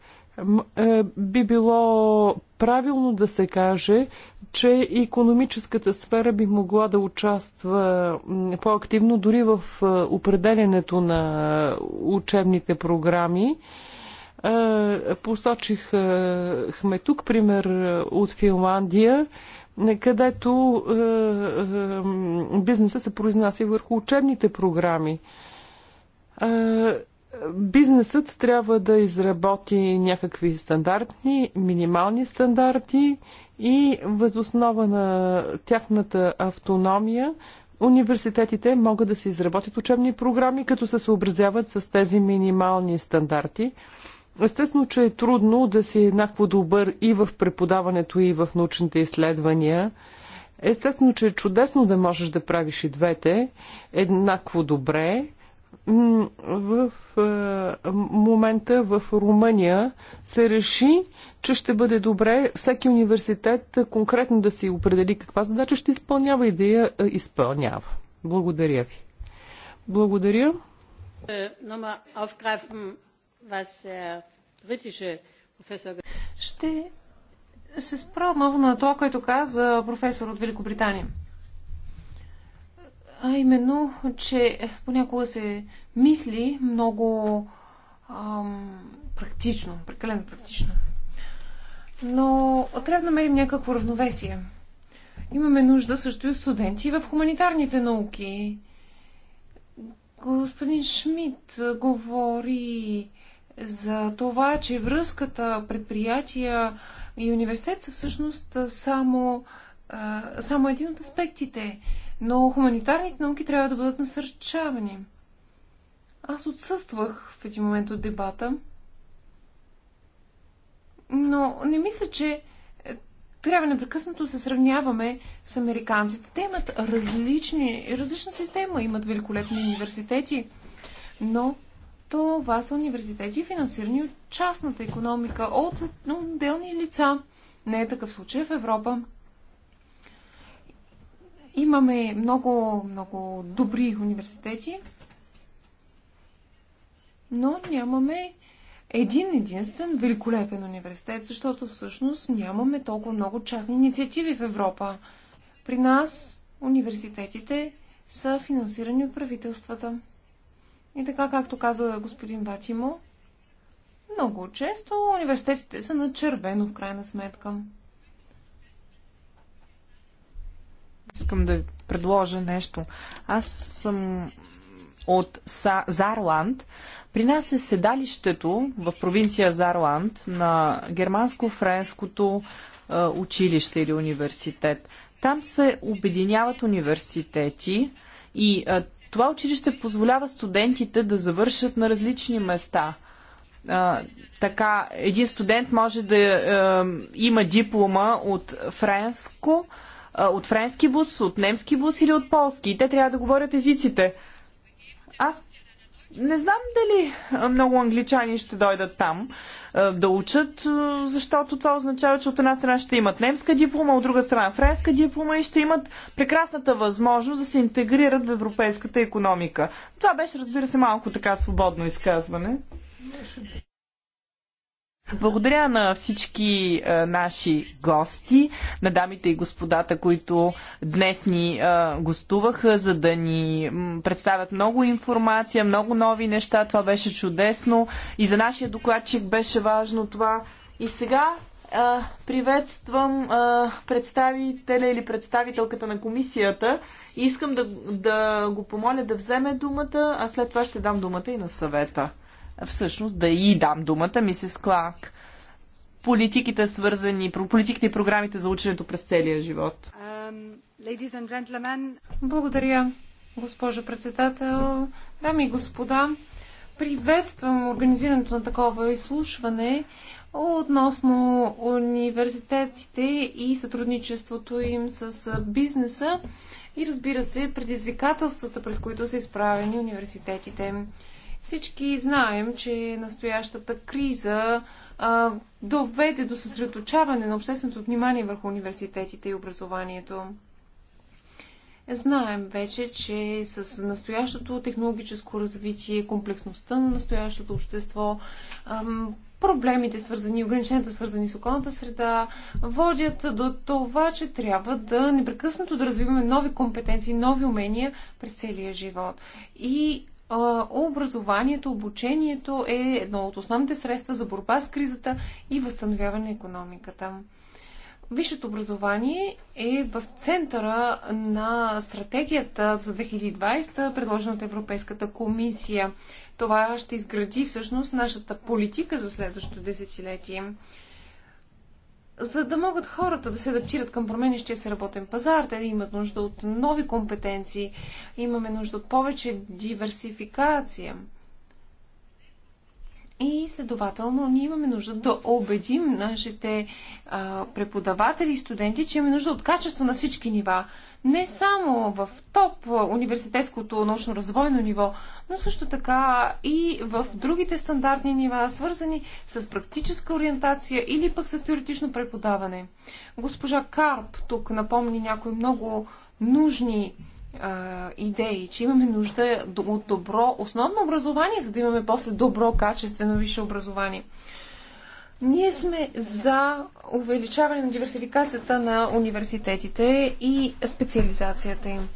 е, би било правилно да се каже, че економическата сфера би могла да участва по-активно дори в е, определенето на е, учебните програми. Посочихме тук пример от Финландия, където бизнеса се произнася върху учебните програми бизнесът трябва да изработи някакви стандартни, минимални стандарти и възоснова на тяхната автономия университетите могат да се изработят учебни програми, като се съобразяват с тези минимални стандарти. Естествено, че е трудно да си е еднакво добър и в преподаването, и в научните изследвания. Естествено, че е чудесно да можеш да правиш и двете еднакво добре. В момента в Румъния се реши, че ще бъде добре всеки университет конкретно да си определи каква задача ще изпълнява и да я изпълнява. Благодаря ви. Благодаря. Е, ще се спра отново на това, което каза професор от Великобритания. А именно, че понякога се мисли много ам, практично, прекалено практично. Но трябва да намерим някакво равновесие. Имаме нужда също и от студенти в хуманитарните науки. Господин Шмидт говори за това, че връзката предприятия и университет са всъщност само, само един от аспектите. Но хуманитарните науки трябва да бъдат насърчавани. Аз отсъствах в един момент от дебата, но не мисля, че трябва непрекъснато се сравняваме с американците. Те имат различни, различна система, имат великолепни университети, но това са университети, финансирани от частната економика, от отделни лица. Не е такъв случай в Европа. Имаме много, много добри университети, но нямаме един единствен великолепен университет, защото всъщност нямаме толкова много частни инициативи в Европа. При нас университетите са финансирани от правителствата. И така, както каза господин Батимо, много често университетите са на червено в крайна сметка. Искам да ви предложа нещо. Аз съм от Са... Зарланд. При нас е седалището в провинция Зарланд на германско-френското е, училище или университет. Там се обединяват университети и е, това училище позволява студентите да завършат на различни места. А, така, един студент може да а, има диплома от френско, а, от френски вуз, от немски вуз или от полски. И те трябва да говорят езиците. Аз не знам дали много англичани ще дойдат там да учат, защото това означава, че от една страна ще имат немска диплома, от друга страна френска диплома и ще имат прекрасната възможност да се интегрират в европейската економика. Това беше, разбира се, малко така свободно изказване. Благодаря на всички а, е, наши гости, на дамите и господата, които днес ни а, е, гостуваха, за да ни представят много информация, много нови неща. Това беше чудесно. И за нашия докладчик беше важно това. И сега а, е, приветствам представителя или представителката на комисията. И искам да, да го помоля да вземе думата, а след това ще дам думата и на съвета всъщност да и дам думата, мисис Кларк. Политиките свързани, политиките и програмите за ученето през целия живот. Благодаря, госпожо председател. Дами и господа, приветствам организирането на такова изслушване относно университетите и сътрудничеството им с бизнеса и разбира се предизвикателствата, пред които са изправени университетите. Всички знаем, че настоящата криза а, доведе до съсредоточаване на общественото внимание върху университетите и образованието. Знаем вече, че с настоящото технологическо развитие, комплексността на настоящото общество, проблемите, свързани, ограниченията, свързани с околната среда, водят до това, че трябва да непрекъснато да развиваме нови компетенции, нови умения през целия живот. И образованието, обучението е едно от основните средства за борба с кризата и възстановяване на економиката. Висшето образование е в центъра на стратегията за 2020, предложена от Европейската комисия. Това ще изгради всъщност нашата политика за следващото десетилетие за да могат хората да се адаптират към променящия се работен пазар, те имат нужда от нови компетенции, имаме нужда от повече диверсификация. И следователно, ние имаме нужда да убедим нашите а, преподаватели и студенти, че имаме нужда от качество на всички нива, не само в топ университетското научно-развойно ниво, но също така и в другите стандартни нива, свързани с практическа ориентация или пък с теоретично преподаване. Госпожа Карп тук напомни някои много нужни а, идеи, че имаме нужда от добро основно образование, за да имаме после добро качествено висше образование. Ние сме за увеличаване на диверсификацията на университетите и специализацията им.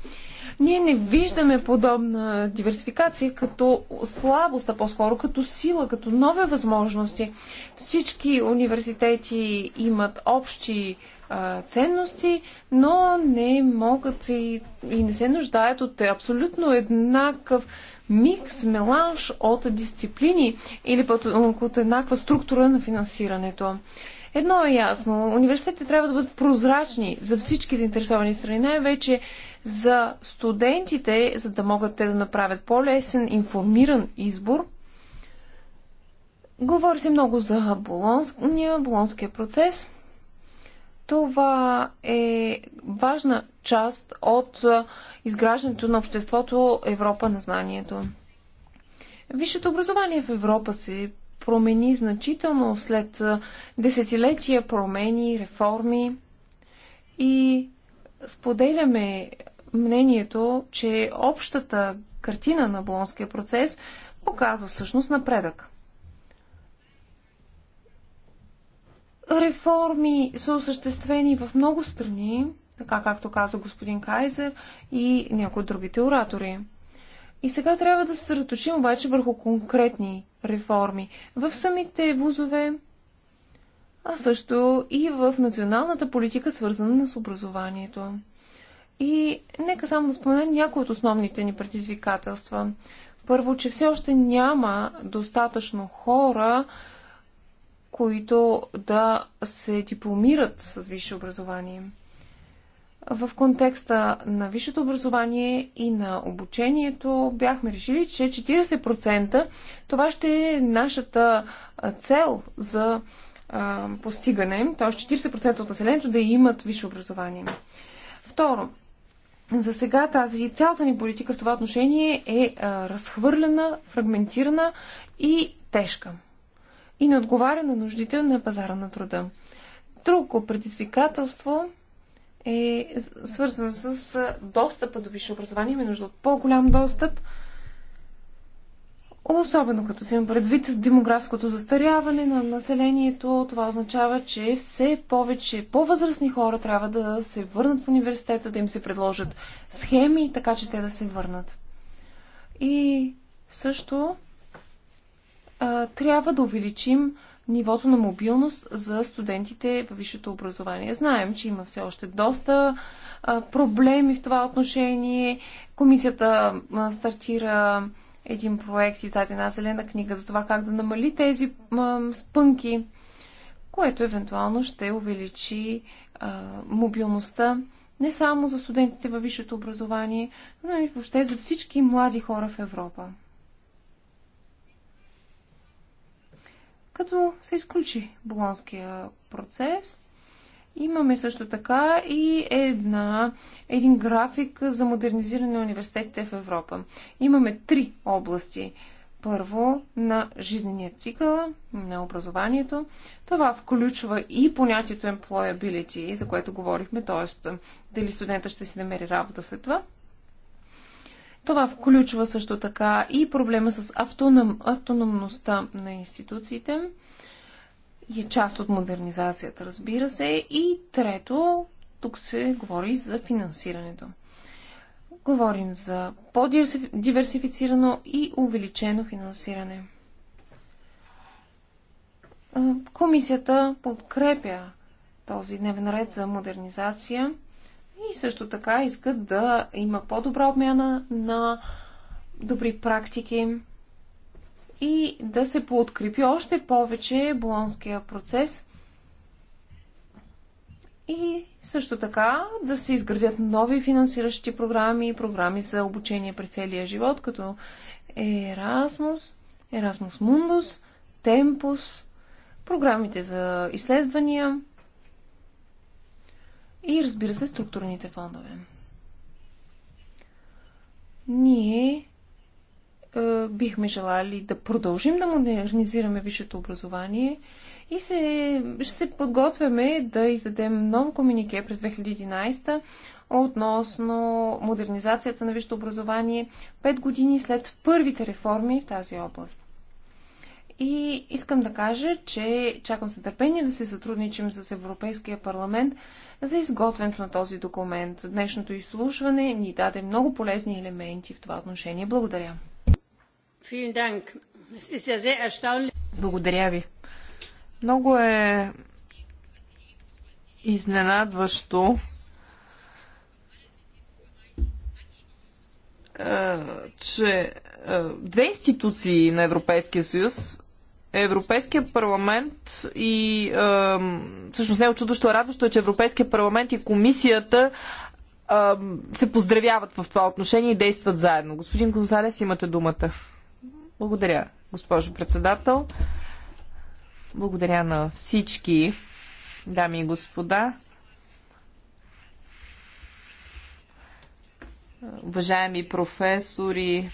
Ние не виждаме подобна диверсификация като слабост, а по-скоро като сила, като нови възможности. Всички университети имат общи а, ценности, но не могат и, и не се нуждаят от абсолютно еднакъв микс, меланж от дисциплини или пък от еднаква структура на финансирането. Едно е ясно. Университетите трябва да бъдат прозрачни за всички заинтересовани страни, най-вече за студентите, за да могат те да направят по-лесен, информиран избор. Говори се много за Болонския, Болонския процес – това е важна част от изграждането на обществото Европа на знанието. Висшето образование в Европа се промени значително след десетилетия промени, реформи и споделяме мнението, че общата картина на Болонския процес показва всъщност напредък. реформи са осъществени в много страни, така както каза господин Кайзер и някои от другите оратори. И сега трябва да се съсредоточим обаче върху конкретни реформи в самите вузове, а също и в националната политика, свързана с образованието. И нека само да спомена някои от основните ни предизвикателства. Първо, че все още няма достатъчно хора, които да се дипломират с висше образование. В контекста на висшето образование и на обучението бяхме решили, че 40% това ще е нашата цел за а, постигане, т.е. 40% от населението да имат висше образование. Второ, за сега тази цялата ни политика в това отношение е а, разхвърлена, фрагментирана и тежка и не отговаря на нуждите на пазара на труда. Друго предизвикателство е свързано с достъпа до висше образование. Има нужда от по-голям достъп, особено като си има предвид демографското застаряване на населението. Това означава, че все повече по-възрастни хора трябва да се върнат в университета, да им се предложат схеми, така че те да се върнат. И също трябва да увеличим нивото на мобилност за студентите във висшето образование. Знаем, че има все още доста проблеми в това отношение. Комисията стартира един проект, издаде една зелена книга за това как да намали тези спънки, което евентуално ще увеличи мобилността не само за студентите във висшето образование, но и въобще за всички млади хора в Европа. като се изключи болонския процес. Имаме също така и една, един график за модернизиране на университетите в Европа. Имаме три области. Първо, на жизнения цикъл, на образованието. Това включва и понятието employability, за което говорихме, т.е. дали студента ще си намери работа след това. Това включва също така и проблема с автоном, автономността на институциите и е част от модернизацията, разбира се. И трето, тук се говори за финансирането. Говорим за по-диверсифицирано и увеличено финансиране. Комисията подкрепя този дневен ред за модернизация – и също така искат да има по-добра обмяна на добри практики и да се пооткрепи още повече болонския процес и също така да се изградят нови финансиращи програми, програми за обучение през целия живот, като Erasmus, Erasmus Mundus, Tempus, програмите за изследвания и разбира се структурните фондове. Ние е, бихме желали да продължим да модернизираме висшето образование и се, ще се подготвяме да издадем ново комунике през 2011 относно модернизацията на висшето образование 5 години след първите реформи в тази област. И искам да кажа, че чакам с търпение да се сътрудничим с Европейския парламент, за изготвянето на този документ. Днешното изслушване ни даде много полезни елементи в това отношение. Благодаря. Благодаря ви. Много е изненадващо, е, че е, две институции на Европейския съюз Европейския парламент и а, всъщност не е очудващо, радващо е, че Европейския парламент и комисията а, се поздравяват в това отношение и действат заедно. Господин Гонзалес, имате думата. Благодаря, госпожо председател. Благодаря на всички, дами и господа. Уважаеми професори,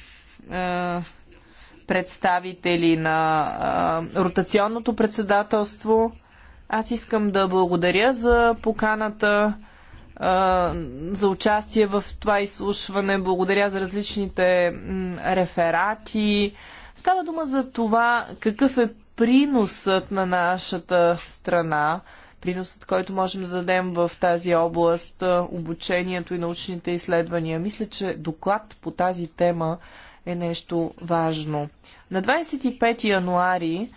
представители на а, ротационното председателство. Аз искам да благодаря за поканата а, за участие в това изслушване. Благодаря за различните м, реферати. Става дума за това какъв е приносът на нашата страна, приносът, който можем да дадем в тази област, обучението и научните изследвания. Мисля, че доклад по тази тема е нещо важно. На 25 януари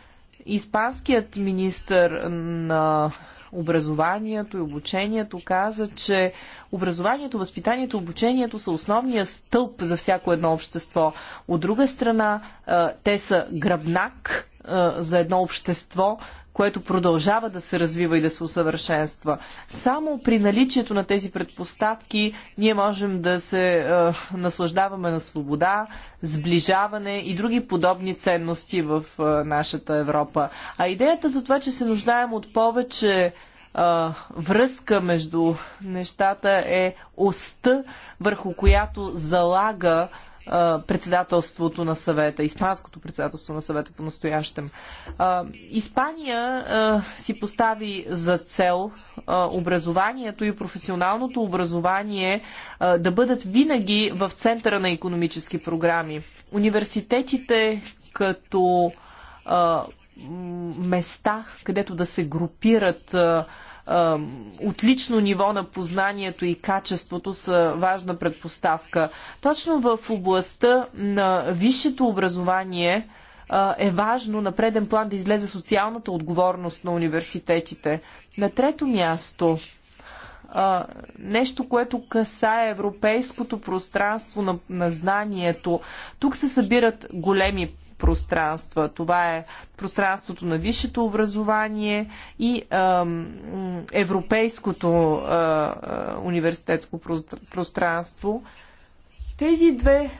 испанският министр на образованието и обучението каза, че образованието, възпитанието, обучението са основния стълб за всяко едно общество. От друга страна, те са гръбнак за едно общество, което продължава да се развива и да се усъвършенства. Само при наличието на тези предпоставки ние можем да се е, наслаждаваме на свобода, сближаване и други подобни ценности в е, нашата Европа. А идеята за това, че се нуждаем от повече е, връзка между нещата е оста, върху която залага председателството на съвета, испанското председателство на съвета по настоящем. Испания си постави за цел образованието и професионалното образование да бъдат винаги в центъра на економически програми. Университетите като места, където да се групират отлично ниво на познанието и качеството са важна предпоставка. Точно в областта на висшето образование е важно на преден план да излезе социалната отговорност на университетите. На трето място, нещо, което касае европейското пространство на, на знанието, тук се събират големи пространства. Това е пространството на висшето образование и ам, европейското а, университетско пространство. Тези две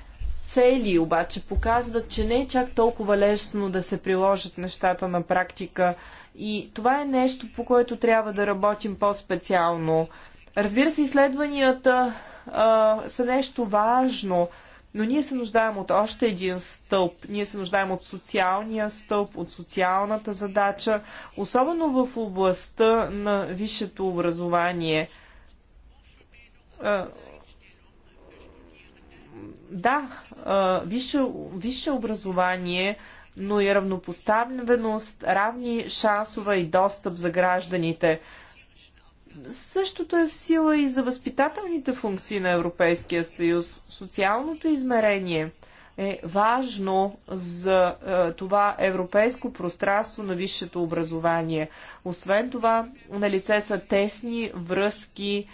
цели обаче показват, че не е чак толкова лесно да се приложат нещата на практика и това е нещо, по което трябва да работим по-специално. Разбира се, изследванията а, са нещо важно, но ние се нуждаем от още един стълб. Ние се нуждаем от социалния стълб, от социалната задача, особено в областта на висшето образование. Да, висше, висше образование, но и равнопоставеност, равни шансове и достъп за гражданите – Същото е в сила и за възпитателните функции на Европейския съюз. Социалното измерение е важно за е, това европейско пространство на висшето образование. Освен това, на лице са тесни връзки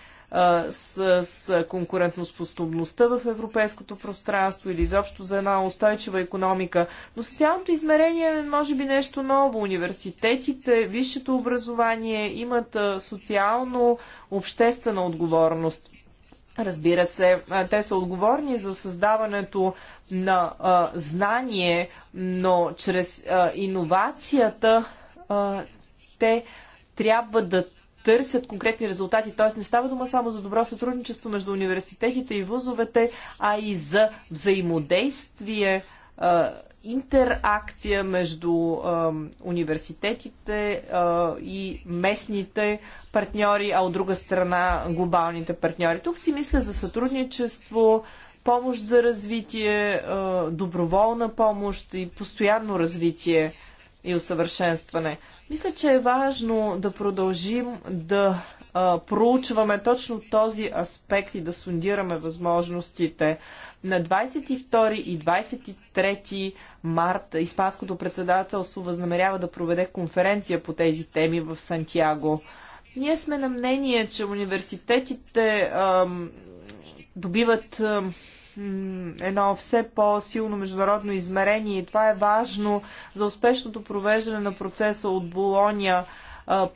с, с конкурентноспособността в европейското пространство или изобщо за една устойчива економика. Но социалното измерение е може би нещо ново. Университетите, висшето образование имат социално-обществена отговорност. Разбира се, те са отговорни за създаването на а, знание, но чрез а, иновацията а, те трябва да търсят конкретни резултати. Т.е. не става дума само за добро сътрудничество между университетите и вузовете, а и за взаимодействие, интеракция между университетите и местните партньори, а от друга страна глобалните партньори. Тук си мисля за сътрудничество, помощ за развитие, доброволна помощ и постоянно развитие и усъвършенстване. Мисля, че е важно да продължим да а, проучваме точно този аспект и да сундираме възможностите. На 22 и 23 март Испанското председателство възнамерява да проведе конференция по тези теми в Сантьяго. Ние сме на мнение, че университетите а, добиват. А, едно все по-силно международно измерение и това е важно за успешното провеждане на процеса от Болония.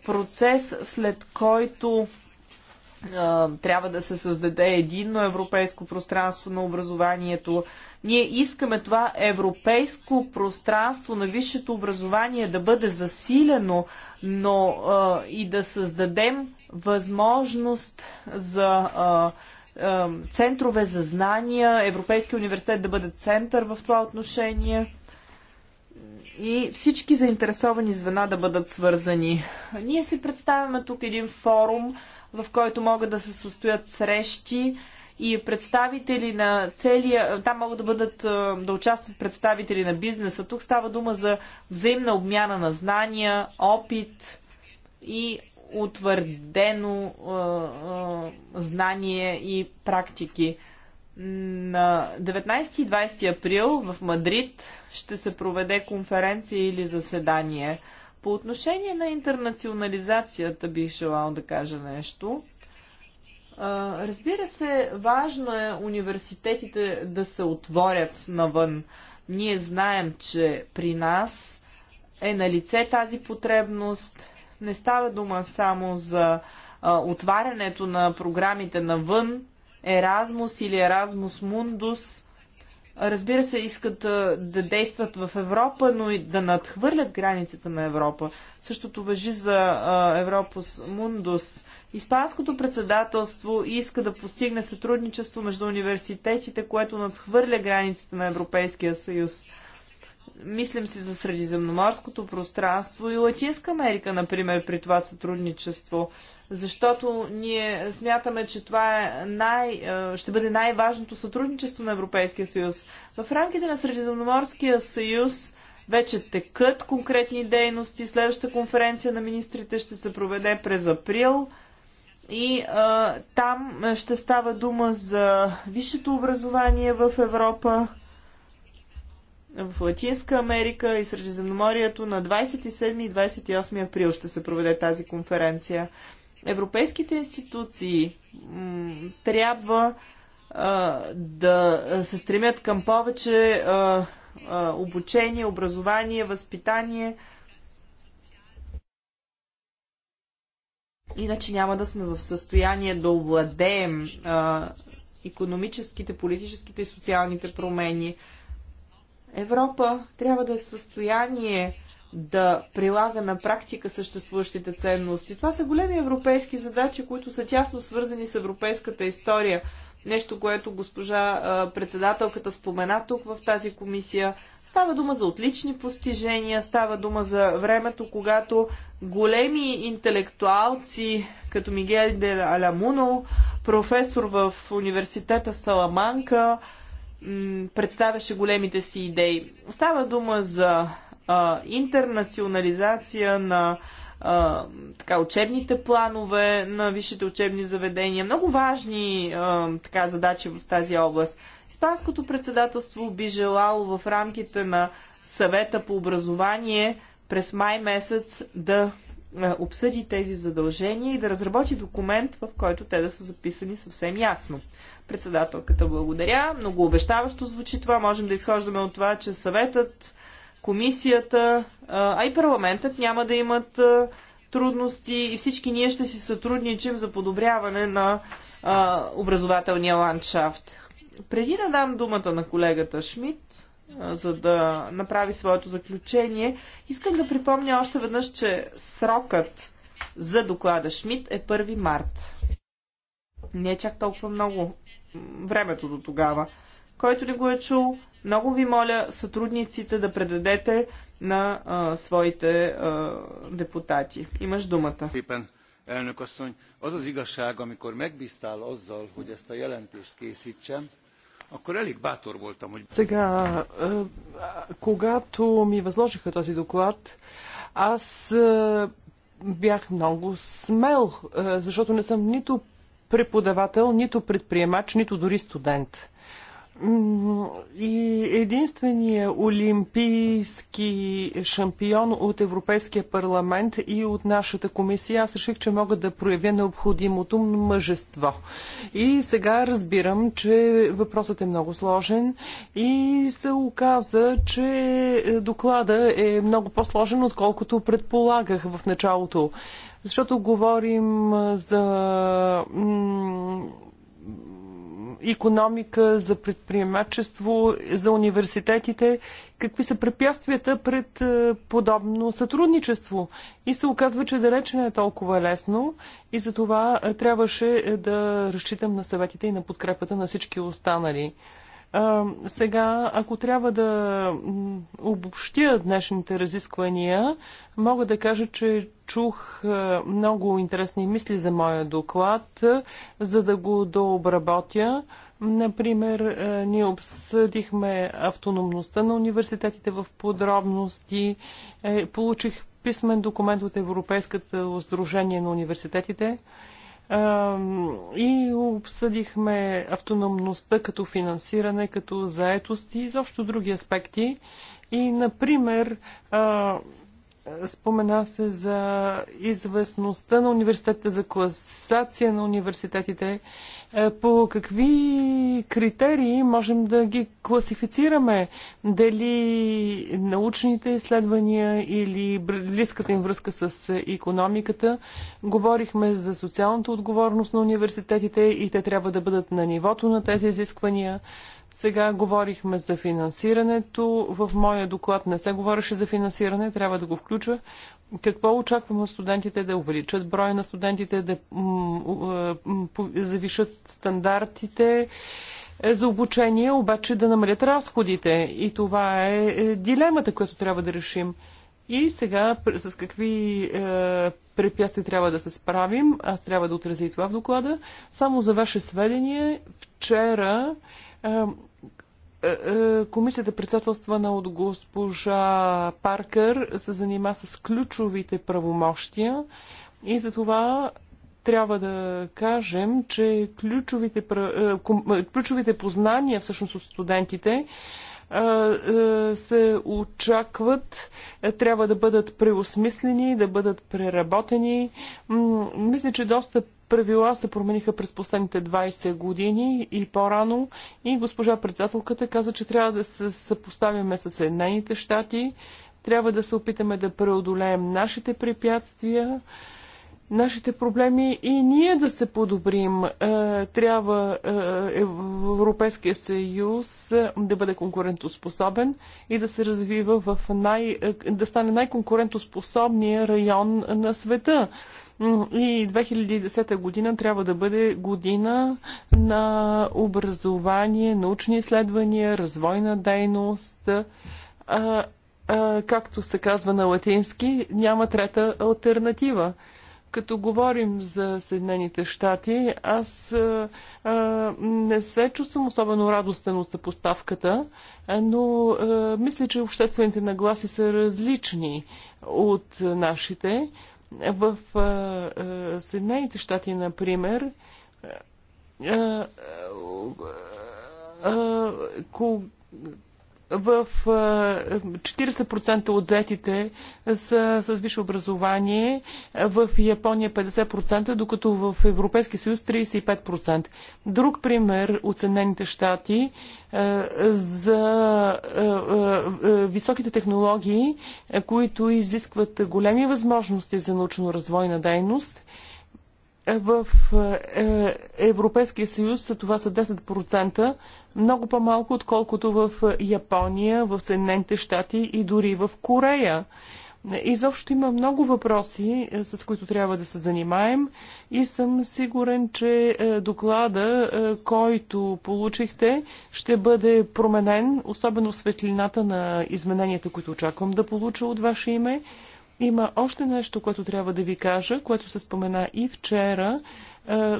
Процес, след който трябва да се създаде единно европейско пространство на образованието. Ние искаме това европейско пространство на висшето образование да бъде засилено, но а, и да създадем възможност за а, центрове за знания, Европейския университет да бъде център в това отношение и всички заинтересовани звена да бъдат свързани. Ние си представяме тук един форум, в който могат да се състоят срещи и представители на целия, там могат да бъдат, да участват представители на бизнеса. Тук става дума за взаимна обмяна на знания, опит и утвърдено а, а, знание и практики. На 19 и 20 април в Мадрид ще се проведе конференция или заседание. По отношение на интернационализацията бих желал да кажа нещо. Разбира се, важно е университетите да се отворят навън. Ние знаем, че при нас е на лице тази потребност. Не става дума само за а, отварянето на програмите навън, Еразмус или Еразмус Мундус. Разбира се, искат а, да действат в Европа, но и да надхвърлят границата на Европа. Същото въжи за а, Европус Мундус. Испанското председателство иска да постигне сътрудничество между университетите, което надхвърля границите на Европейския съюз мислим си за средиземноморското пространство и Латинска Америка, например, при това сътрудничество, защото ние смятаме, че това е най, е, ще бъде най-важното сътрудничество на Европейския съюз. В рамките на Средиземноморския съюз вече текат конкретни дейности. Следващата конференция на министрите ще се проведе през април. И а, е, там ще става дума за висшето образование в Европа в Латинска Америка и Средиземноморието на 27 и 28 април ще се проведе тази конференция. Европейските институции трябва а, да се стремят към повече а, а, обучение, образование, възпитание. Иначе няма да сме в състояние да овладеем економическите, политическите и социалните промени. Европа трябва да е в състояние да прилага на практика съществуващите ценности. Това са големи европейски задачи, които са тясно свързани с европейската история. Нещо, което госпожа председателката спомена тук в тази комисия. Става дума за отлични постижения, става дума за времето, когато големи интелектуалци, като Мигел де Аламуно, професор в университета Саламанка, представяше големите си идеи. Става дума за а, интернационализация на а, така, учебните планове на висшите учебни заведения. Много важни а, така, задачи в тази област. Испанското председателство би желало в рамките на съвета по образование през май месец да е, обсъди тези задължения и да разработи документ, в който те да са записани съвсем ясно. Председателката благодаря. Много обещаващо звучи това. Можем да изхождаме от това, че съветът, комисията, е, а и парламентът няма да имат е, трудности и всички ние ще си сътрудничим за подобряване на образователния ландшафт. Преди да дам думата на колегата Шмидт, за да направи своето заключение. Искам да припомня още веднъж, че срокът за доклада Шмидт е 1 март. Не е чак толкова много времето до тогава. Който не го е чул, много ви моля сътрудниците да предадете на а, своите а, депутати. Имаш думата. Elnök asszony, az az igazság, amikor megbíztál azzal, hogy ezt a jelentést készítsem, Akkor elég bátor voltam, hogy... Сега, когато ми възложиха този доклад, аз бях много смел, защото не съм нито преподавател, нито предприемач, нито дори студент. И единствения олимпийски шампион от Европейския парламент и от нашата комисия, аз реших, че мога да проявя необходимото мъжество. И сега разбирам, че въпросът е много сложен и се оказа, че доклада е много по-сложен, отколкото предполагах в началото. Защото говорим за економика, за предприемачество, за университетите. Какви са препятствията пред е, подобно сътрудничество? И се оказва, че далеч не е толкова лесно и за това е, трябваше е, да разчитам на съветите и на подкрепата на всички останали. Сега, ако трябва да обобщя днешните разисквания, мога да кажа, че чух много интересни мисли за моя доклад, за да го дообработя. Например, ние обсъдихме автономността на университетите в подробности. Е, получих писмен документ от Европейската сдружение на университетите и обсъдихме автономността като финансиране, като заетост и изобщо други аспекти. И, например, Спомена се за известността на университета, за класация на университетите. Е, по какви критерии можем да ги класифицираме? Дали научните изследвания или близката им връзка с економиката? Говорихме за социалната отговорност на университетите и те трябва да бъдат на нивото на тези изисквания. Сега говорихме за финансирането. В моя доклад не се говореше за финансиране, трябва да го включа. Какво очакваме от студентите да увеличат броя на студентите, да завишат стандартите? Е, за обучение, обаче да намалят разходите. И това е, е дилемата, която трябва да решим. И сега с какви е, препятствия трябва да се справим, аз трябва да отразя и това в доклада. Само за ваше сведение, вчера е, е, е, е, комисията председателствана от госпожа Паркър се занима с ключовите правомощия и за това трябва да кажем, че ключовите, ключовите познания всъщност от студентите е, се очакват, е, трябва да бъдат преосмислени, да бъдат преработени. Мисля, че доста правила се промениха през последните 20 години и по-рано. И госпожа председателката каза, че трябва да се съпоставяме с Съединените щати, трябва да се опитаме да преодолеем нашите препятствия нашите проблеми и ние да се подобрим. Е, трябва е, е, Европейския съюз да бъде конкурентоспособен и да се развива в най... да стане най-конкурентоспособния район на света. И 2010 година трябва да бъде година на образование, научни изследвания, развойна дейност. Както се казва на латински, няма трета альтернатива. Като говорим за Съединените щати, аз а, а, не се чувствам особено радостен от съпоставката, но а, мисля, че обществените нагласи са различни от нашите. В а, а, Съединените щати, например, а, а, а, в 40% е, от заетите са с висше образование, в Япония 50%, докато в Европейския съюз 35%. Друг пример от Съединените щати е, за е, високите технологии, които изискват големи възможности за научно-развойна дейност – в е, е, Европейския съюз това са 10%, много по-малко отколкото в Япония, в Съединените щати и дори в Корея. Изобщо има много въпроси, е, с които трябва да се занимаем и съм сигурен, че доклада, който получихте, ще бъде променен, особено в светлината на измененията, които очаквам да получа от ваше име има още нещо, което трябва да ви кажа, което се спомена и вчера. Е, е, е,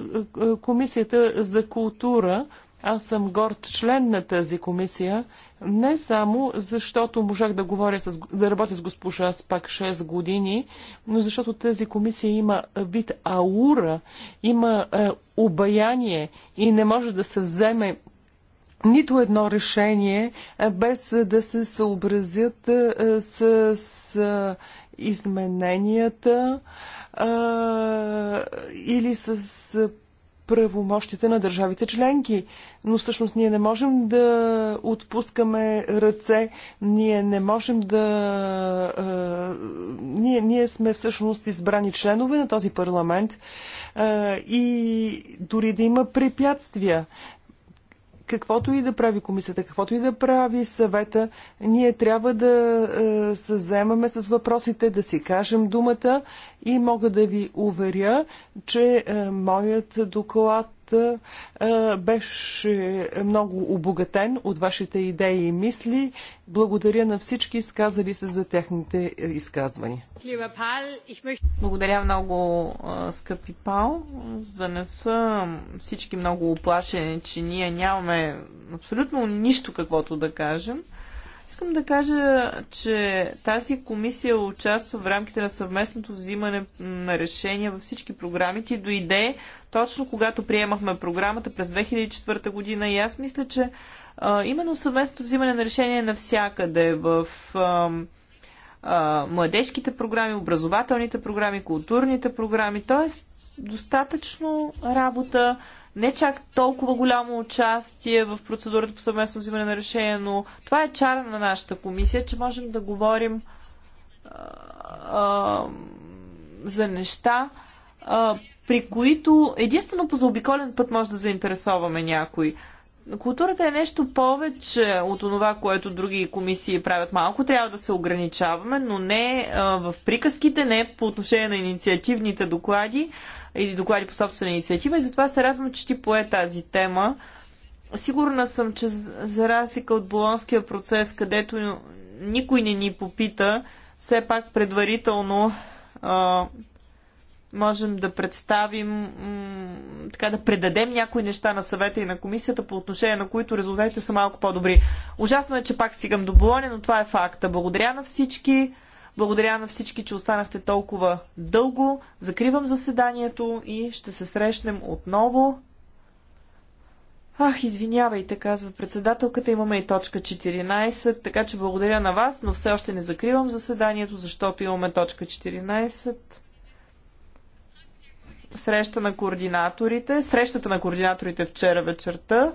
Комисията за култура. Аз съм горд член на тази комисия, не само защото можах да, говоря с, да работя с госпожа с пак 6 години, но защото тази комисия има вид аура, има е, обаяние и не може да се вземе нито едно решение без да се съобразят с, с измененията или с правомощите на държавите членки. Но всъщност ние не можем да отпускаме ръце, ние не можем да... А, ние, ние сме всъщност избрани членове на този парламент а, и дори да има препятствия каквото и да прави комисията, каквото и да прави съвета, ние трябва да е, се вземаме с въпросите, да си кажем думата и мога да ви уверя, че е, моят доклад беше много обогатен от вашите идеи и мисли. Благодаря на всички изказали се за техните е, изказвания. Благодаря много, скъпи Пал, за да не са всички много оплашени, че ние нямаме абсолютно нищо каквото да кажем. Искам да кажа, че тази комисия участва в рамките на съвместното взимане на решения във всички програми. Ти дойде точно когато приемахме програмата през 2004 година и аз мисля, че а, именно съвместното взимане на решение е навсякъде в а, а, младежките програми, образователните програми, културните програми, т.е. достатъчно работа не чак толкова голямо участие в процедурата по съвместно взимане на решение, но това е чар на нашата комисия, че можем да говорим а, а, за неща, а, при които единствено по заобиколен път може да заинтересоваме някой. Културата е нещо повече от това, което други комисии правят. Малко трябва да се ограничаваме, но не в приказките, не по отношение на инициативните доклади или доклади по собствена инициатива. И затова се радвам, че ти пое тази тема. Сигурна съм, че за разлика от болонския процес, където никой не ни попита, все пак предварително а, можем да представим, така да предадем някои неща на съвета и на комисията, по отношение на които резултатите са малко по-добри. Ужасно е, че пак стигам до Болония, но това е факта. Благодаря на всички. Благодаря на всички, че останахте толкова дълго. Закривам заседанието и ще се срещнем отново. Ах, извинявайте, казва председателката, имаме и точка 14, така че благодаря на вас, но все още не закривам заседанието, защото имаме точка 14 среща на координаторите, срещата на координаторите вчера вечерта.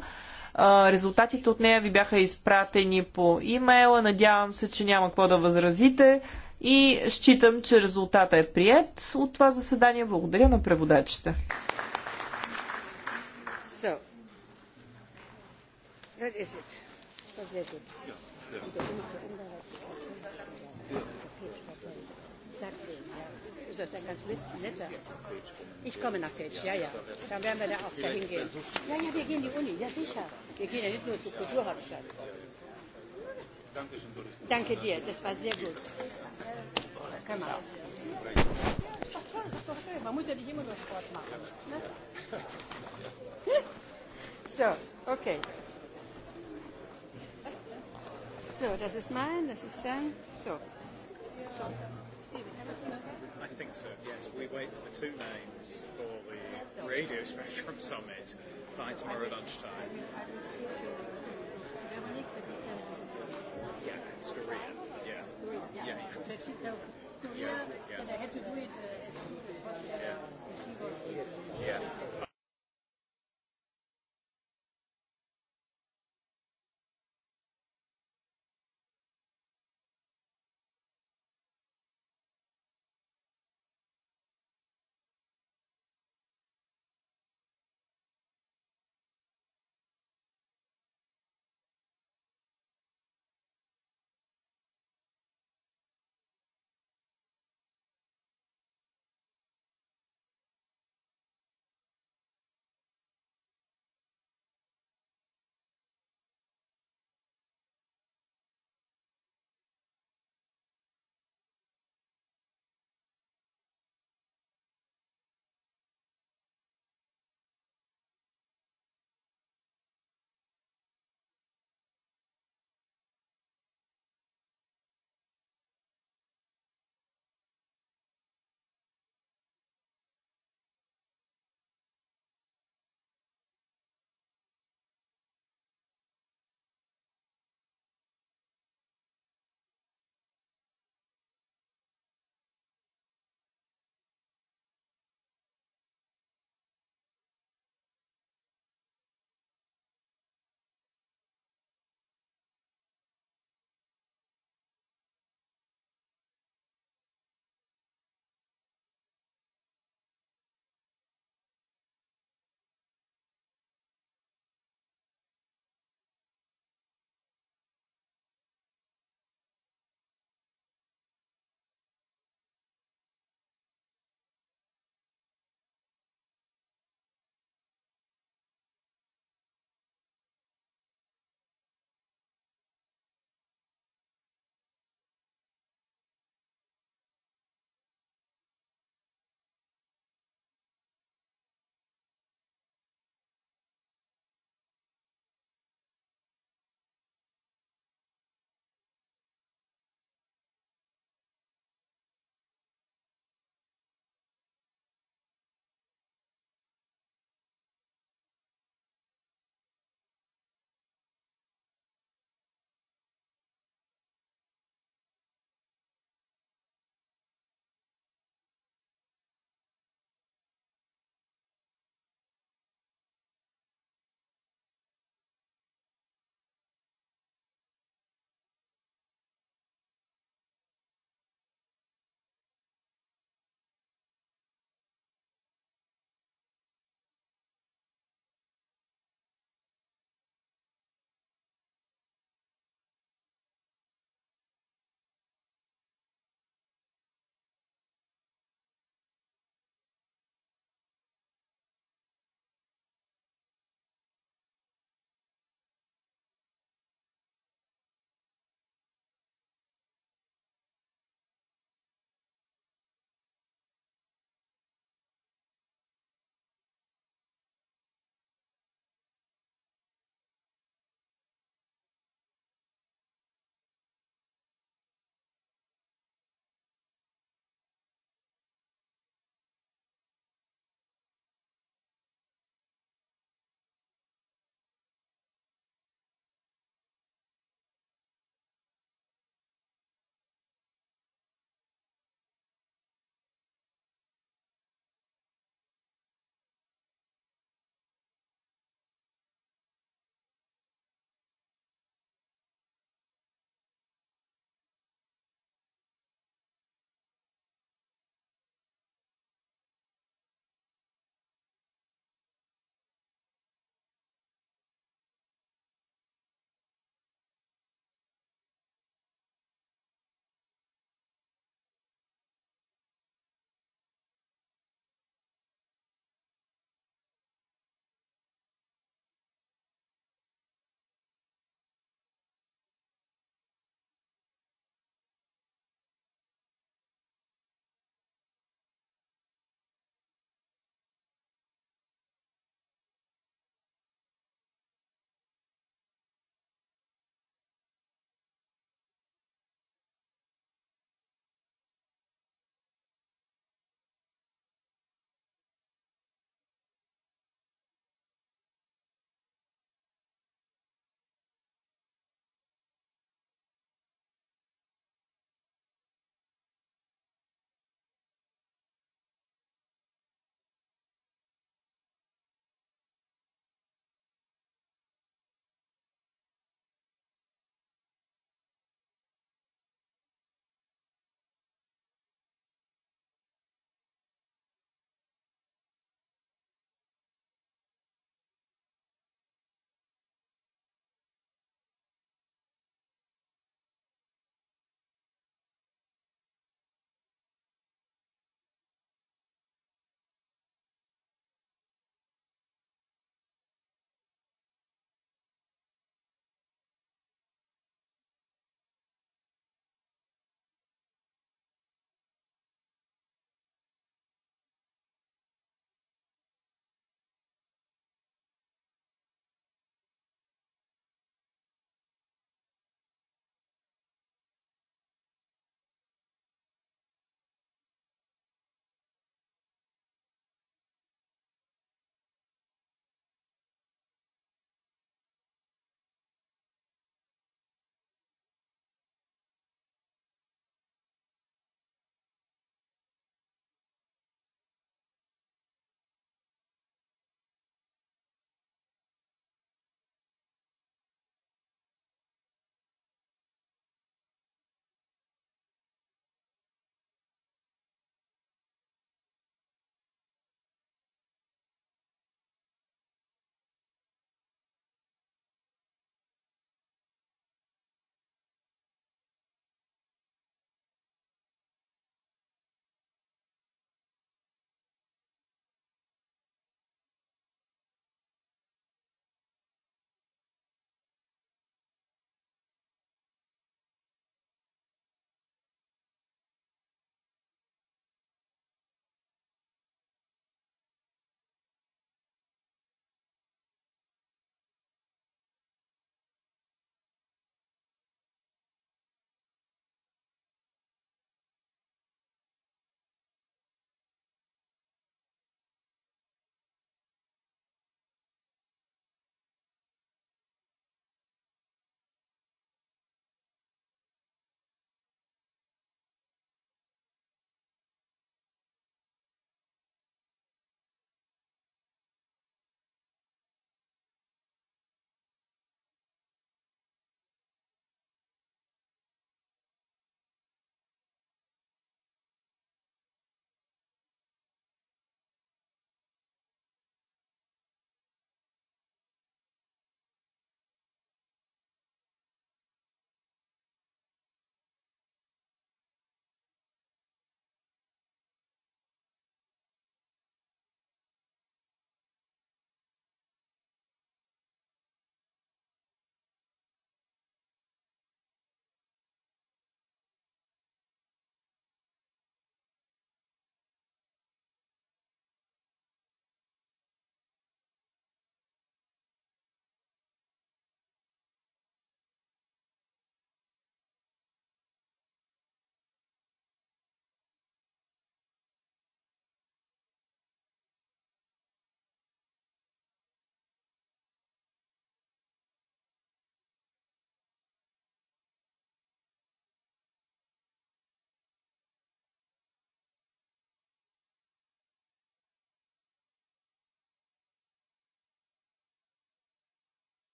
Резултатите от нея ви бяха изпратени по имейла. Надявам се, че няма какво да възразите и считам, че резултата е прият от това заседание. Благодаря на преводачите. So, that is it. ist das ganz netter. Ich komme nach Kölsch, ja, ja. Dann werden wir da auch dahin gehen. Ja, ja, wir gehen in die Uni, ja sicher. Wir gehen ja nicht nur zur Kulturhauptstadt. Danke dir, das war sehr gut. Komm mal. Doch schön, man muss ja nicht immer nur Sport machen. Ne? So, okay. So, das ist mein, das ist sein. So. so. I think so, yes. We wait for the two names for the Radio Spectrum Summit by tomorrow lunchtime. Yeah, and Yeah. Yeah. Yeah. yeah. yeah. yeah. yeah. yeah.